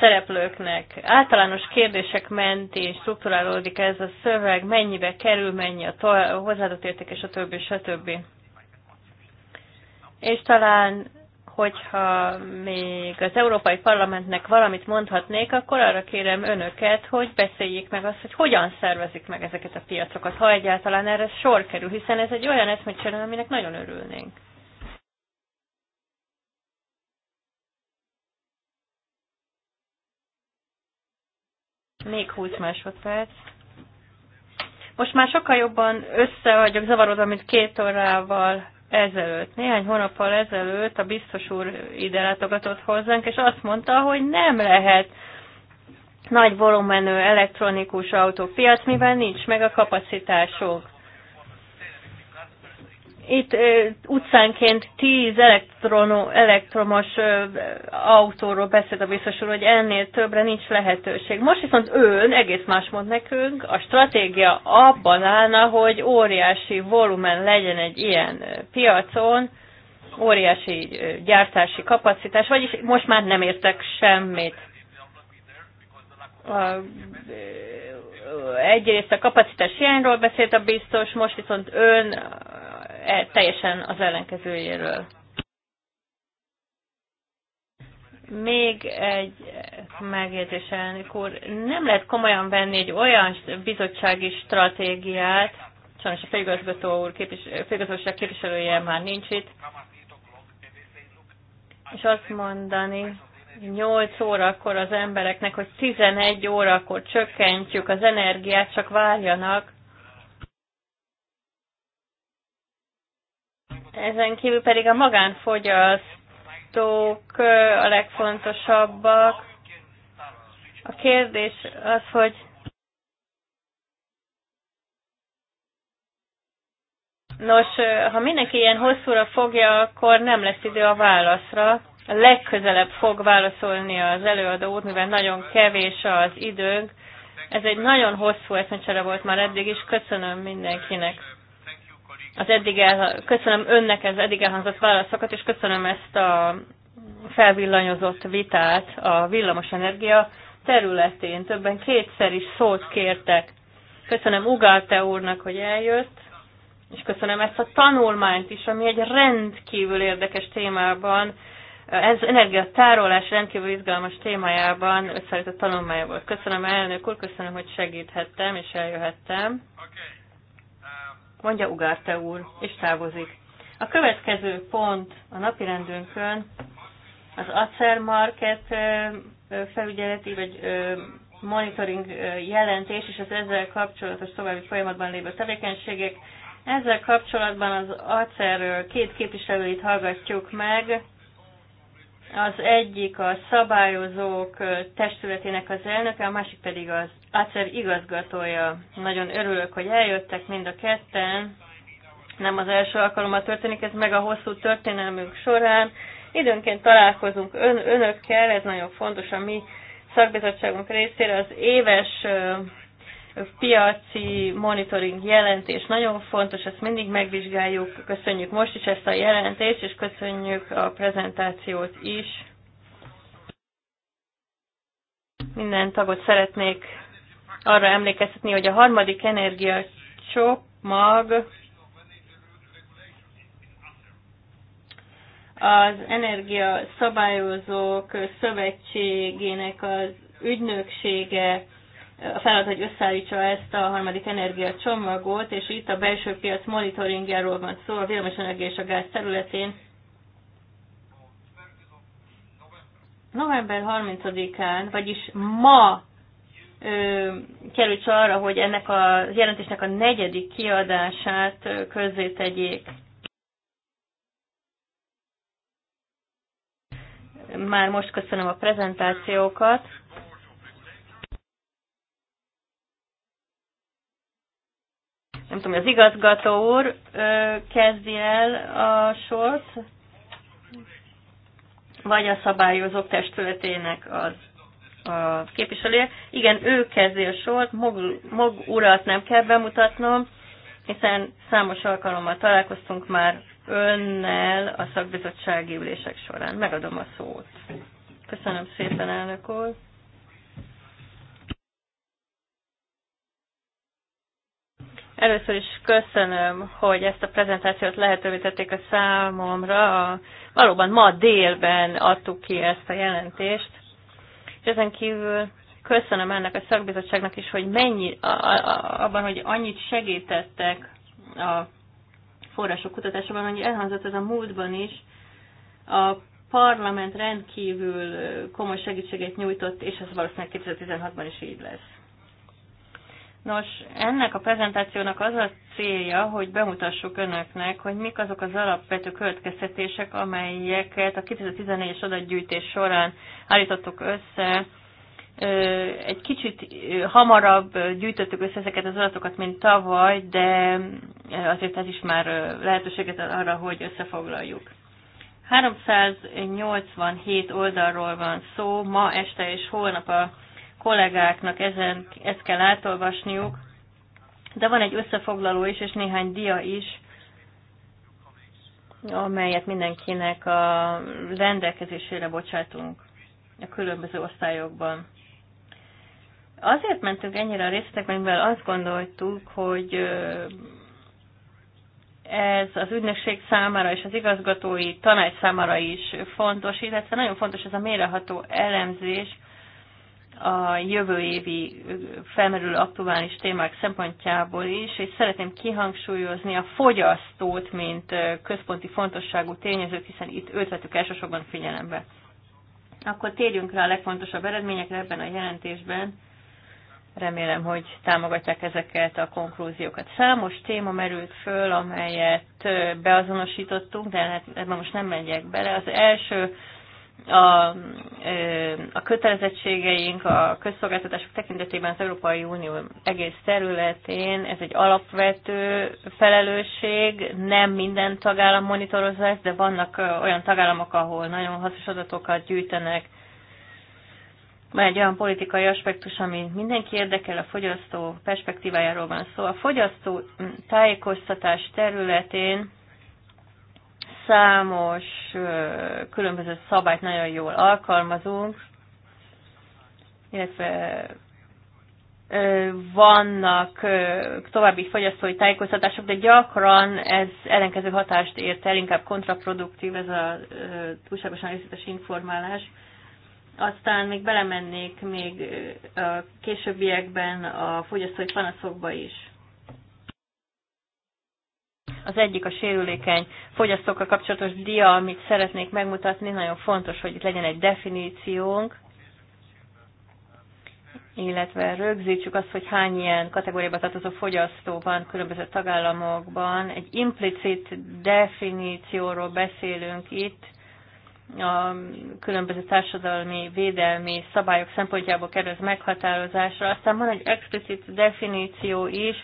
szereplőknek. Általános kérdések mentén strukturálódik ez a szöveg, mennyibe kerül, mennyi a, hozzáadott érték, és a többi, stb. És talán, hogyha még az Európai Parlamentnek valamit mondhatnék, akkor arra kérem önöket, hogy beszéljék meg azt, hogy hogyan szervezik meg ezeket a piacokat, ha egyáltalán erre sor kerül, hiszen ez egy olyan eszmecserő, aminek nagyon örülnénk. Még 20 másodperc. Most már sokkal jobban össze vagyok zavarodva, mint két órával ezelőtt. Néhány hónappal ezelőtt a biztos úr ide látogatott hozzánk, és azt mondta, hogy nem lehet nagy volumenű elektronikus autópiac, mivel nincs meg a kapacitásunk. Itt utcánként tíz elektrono, elektromos autóról beszélt a biztos hogy ennél többre nincs lehetőség. Most viszont ön egész más mond nekünk, a stratégia abban állna, hogy óriási volumen legyen egy ilyen piacon, óriási gyártási kapacitás, vagyis most már nem értek semmit. A, egyrészt a kapacitás hiányról beszélt a biztos, most viszont ön E, teljesen az ellenkezőjéről. Még egy megjegyzés, elnök úr. Nem lehet komolyan venni egy olyan bizottsági stratégiát, sajnos a főigazgató úr képvis, főigazgatóság képviselője már nincs itt, és azt mondani, 8 órakor az embereknek, hogy 11 órakor csökkentjük az energiát, csak várjanak, Ezen kívül pedig a magánfogyasztók a legfontosabbak. A kérdés az, hogy Nos, ha mindenki ilyen hosszúra fogja, akkor nem lesz idő a válaszra. Legközelebb fog válaszolni az előadó úr, mivel nagyon kevés az időnk. Ez egy nagyon hosszú eszmecsere volt már eddig is. Köszönöm mindenkinek az eddig el, köszönöm önnek az eddig elhangzott válaszokat, és köszönöm ezt a felvillanyozott vitát a villamos energia területén. Többen kétszer is szót kértek. Köszönöm Ugálte úrnak, hogy eljött, és köszönöm ezt a tanulmányt is, ami egy rendkívül érdekes témában, ez energiatárolás rendkívül izgalmas témájában összeállított tanulmánya volt. Köszönöm elnök úr, köszönöm, hogy segíthettem és eljöhettem. Okay mondja Ugarte úr, és távozik. A következő pont a napirendünkön az Acer Market felügyeleti vagy monitoring jelentés és az ezzel kapcsolatos további folyamatban lévő tevékenységek. Ezzel kapcsolatban az acer két képviselőit hallgatjuk meg, az egyik a szabályozók testületének az elnöke, a másik pedig az ACER igazgatója. Nagyon örülök, hogy eljöttek mind a ketten. Nem az első alkalommal történik ez meg a hosszú történelmünk során. Időnként találkozunk ön, önökkel, ez nagyon fontos a mi szakbizottságunk részére. Az éves piaci monitoring jelentés nagyon fontos, ezt mindig megvizsgáljuk. Köszönjük most is ezt a jelentést, és köszönjük a prezentációt is. Minden tagot szeretnék arra emlékeztetni, hogy a harmadik mag az energiaszabályozók szövetségének az ügynöksége a feladat, hogy összeállítsa ezt a harmadik energiacsomagot, és itt a belső piac monitoringjáról van szó a villamosenergia és a gáz területén. November 30-án, vagyis ma ö, került sor arra, hogy ennek a jelentésnek a negyedik kiadását tegyék. Már most köszönöm a prezentációkat. nem tudom, az igazgató úr kezdi el a sort, vagy a szabályozók testületének az a képviselője. Igen, ő kezdi a sort, Mog, Mog urat nem kell bemutatnom, hiszen számos alkalommal találkoztunk már önnel a szakbizottsági ülések során. Megadom a szót. Köszönöm szépen, elnök úr. Először is köszönöm, hogy ezt a prezentációt lehetővé tették a számomra. Valóban ma délben adtuk ki ezt a jelentést, és ezen kívül köszönöm ennek a szakbizottságnak is, hogy mennyi, a, a, abban, hogy annyit segítettek a források kutatásában, hogy elhangzott ez a múltban is, a parlament rendkívül komoly segítséget nyújtott, és ez valószínűleg 2016-ban is így lesz. Nos, ennek a prezentációnak az a célja, hogy bemutassuk önöknek, hogy mik azok az alapvető következtetések, amelyeket a 2014-es adatgyűjtés során állítottuk össze. Egy kicsit hamarabb gyűjtöttük össze ezeket az adatokat, mint tavaly, de azért ez is már lehetőséget ad arra, hogy összefoglaljuk. 387 oldalról van szó, ma este és holnap a kollégáknak ezen, ezt kell átolvasniuk, de van egy összefoglaló is, és néhány dia is, amelyet mindenkinek a rendelkezésére bocsátunk a különböző osztályokban. Azért mentünk ennyire a részletekben, mivel azt gondoltuk, hogy ez az ügynökség számára és az igazgatói tanács számára is fontos, illetve nagyon fontos ez a méreható elemzés, a jövő évi felmerülő aktuális témák szempontjából is, és szeretném kihangsúlyozni a fogyasztót, mint központi fontosságú tényezőt, hiszen itt őt vettük elsősorban figyelembe. Akkor térjünk rá a legfontosabb eredményekre ebben a jelentésben. Remélem, hogy támogatják ezeket a konklúziókat. Számos téma merült föl, amelyet beazonosítottunk, de hát ebben most nem megyek bele. Az első a, a kötelezettségeink a közszolgáltatások tekintetében az Európai Unió egész területén, ez egy alapvető felelősség, nem minden tagállam monitorozza ezt, de vannak olyan tagállamok, ahol nagyon hasznos adatokat gyűjtenek, van egy olyan politikai aspektus, ami mindenki érdekel, a fogyasztó perspektívájáról van szó. A fogyasztó tájékoztatás területén számos különböző szabályt nagyon jól alkalmazunk, illetve vannak további fogyasztói tájékoztatások, de gyakran ez ellenkező hatást ért el, inkább kontraproduktív ez a túlságosan részletes informálás. Aztán még belemennék még a későbbiekben a fogyasztói panaszokba is. Az egyik a sérülékeny fogyasztókkal kapcsolatos dia, amit szeretnék megmutatni. Nagyon fontos, hogy itt legyen egy definíciónk, illetve rögzítsük azt, hogy hány ilyen kategóriába tartozó fogyasztó van különböző tagállamokban. Egy implicit definícióról beszélünk itt, a különböző társadalmi védelmi szabályok szempontjából kerül meghatározásra. Aztán van egy explicit definíció is,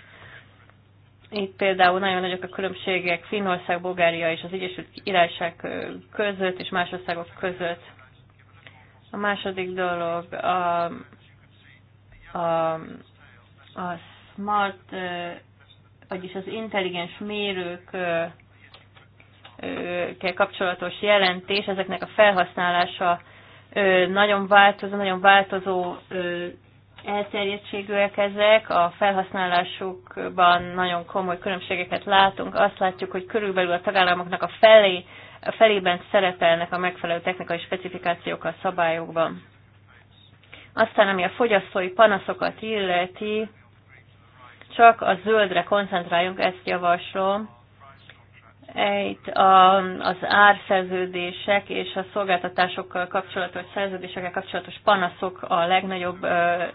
itt például nagyon nagyok a különbségek Finnország, Bulgária és az Egyesült Királyság között és más országok között. A második dolog a, a, a smart, vagyis az intelligens mérők kell kapcsolatos jelentés, ezeknek a felhasználása nagyon változó, nagyon változó elterjedtségűek ezek, a felhasználásukban nagyon komoly különbségeket látunk. Azt látjuk, hogy körülbelül a tagállamoknak a felé, a felében szerepelnek a megfelelő technikai specifikációk a szabályokban. Aztán, ami a fogyasztói panaszokat illeti, csak a zöldre koncentráljunk, ezt javaslom itt a, az árszerződések és a szolgáltatásokkal kapcsolatos szerződésekkel kapcsolatos panaszok a legnagyobb, a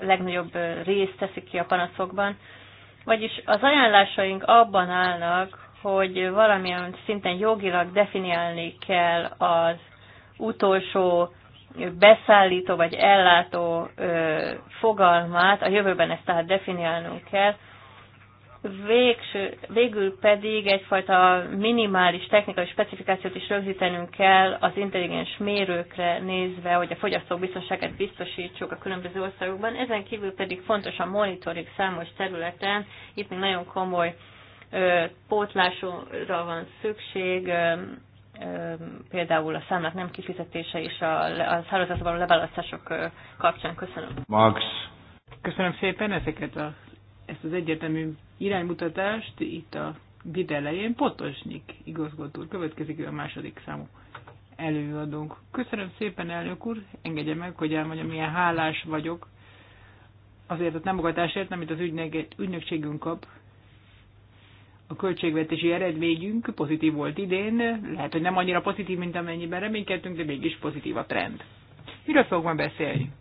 legnagyobb részt teszik ki a panaszokban. Vagyis az ajánlásaink abban állnak, hogy valamilyen szinten jogilag definiálni kell az utolsó beszállító vagy ellátó fogalmát, a jövőben ezt tehát definiálnunk kell, Végső, végül pedig egyfajta minimális technikai specifikációt is rögzítenünk kell az intelligens mérőkre nézve, hogy a fogyasztók biztonságát biztosítsuk a különböző országokban. Ezen kívül pedig fontos a monitoring számos területen. Itt még nagyon komoly ö, pótlásra van szükség, ö, ö, például a számlák nem kifizetése és a, a hálózatban leválasztások kapcsán. Köszönöm. Max. Köszönöm szépen ezeket a, ezt az egyetemű iránymutatást itt a vid elején Potosnyik igazgató következik, a második számú előadónk. Köszönöm szépen, elnök úr, engedje meg, hogy elmondjam, milyen hálás vagyok azért a támogatásért, amit az ügynök, ügynökségünk kap. A költségvetési eredményünk pozitív volt idén, lehet, hogy nem annyira pozitív, mint amennyiben reménykedtünk, de mégis pozitív a trend. Miről fogok ma beszélni?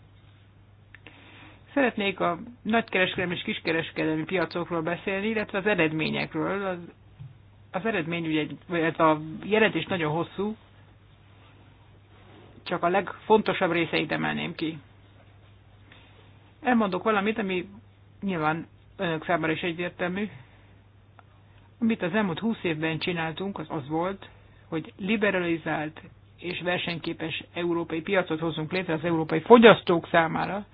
Szeretnék a nagykereskedelmi és kiskereskedelmi piacokról beszélni, illetve az eredményekről. Az, az eredmény, ugye, vagy a jelentés nagyon hosszú, csak a legfontosabb részeit emelném ki. Elmondok valamit, ami nyilván önök számára is egyértelmű. Amit az elmúlt húsz évben csináltunk, az az volt, hogy liberalizált és versenyképes európai piacot hozunk létre az európai fogyasztók számára,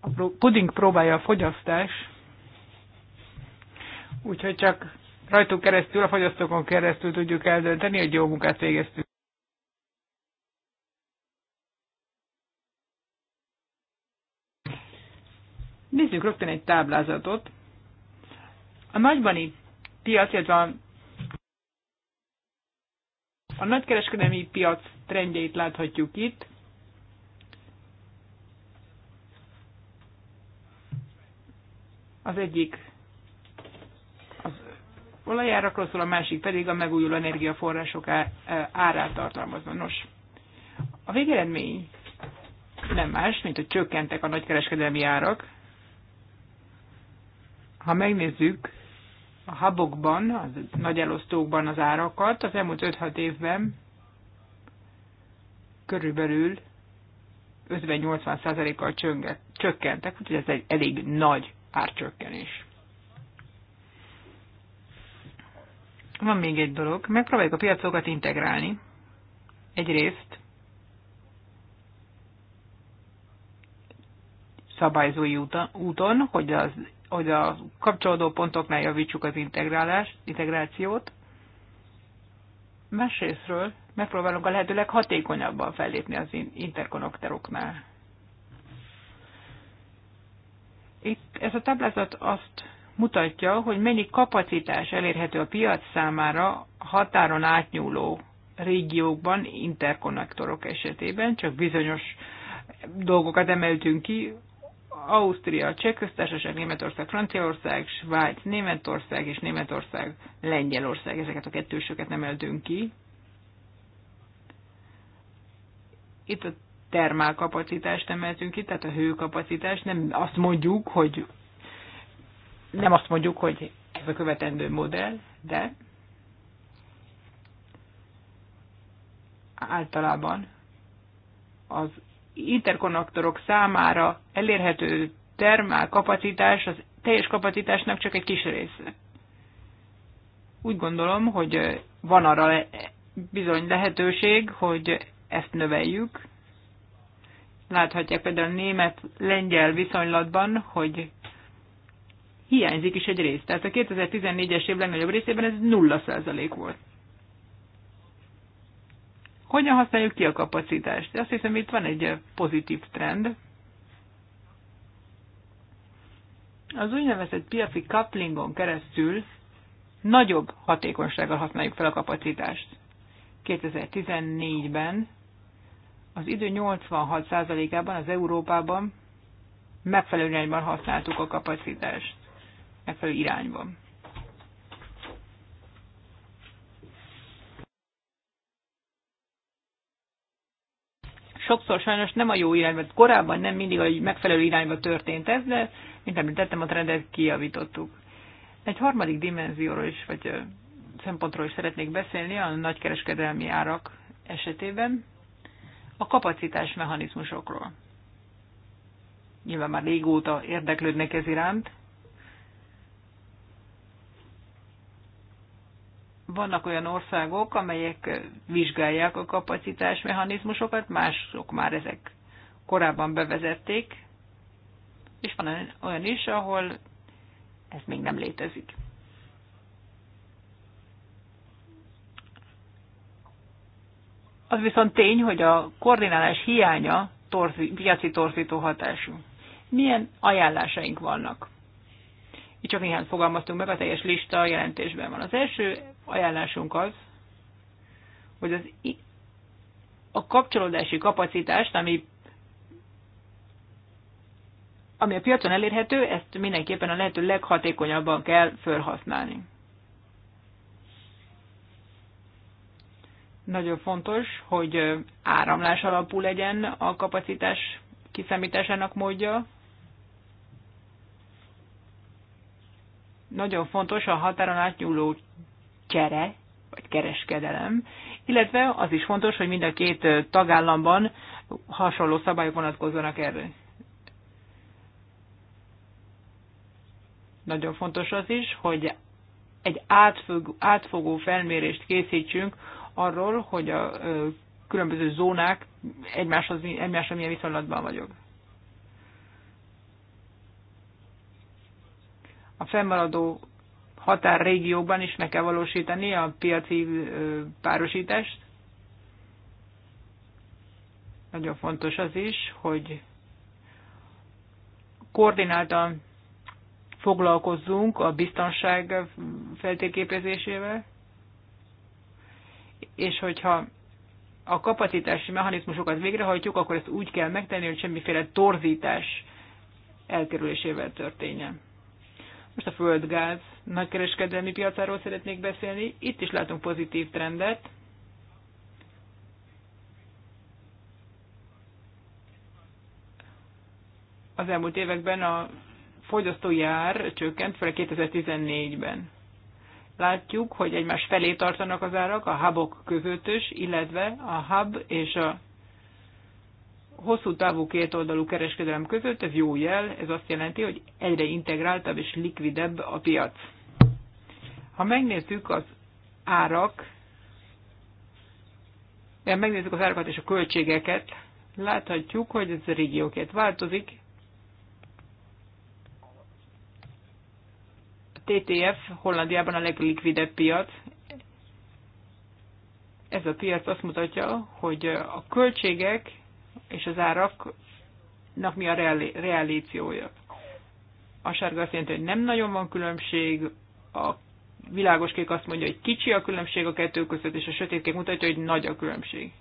a puding próbálja a fogyasztás, úgyhogy csak rajtuk keresztül, a fogyasztókon keresztül tudjuk eldönteni, hogy jó munkát végeztünk. Nézzük rögtön egy táblázatot. A nagybani piac, illetve a, a nagykereskedelmi piac trendjeit láthatjuk itt. Az egyik az olajárakról szól, a másik pedig a megújuló energiaforrások árát tartalmazva. Nos, a végeredmény nem más, mint hogy csökkentek a nagykereskedelmi árak. Ha megnézzük a habokban, a nagy elosztókban az árakat, az elmúlt 5-6 évben körülbelül 50-80%-kal csökkentek, úgyhogy ez egy elég nagy árcsökkenés. Van még egy dolog, megpróbáljuk a piacokat integrálni. Egyrészt szabályzói úton, hogy, az, hogy a kapcsolódó pontoknál javítsuk az integrálást, integrációt. Másrésztről megpróbálunk a lehető leghatékonyabban fellépni az interkonnektoroknál. Itt ez a táblázat azt mutatja, hogy mennyi kapacitás elérhető a piac számára határon átnyúló régiókban, interkonnektorok esetében, csak bizonyos dolgokat emeltünk ki, Ausztria, Csehköztársaság, Németország, Franciaország, Svájc, Németország és Németország, Lengyelország, ezeket a kettősöket nem emeltünk ki. Itt a termálkapacitást emeltünk ki, tehát a hőkapacitást, nem azt mondjuk, hogy nem azt mondjuk, hogy ez a követendő modell, de általában az interkonnektorok számára elérhető termál kapacitás az teljes kapacitásnak csak egy kis része. Úgy gondolom, hogy van arra bizony lehetőség, hogy ezt növeljük, Láthatják például német-lengyel viszonylatban, hogy hiányzik is egy rész. Tehát a 2014-es év legnagyobb részében ez 0% volt. Hogyan használjuk ki a kapacitást? Azt hiszem, itt van egy pozitív trend. Az úgynevezett piaci couplingon keresztül nagyobb hatékonysággal használjuk fel a kapacitást. 2014-ben az idő 86%-ában az Európában megfelelő irányban használtuk a kapacitást, megfelelő irányban. Sokszor sajnos nem a jó irányba, korábban nem mindig a megfelelő irányba történt ez, de mint említettem, a trendet kijavítottuk. Egy harmadik dimenzióról is, vagy szempontról is szeretnék beszélni, a nagykereskedelmi árak esetében a kapacitás mechanizmusokról. Nyilván már régóta érdeklődnek ez iránt. Vannak olyan országok, amelyek vizsgálják a kapacitás mechanizmusokat, mások már ezek korábban bevezették, és van olyan is, ahol ez még nem létezik. Az viszont tény, hogy a koordinálás hiánya torzi, piaci torzító hatású. Milyen ajánlásaink vannak? Itt csak néhány fogalmaztunk meg, a teljes lista a jelentésben van. Az első ajánlásunk az, hogy az a kapcsolódási kapacitást, ami, ami a piacon elérhető, ezt mindenképpen a lehető leghatékonyabban kell felhasználni. Nagyon fontos, hogy áramlás alapú legyen a kapacitás kiszámításának módja. Nagyon fontos a határon átnyúló csere, vagy kereskedelem, illetve az is fontos, hogy mind a két tagállamban hasonló szabályok vonatkozzanak erre. Nagyon fontos az is, hogy egy átfogó felmérést készítsünk arról, hogy a különböző zónák egymáshoz, egymásra milyen viszonylatban vagyok. A fennmaradó határrégióban is meg kell valósítani a piaci párosítást. Nagyon fontos az is, hogy koordináltan foglalkozzunk a biztonság feltérképezésével, és hogyha a kapacitási mechanizmusokat végrehajtjuk, akkor ezt úgy kell megtenni, hogy semmiféle torzítás elkerülésével történjen. Most a földgáz nagykereskedelmi piacáról szeretnék beszélni. Itt is látunk pozitív trendet. Az elmúlt években a fogyasztói ár csökkent, főleg 2014-ben látjuk, hogy egymás felé tartanak az árak, a hubok között is, illetve a hub és a hosszú távú kétoldalú kereskedelem között, ez jó jel, ez azt jelenti, hogy egyre integráltabb és likvidebb a piac. Ha megnézzük az árak, ha megnézzük az árakat és a költségeket, láthatjuk, hogy ez a régióként változik, TTF Hollandiában a leglikvidebb piac. Ez a piac azt mutatja, hogy a költségek és az áraknak mi a reálíciója. A sárga azt jelenti, hogy nem nagyon van különbség, a világos kék azt mondja, hogy kicsi a különbség a kettő között, és a sötét kék mutatja, hogy nagy a különbség.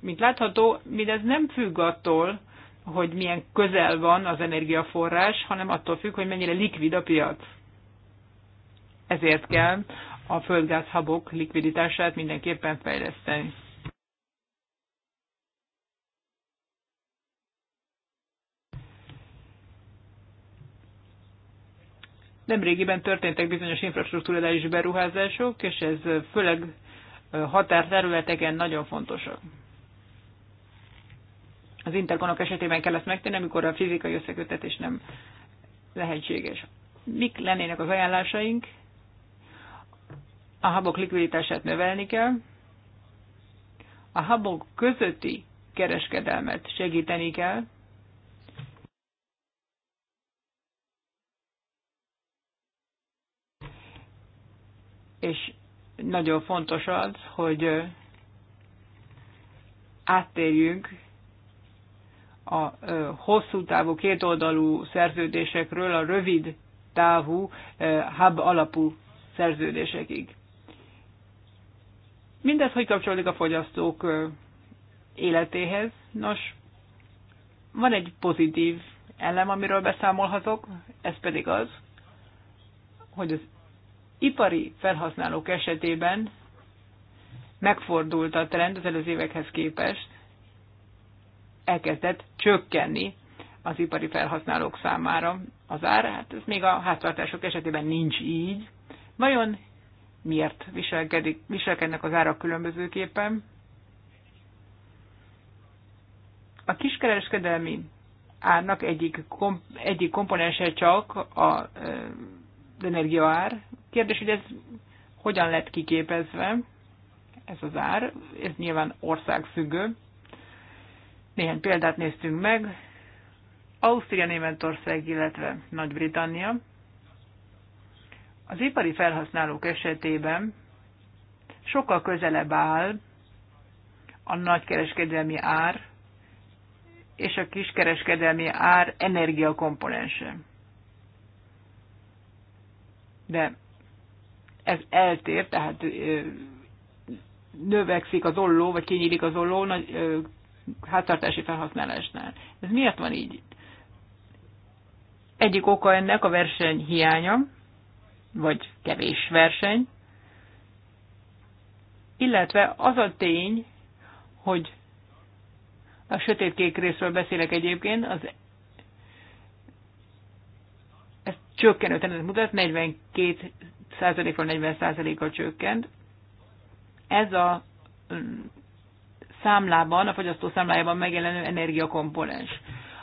Mint látható, mindez nem függ attól, hogy milyen közel van az energiaforrás, hanem attól függ, hogy mennyire likvid a piac. Ezért kell a földgázhabok likviditását mindenképpen fejleszteni. Nemrégiben történtek bizonyos infrastruktúrális beruházások, és ez főleg határterületeken nagyon fontosak az interkonok esetében kell ezt megtenni, amikor a fizikai összekötetés nem lehetséges. Mik lennének az ajánlásaink? A habok likviditását növelni kell, a habok közötti kereskedelmet segíteni kell, és nagyon fontos az, hogy áttérjünk a hosszú távú, kétoldalú szerződésekről a rövid távú, hub alapú szerződésekig. Mindez hogy kapcsolódik a fogyasztók életéhez? Nos, van egy pozitív elem, amiről beszámolhatok, ez pedig az, hogy az ipari felhasználók esetében megfordult a trend az előző évekhez képest, elkezdett csökkenni az ipari felhasználók számára az ár. Hát ez még a háztartások esetében nincs így. Vajon miért viselkedik, viselkednek az árak különbözőképpen? A kiskereskedelmi árnak egyik, komp egyik komponense csak a, az energiaár. Kérdés, hogy ez hogyan lett kiképezve, ez az ár, ez nyilván országfüggő. Néhány példát néztünk meg. Ausztria, Németország, illetve Nagy-Britannia. Az ipari felhasználók esetében sokkal közelebb áll a nagykereskedelmi ár és a kiskereskedelmi ár energiakomponense. De ez eltér, tehát növekszik az olló, vagy kinyílik az olló nagy háztartási felhasználásnál. Ez miért van így? Egyik oka ennek a verseny hiánya, vagy kevés verseny, illetve az a tény, hogy a sötétkék részről beszélek egyébként, az ez csökkenő tendet mutat, 42%-ról 40%-kal csökkent. Ez a számlában, a fogyasztó számlájában megjelenő energiakomponens.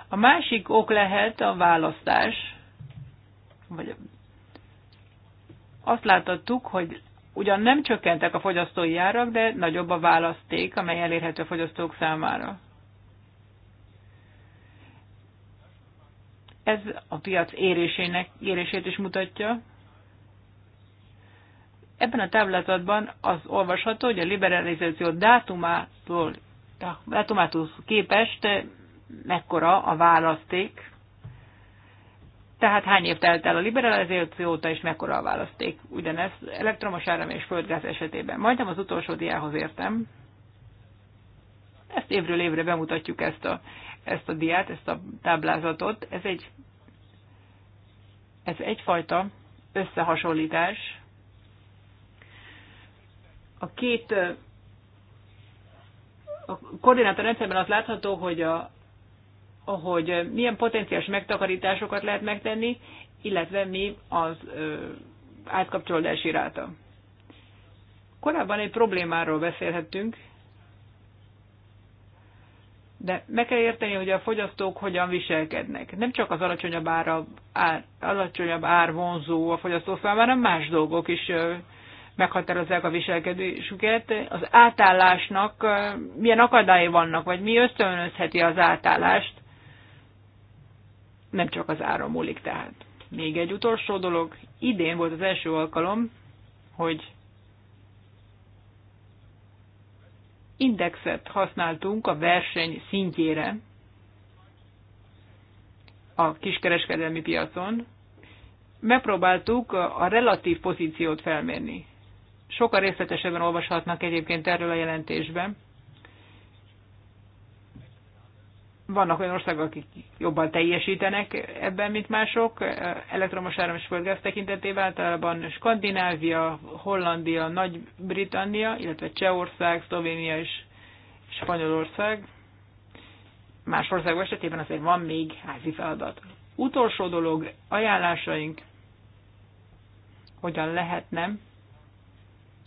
A másik ok lehet a választás, vagy azt láthattuk, hogy ugyan nem csökkentek a fogyasztói árak, de nagyobb a választék, amely elérhető a fogyasztók számára. Ez a piac érésének, érését is mutatja. Ebben a táblázatban az olvasható, hogy a liberalizáció dátumától, dátumától képest mekkora a választék, tehát hány év telt el a liberalizáció óta, és mekkora a választék. Ugyanez elektromos áram és földgáz esetében. Majdnem az utolsó diához értem. Ezt évről évre bemutatjuk ezt a, ezt a diát, ezt a táblázatot. Ez egy ez egyfajta összehasonlítás a két a rendszerben az látható, hogy, a, hogy milyen potenciális megtakarításokat lehet megtenni, illetve mi az átkapcsolódási ráta. Korábban egy problémáról beszélhettünk, de meg kell érteni, hogy a fogyasztók hogyan viselkednek. Nem csak az alacsonyabb, ár, ár, alacsonyabb ár vonzó a fogyasztó számára, más dolgok is meghatározzák a viselkedésüket. Az átállásnak milyen akadályai vannak, vagy mi ösztönözheti az átállást? Nem csak az ára múlik tehát. Még egy utolsó dolog. Idén volt az első alkalom, hogy indexet használtunk a verseny szintjére a kiskereskedelmi piacon. Megpróbáltuk a relatív pozíciót felmérni sokkal részletesebben olvashatnak egyébként erről a jelentésben. Vannak olyan országok, akik jobban teljesítenek ebben, mint mások. Elektromos áram és földgáz tekintetében általában Skandinávia, Hollandia, Nagy-Britannia, illetve Csehország, Szlovénia és Spanyolország. Más országok esetében azért van még házi feladat. Utolsó dolog, ajánlásaink hogyan lehetne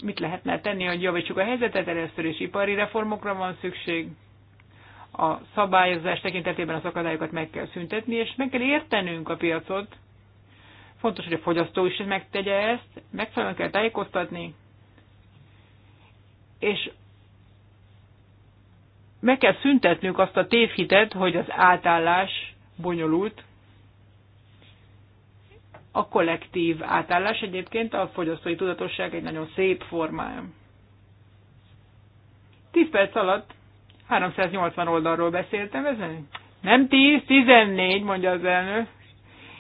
mit lehetne tenni, hogy javítsuk a helyzetet, először is ipari reformokra van szükség, a szabályozás tekintetében az akadályokat meg kell szüntetni, és meg kell értenünk a piacot. Fontos, hogy a fogyasztó is megtegye ezt, megfelelően kell tájékoztatni, és meg kell szüntetnünk azt a tévhitet, hogy az átállás bonyolult, a kollektív átállás egyébként a fogyasztói tudatosság egy nagyon szép formája. 10 perc alatt 380 oldalról beszéltem ezen? Nem 10, 14, mondja az elnő.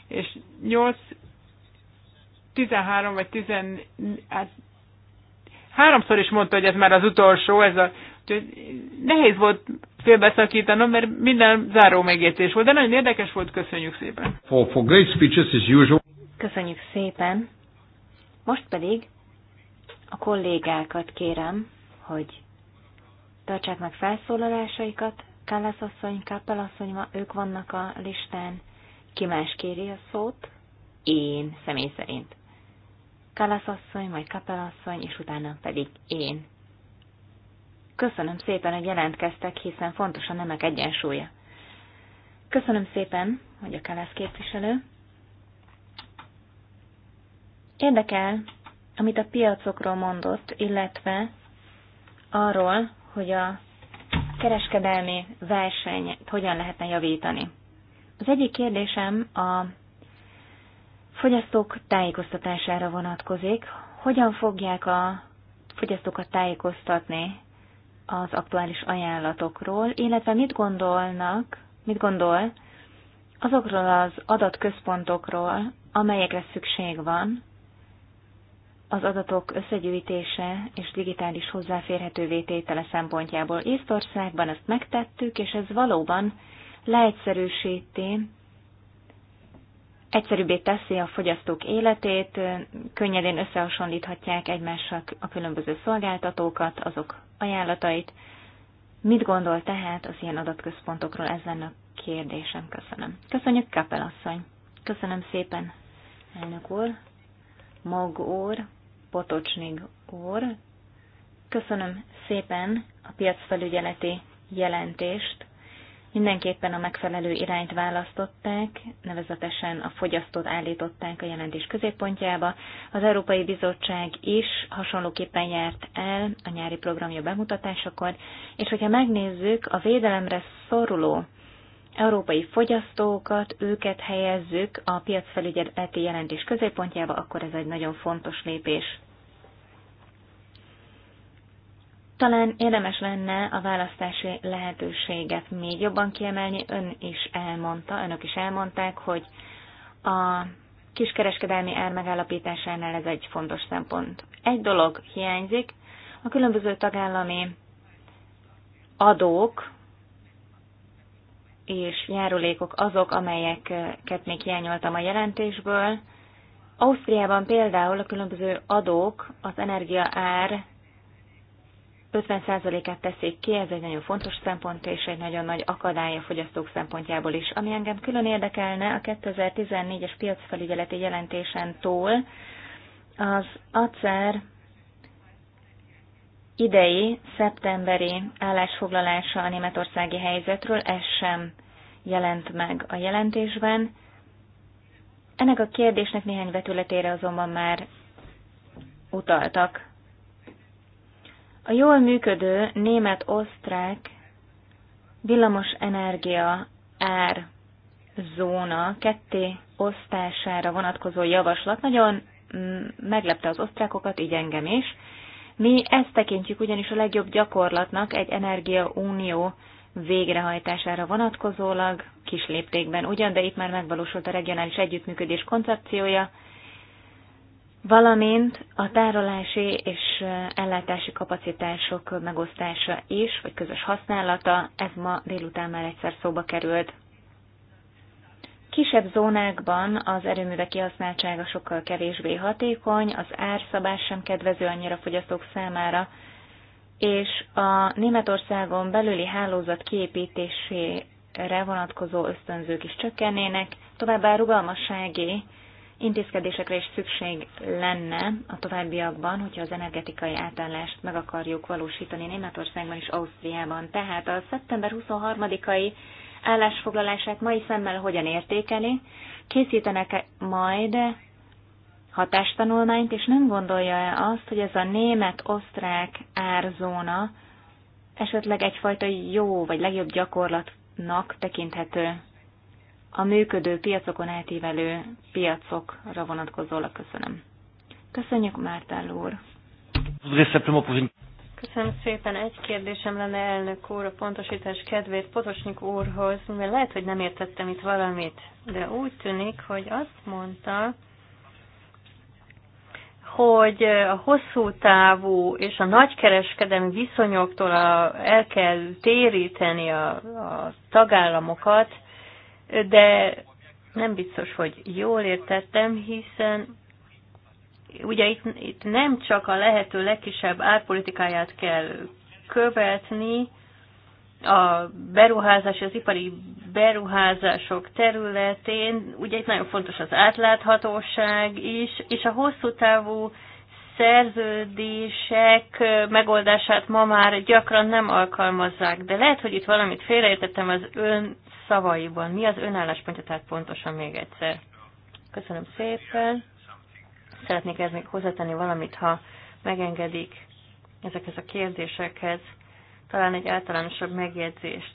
és 8, 13 vagy 10, hát háromszor is mondta, hogy ez már az utolsó, ez a, úgyhogy nehéz volt félbeszakítanom, mert minden záró megértés volt, de nagyon érdekes volt, köszönjük szépen. For, for great speeches as usual. Köszönjük szépen. Most pedig a kollégákat kérem, hogy tartsák meg felszólalásaikat. Kállász asszony, Kappel asszony, ők vannak a listán. Ki más kéri a szót? Én, személy szerint. Kállász asszony, majd Kappel asszony, és utána pedig én. Köszönöm szépen, hogy jelentkeztek, hiszen fontos a nemek egyensúlya. Köszönöm szépen, hogy a Kállász képviselő. Érdekel, amit a piacokról mondott, illetve arról, hogy a kereskedelmi versenyt hogyan lehetne javítani. Az egyik kérdésem a fogyasztók tájékoztatására vonatkozik. Hogyan fogják a fogyasztókat tájékoztatni az aktuális ajánlatokról, illetve mit gondolnak, mit gondol azokról az adatközpontokról, amelyekre szükség van, az adatok összegyűjtése és digitális hozzáférhetővé tétele szempontjából. Észtországban ezt megtettük, és ez valóban leegyszerűsíti, egyszerűbbé teszi a fogyasztók életét, könnyedén összehasonlíthatják egymással a különböző szolgáltatókat, azok ajánlatait. Mit gondol tehát az ilyen adatközpontokról? Ez lenne a kérdésem. Köszönöm. Köszönjük, Kapel asszony. Köszönöm szépen, elnök úr. Mag úr. Potocsnig úr. Köszönöm szépen a piacfelügyeleti jelentést. Mindenképpen a megfelelő irányt választották, nevezetesen a fogyasztót állították a jelentés középpontjába. Az Európai Bizottság is hasonlóképpen járt el a nyári programja bemutatásakor, és hogyha megnézzük a védelemre szoruló európai fogyasztókat, őket helyezzük a piacfelügyeleti jelentés középpontjába, akkor ez egy nagyon fontos lépés. Talán érdemes lenne a választási lehetőséget még jobban kiemelni. Ön is elmondta, önök is elmondták, hogy a kiskereskedelmi ár megállapításánál ez egy fontos szempont. Egy dolog hiányzik, a különböző tagállami adók és járulékok azok, amelyeket még hiányoltam a jelentésből. Ausztriában például a különböző adók az energia ár 50%-át teszik ki, ez egy nagyon fontos szempont, és egy nagyon nagy akadály a fogyasztók szempontjából is. Ami engem külön érdekelne, a 2014-es piacfelügyeleti jelentésen túl az acer idei, szeptemberi állásfoglalása a németországi helyzetről, ez sem jelent meg a jelentésben. Ennek a kérdésnek néhány vetületére azonban már utaltak. A jól működő német-osztrák villamos energia ár zóna ketté osztására vonatkozó javaslat nagyon meglepte az osztrákokat, így engem is, mi ezt tekintjük ugyanis a legjobb gyakorlatnak egy energiaunió végrehajtására vonatkozólag, kis léptékben ugyan, de itt már megvalósult a regionális együttműködés koncepciója, valamint a tárolási és ellátási kapacitások megosztása is, vagy közös használata, ez ma délután már egyszer szóba került. Kisebb zónákban az erőművek kihasználtsága sokkal kevésbé hatékony, az árszabás sem kedvező annyira fogyasztók számára, és a Németországon belüli hálózat kiépítésére vonatkozó ösztönzők is csökkennének, továbbá rugalmassági intézkedésekre is szükség lenne a továbbiakban, hogyha az energetikai átállást meg akarjuk valósítani Németországban és Ausztriában. Tehát a szeptember 23-ai állásfoglalását mai szemmel hogyan értékeli, készítenek -e majd hatástanulmányt, és nem gondolja-e azt, hogy ez a német-osztrák árzóna esetleg egyfajta jó vagy legjobb gyakorlatnak tekinthető a működő piacokon átívelő piacokra vonatkozólag köszönöm. Köszönjük, Mártál úr! Köszönöm szépen. Egy kérdésem lenne elnök úr, a pontosítás kedvéért Potosnyik úrhoz, mert lehet, hogy nem értettem itt valamit, de úgy tűnik, hogy azt mondta, hogy a hosszú távú és a nagykereskedelmi viszonyoktól a, el kell téríteni a, a tagállamokat, de nem biztos, hogy jól értettem, hiszen ugye itt, itt nem csak a lehető legkisebb árpolitikáját kell követni, a beruházás, az ipari beruházások területén, ugye itt nagyon fontos az átláthatóság is, és a hosszú távú szerződések megoldását ma már gyakran nem alkalmazzák, de lehet, hogy itt valamit félreértettem az ön szavaiban. Mi az önálláspontja, tehát pontosan még egyszer? Köszönöm szépen. Szeretnék ez még hozzátenni valamit, ha megengedik ezekhez a kérdésekhez, talán egy általánosabb megjegyzést.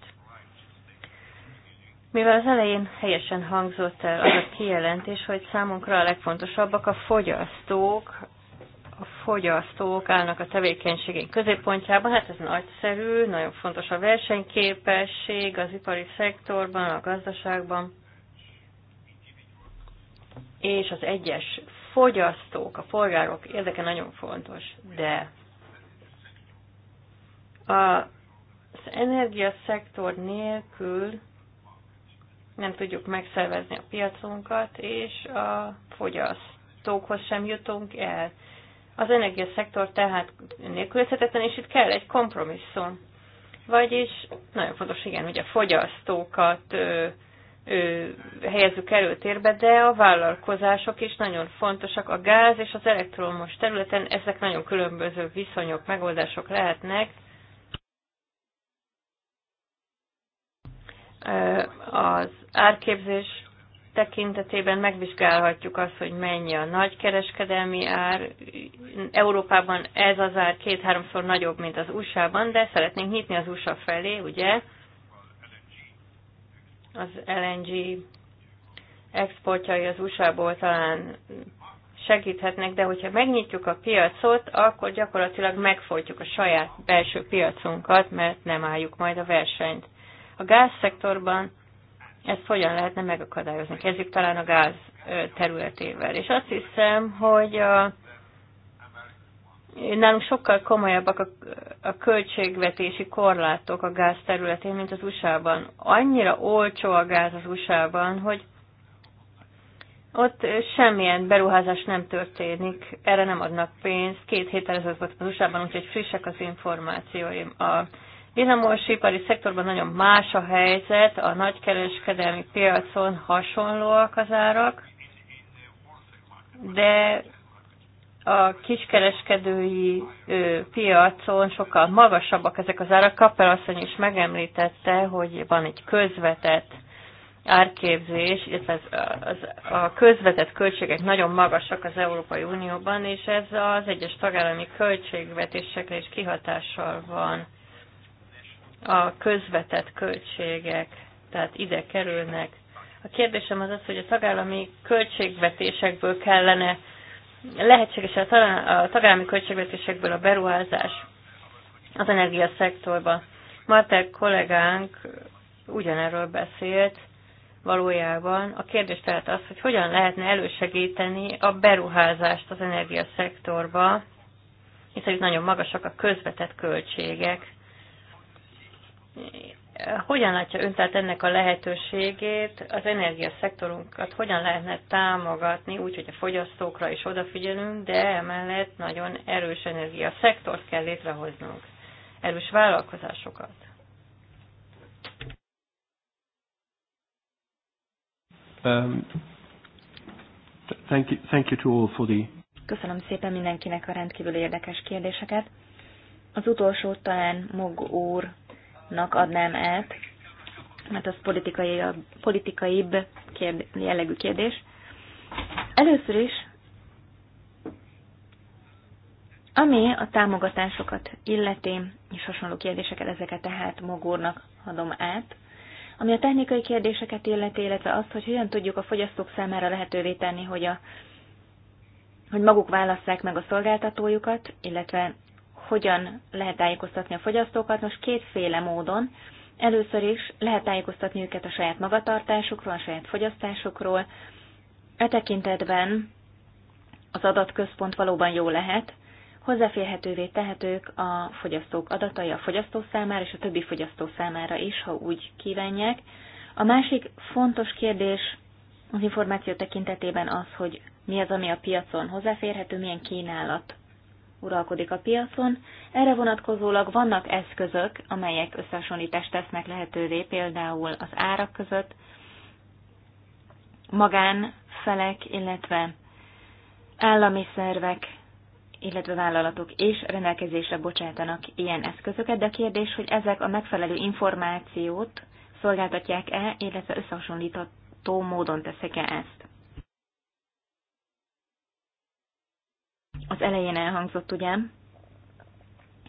Mivel az elején helyesen hangzott el az a kijelentés, hogy számunkra a legfontosabbak a fogyasztók, a fogyasztók állnak a tevékenységén középpontjában, hát ez nagyszerű, nagyon fontos a versenyképesség az ipari szektorban, a gazdaságban, és az egyes fogyasztók, a polgárok érdeke nagyon fontos, de az energiaszektor nélkül nem tudjuk megszervezni a piacunkat, és a fogyasztókhoz sem jutunk el. Az energiaszektor tehát nélkülözhetetlen, és itt kell egy kompromisszum. Vagyis nagyon fontos, igen, hogy a fogyasztókat helyezzük előtérbe, de a vállalkozások is nagyon fontosak. A gáz és az elektromos területen ezek nagyon különböző viszonyok, megoldások lehetnek. Az árképzés tekintetében megvizsgálhatjuk azt, hogy mennyi a nagykereskedelmi ár. Európában ez az ár két-háromszor nagyobb, mint az USA-ban, de szeretnénk nyitni az USA felé, ugye? az LNG exportjai az USA-ból talán segíthetnek, de hogyha megnyitjuk a piacot, akkor gyakorlatilag megfojtjuk a saját belső piacunkat, mert nem álljuk majd a versenyt. A gázszektorban ezt hogyan lehetne megakadályozni? Kezdjük talán a gáz területével. És azt hiszem, hogy a nálunk sokkal komolyabbak a, a költségvetési korlátok a gáz területén, mint az USA-ban. Annyira olcsó a gáz az USA-ban, hogy ott semmilyen beruházás nem történik, erre nem adnak pénzt. Két héttel ezelőtt volt az USA-ban, úgyhogy frissek az információim. A ipari szektorban nagyon más a helyzet, a nagykereskedelmi piacon hasonlóak az árak, de a kiskereskedői ö, piacon sokkal magasabbak ezek az árak. Kappel asszony is megemlítette, hogy van egy közvetett árképzés, illetve az, az, a közvetett költségek nagyon magasak az Európai Unióban, és ez az egyes tagállami költségvetésekre is kihatással van a közvetett költségek, tehát ide kerülnek. A kérdésem az az, hogy a tagállami költségvetésekből kellene lehetséges a tagállami költségvetésekből a beruházás az energiaszektorba. Martek kollégánk ugyanerről beszélt valójában. A kérdés tehát az, hogy hogyan lehetne elősegíteni a beruházást az energiaszektorba, hiszen itt nagyon magasak a közvetett költségek. Hogyan látja ön tehát ennek a lehetőségét, az energiaszektorunkat hogyan lehetne támogatni, úgy, hogy a fogyasztókra is odafigyelünk, de emellett nagyon erős energiaszektort kell létrehoznunk, erős vállalkozásokat. Um, thank you, thank you to all for the... Köszönöm szépen mindenkinek a rendkívül érdekes kérdéseket. Az utolsó talán Mog úr nak adnám át, mert az politikai, a politikaibb kérd, jellegű kérdés. Először is, ami a támogatásokat illeti, és hasonló kérdéseket, ezeket tehát Mogórnak adom át, ami a technikai kérdéseket illeti, illetve azt, hogy hogyan tudjuk a fogyasztók számára lehetővé tenni, hogy, a, hogy maguk válasszák meg a szolgáltatójukat, illetve hogyan lehet tájékoztatni a fogyasztókat. Most kétféle módon. Először is lehet tájékoztatni őket a saját magatartásukról, a saját fogyasztásukról. E tekintetben az adatközpont valóban jó lehet, hozzáférhetővé tehetők a fogyasztók adatai a fogyasztó számára és a többi fogyasztó számára is, ha úgy kívánják. A másik fontos kérdés az információ tekintetében az, hogy mi az, ami a piacon hozzáférhető, milyen kínálat uralkodik a piacon. Erre vonatkozólag vannak eszközök, amelyek összehasonlítást tesznek lehetővé, például az árak között, magánfelek, illetve állami szervek, illetve vállalatok és rendelkezésre bocsátanak ilyen eszközöket, de a kérdés, hogy ezek a megfelelő információt szolgáltatják-e, illetve összehasonlítható módon teszek-e ezt. az elején elhangzott ugye,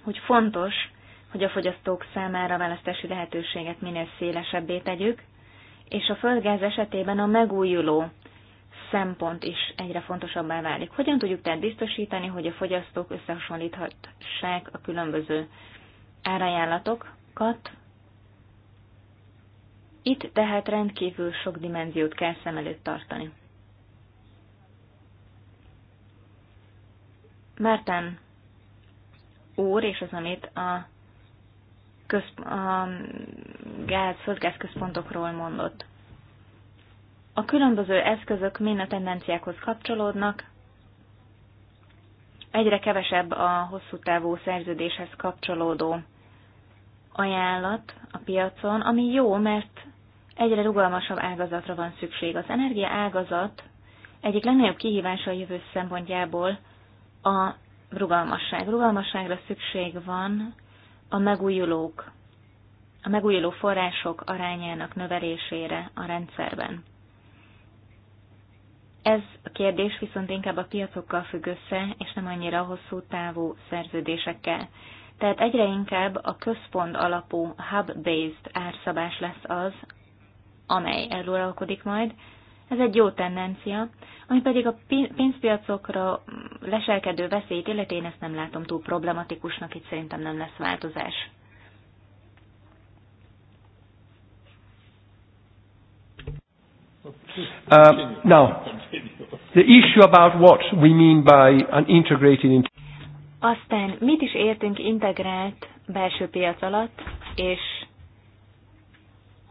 hogy fontos, hogy a fogyasztók számára választási lehetőséget minél szélesebbé tegyük, és a földgáz esetében a megújuló szempont is egyre fontosabbá válik. Hogyan tudjuk tehát biztosítani, hogy a fogyasztók összehasonlíthassák a különböző árajánlatokat? Itt tehát rendkívül sok dimenziót kell szem előtt tartani. Merten úr, és az, amit a, közp- a gáz, földgázközpontokról mondott. A különböző eszközök mind a tendenciákhoz kapcsolódnak, egyre kevesebb a hosszú távú szerződéshez kapcsolódó ajánlat a piacon, ami jó, mert egyre rugalmasabb ágazatra van szükség. Az energia ágazat egyik legnagyobb kihívása a jövő szempontjából a rugalmasság. Rugalmasságra szükség van a megújulók, a megújuló források arányának növelésére a rendszerben. Ez a kérdés viszont inkább a piacokkal függ össze, és nem annyira a hosszú távú szerződésekkel. Tehát egyre inkább a központ alapú hub-based árszabás lesz az, amely eluralkodik majd, ez egy jó tendencia, ami pedig a pénzpiacokra leselkedő veszélyt illeti, én ezt nem látom túl problematikusnak, itt szerintem nem lesz változás. Uh, now, the issue about what we mean by an integrated. Aztán mit is értünk integrált belső piac alatt, és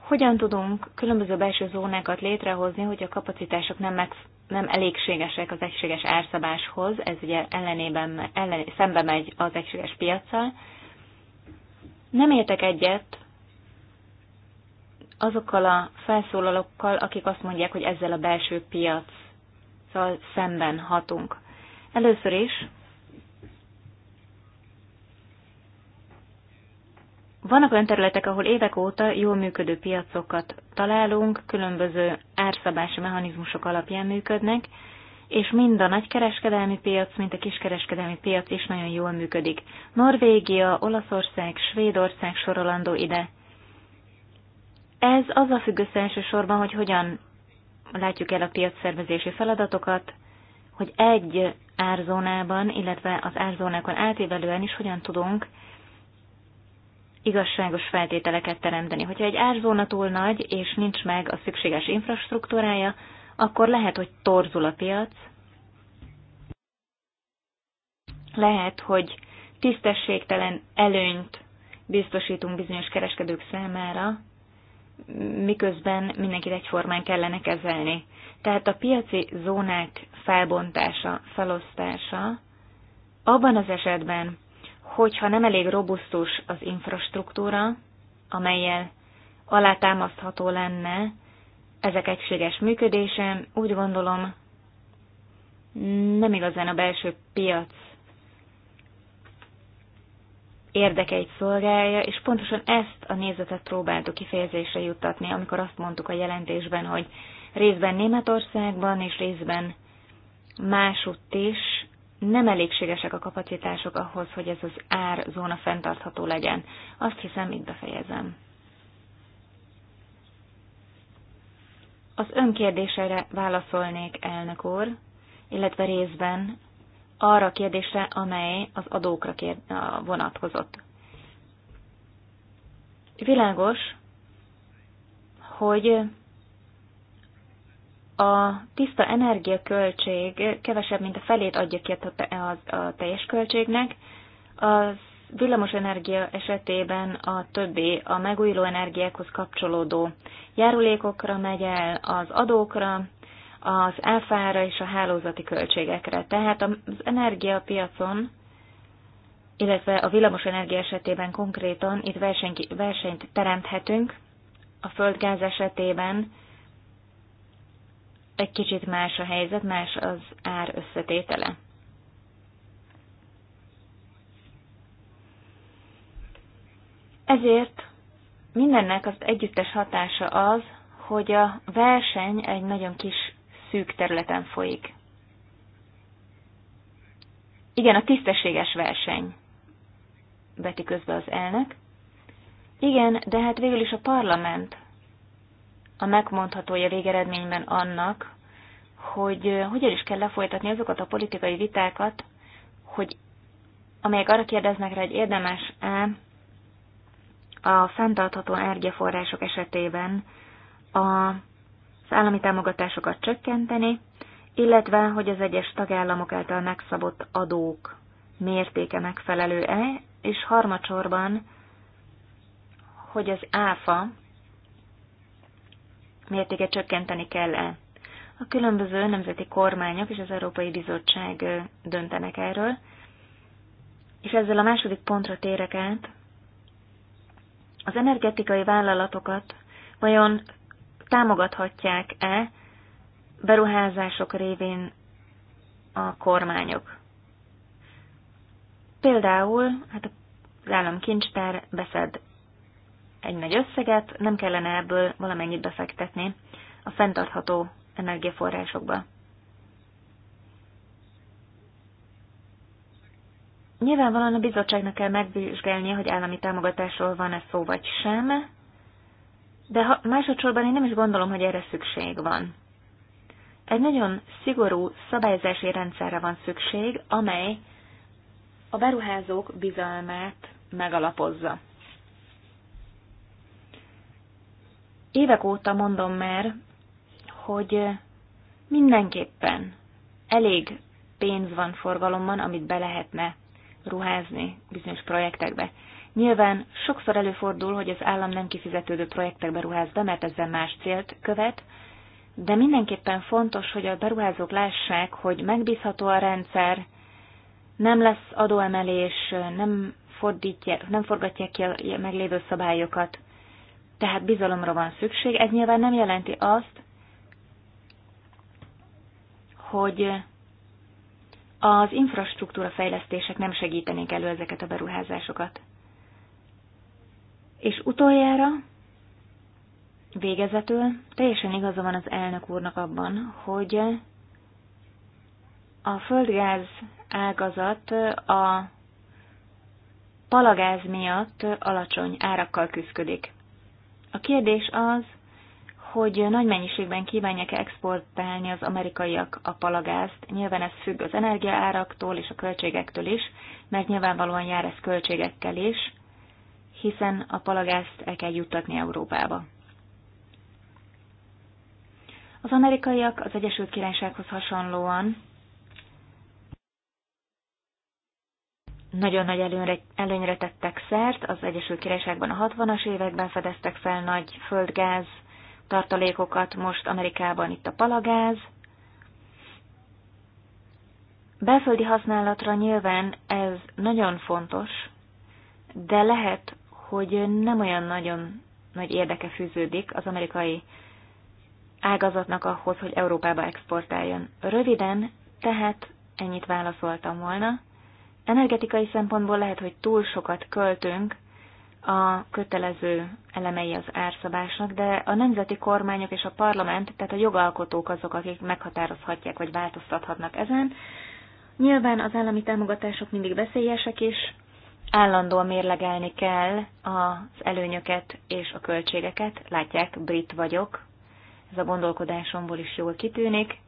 hogyan tudunk különböző belső zónákat létrehozni, hogy a kapacitások nem, meg, nem elégségesek az egységes árszabáshoz, ez ugye ellenében, ellen, szembe megy az egységes piaccal. Nem értek egyet azokkal a felszólalókkal, akik azt mondják, hogy ezzel a belső piacsal szemben hatunk. Először is Vannak olyan területek, ahol évek óta jól működő piacokat találunk, különböző árszabási mechanizmusok alapján működnek, és mind a nagykereskedelmi piac, mint a kiskereskedelmi piac is nagyon jól működik. Norvégia, Olaszország, Svédország sorolandó ide. Ez azzal függ össze elsősorban, hogy hogyan látjuk el a piacszervezési feladatokat, hogy egy árzónában, illetve az árzónákon átévelően is hogyan tudunk igazságos feltételeket teremteni. Hogyha egy árzóna túl nagy, és nincs meg a szükséges infrastruktúrája, akkor lehet, hogy torzul a piac, lehet, hogy tisztességtelen előnyt biztosítunk bizonyos kereskedők számára, miközben mindenkit egyformán kellene kezelni. Tehát a piaci zónák felbontása, felosztása abban az esetben, hogyha nem elég robusztus az infrastruktúra, amelyel alátámasztható lenne ezek egységes működése, úgy gondolom, nem igazán a belső piac érdekeit szolgálja, és pontosan ezt a nézetet próbáltuk kifejezésre juttatni, amikor azt mondtuk a jelentésben, hogy részben Németországban és részben másutt is nem elégségesek a kapacitások ahhoz, hogy ez az ár zóna fenntartható legyen. Azt hiszem, itt befejezem. Az önkérdésére válaszolnék, elnök úr, illetve részben arra a kérdésre, amely az adókra kér, vonatkozott. Világos, hogy a tiszta energiaköltség kevesebb, mint a felét adja ki a, a, a teljes költségnek, az energia esetében a többi a megújuló energiákhoz kapcsolódó járulékokra megy el, az adókra, az áfára és a hálózati költségekre. Tehát az energiapiacon, illetve a villamos energia esetében konkrétan itt versenyt teremthetünk, a földgáz esetében egy kicsit más a helyzet, más az ár összetétele. Ezért mindennek az együttes hatása az, hogy a verseny egy nagyon kis szűk területen folyik. Igen, a tisztességes verseny, beti közbe az elnök. Igen, de hát végül is a parlament a megmondhatója végeredményben annak, hogy eh, hogyan is kell lefolytatni azokat a politikai vitákat, hogy amelyek arra kérdeznek rá, hogy érdemes-e a fenntartható energiaforrások esetében a az állami támogatásokat csökkenteni, illetve hogy az egyes tagállamok által megszabott adók mértéke megfelelő-e, és harmadsorban, hogy az ÁFA mértéke csökkenteni kell-e. A különböző nemzeti kormányok és az Európai Bizottság döntenek erről, és ezzel a második pontra térek át. Az energetikai vállalatokat vajon támogathatják-e beruházások révén a kormányok? Például hát az államkincstár beszed egy nagy összeget, nem kellene ebből valamennyit befektetni a fenntartható energiaforrásokba. Nyilvánvalóan a bizottságnak kell megvizsgálnia, hogy állami támogatásról van-e szó vagy sem, de ha, másodszorban én nem is gondolom, hogy erre szükség van. Egy nagyon szigorú szabályozási rendszerre van szükség, amely a beruházók bizalmát megalapozza. évek óta mondom már, hogy mindenképpen elég pénz van forgalomban, amit be lehetne ruházni bizonyos projektekbe. Nyilván sokszor előfordul, hogy az állam nem kifizetődő projektekbe ruház be, mert ezzel más célt követ, de mindenképpen fontos, hogy a beruházók lássák, hogy megbízható a rendszer, nem lesz adóemelés, nem, fordítják, nem forgatják ki a meglévő szabályokat tehát bizalomra van szükség. Ez nyilván nem jelenti azt, hogy az infrastruktúra fejlesztések nem segítenék elő ezeket a beruházásokat. És utoljára, végezetül, teljesen igaza van az elnök úrnak abban, hogy a földgáz ágazat a palagáz miatt alacsony árakkal küzdik. A kérdés az, hogy nagy mennyiségben kívánják-e exportálni az amerikaiak a palagázt. Nyilván ez függ az energiaáraktól és a költségektől is, mert nyilvánvalóan jár ez költségekkel is, hiszen a palagázt el kell juttatni Európába. Az amerikaiak az Egyesült Királysághoz hasonlóan nagyon nagy előnyre, előnyre tettek szert, az Egyesült Királyságban a 60-as években fedeztek fel nagy földgáz tartalékokat, most Amerikában itt a palagáz. Belföldi használatra nyilván ez nagyon fontos, de lehet, hogy nem olyan nagyon nagy érdeke fűződik az amerikai ágazatnak ahhoz, hogy Európába exportáljon. Röviden, tehát ennyit válaszoltam volna. Energetikai szempontból lehet, hogy túl sokat költünk a kötelező elemei az árszabásnak, de a nemzeti kormányok és a parlament, tehát a jogalkotók azok, akik meghatározhatják vagy változtathatnak ezen. Nyilván az állami támogatások mindig veszélyesek is, állandóan mérlegelni kell az előnyöket és a költségeket. Látják, brit vagyok, ez a gondolkodásomból is jól kitűnik.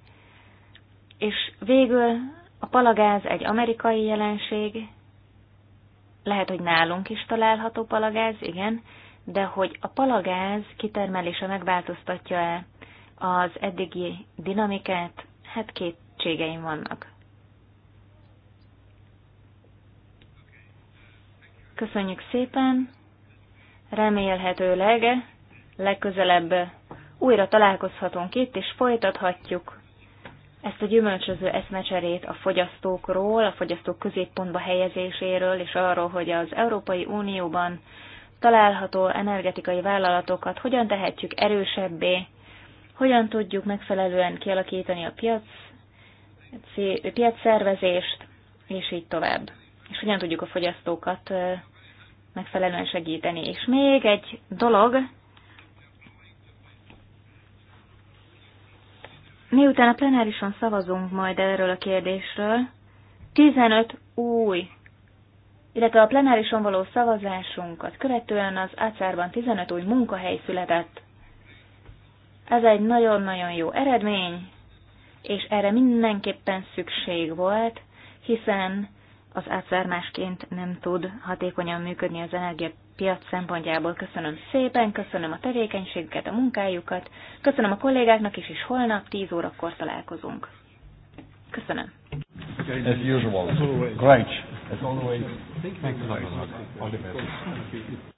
És végül a palagáz egy amerikai jelenség, lehet, hogy nálunk is található palagáz, igen, de hogy a palagáz kitermelése megváltoztatja-e az eddigi dinamikát, hát kétségeim vannak. Köszönjük szépen! Remélhetőleg legközelebb újra találkozhatunk itt, és folytathatjuk ezt a gyümölcsöző eszmecserét a fogyasztókról, a fogyasztók középpontba helyezéséről és arról, hogy az Európai Unióban található energetikai vállalatokat hogyan tehetjük erősebbé, hogyan tudjuk megfelelően kialakítani a piac, szervezést, és így tovább. És hogyan tudjuk a fogyasztókat megfelelően segíteni. És még egy dolog, Miután a plenárison szavazunk majd erről a kérdésről, 15 új, illetve a plenárison való szavazásunkat követően az Ácárban 15 új munkahely született. Ez egy nagyon-nagyon jó eredmény, és erre mindenképpen szükség volt, hiszen az átszármásként nem tud hatékonyan működni az energia piac szempontjából köszönöm szépen, köszönöm a tevékenységüket, a munkájukat, köszönöm a kollégáknak is, és holnap 10 órakor találkozunk. Köszönöm. As usual. Great. As always. Thank you. Thank you.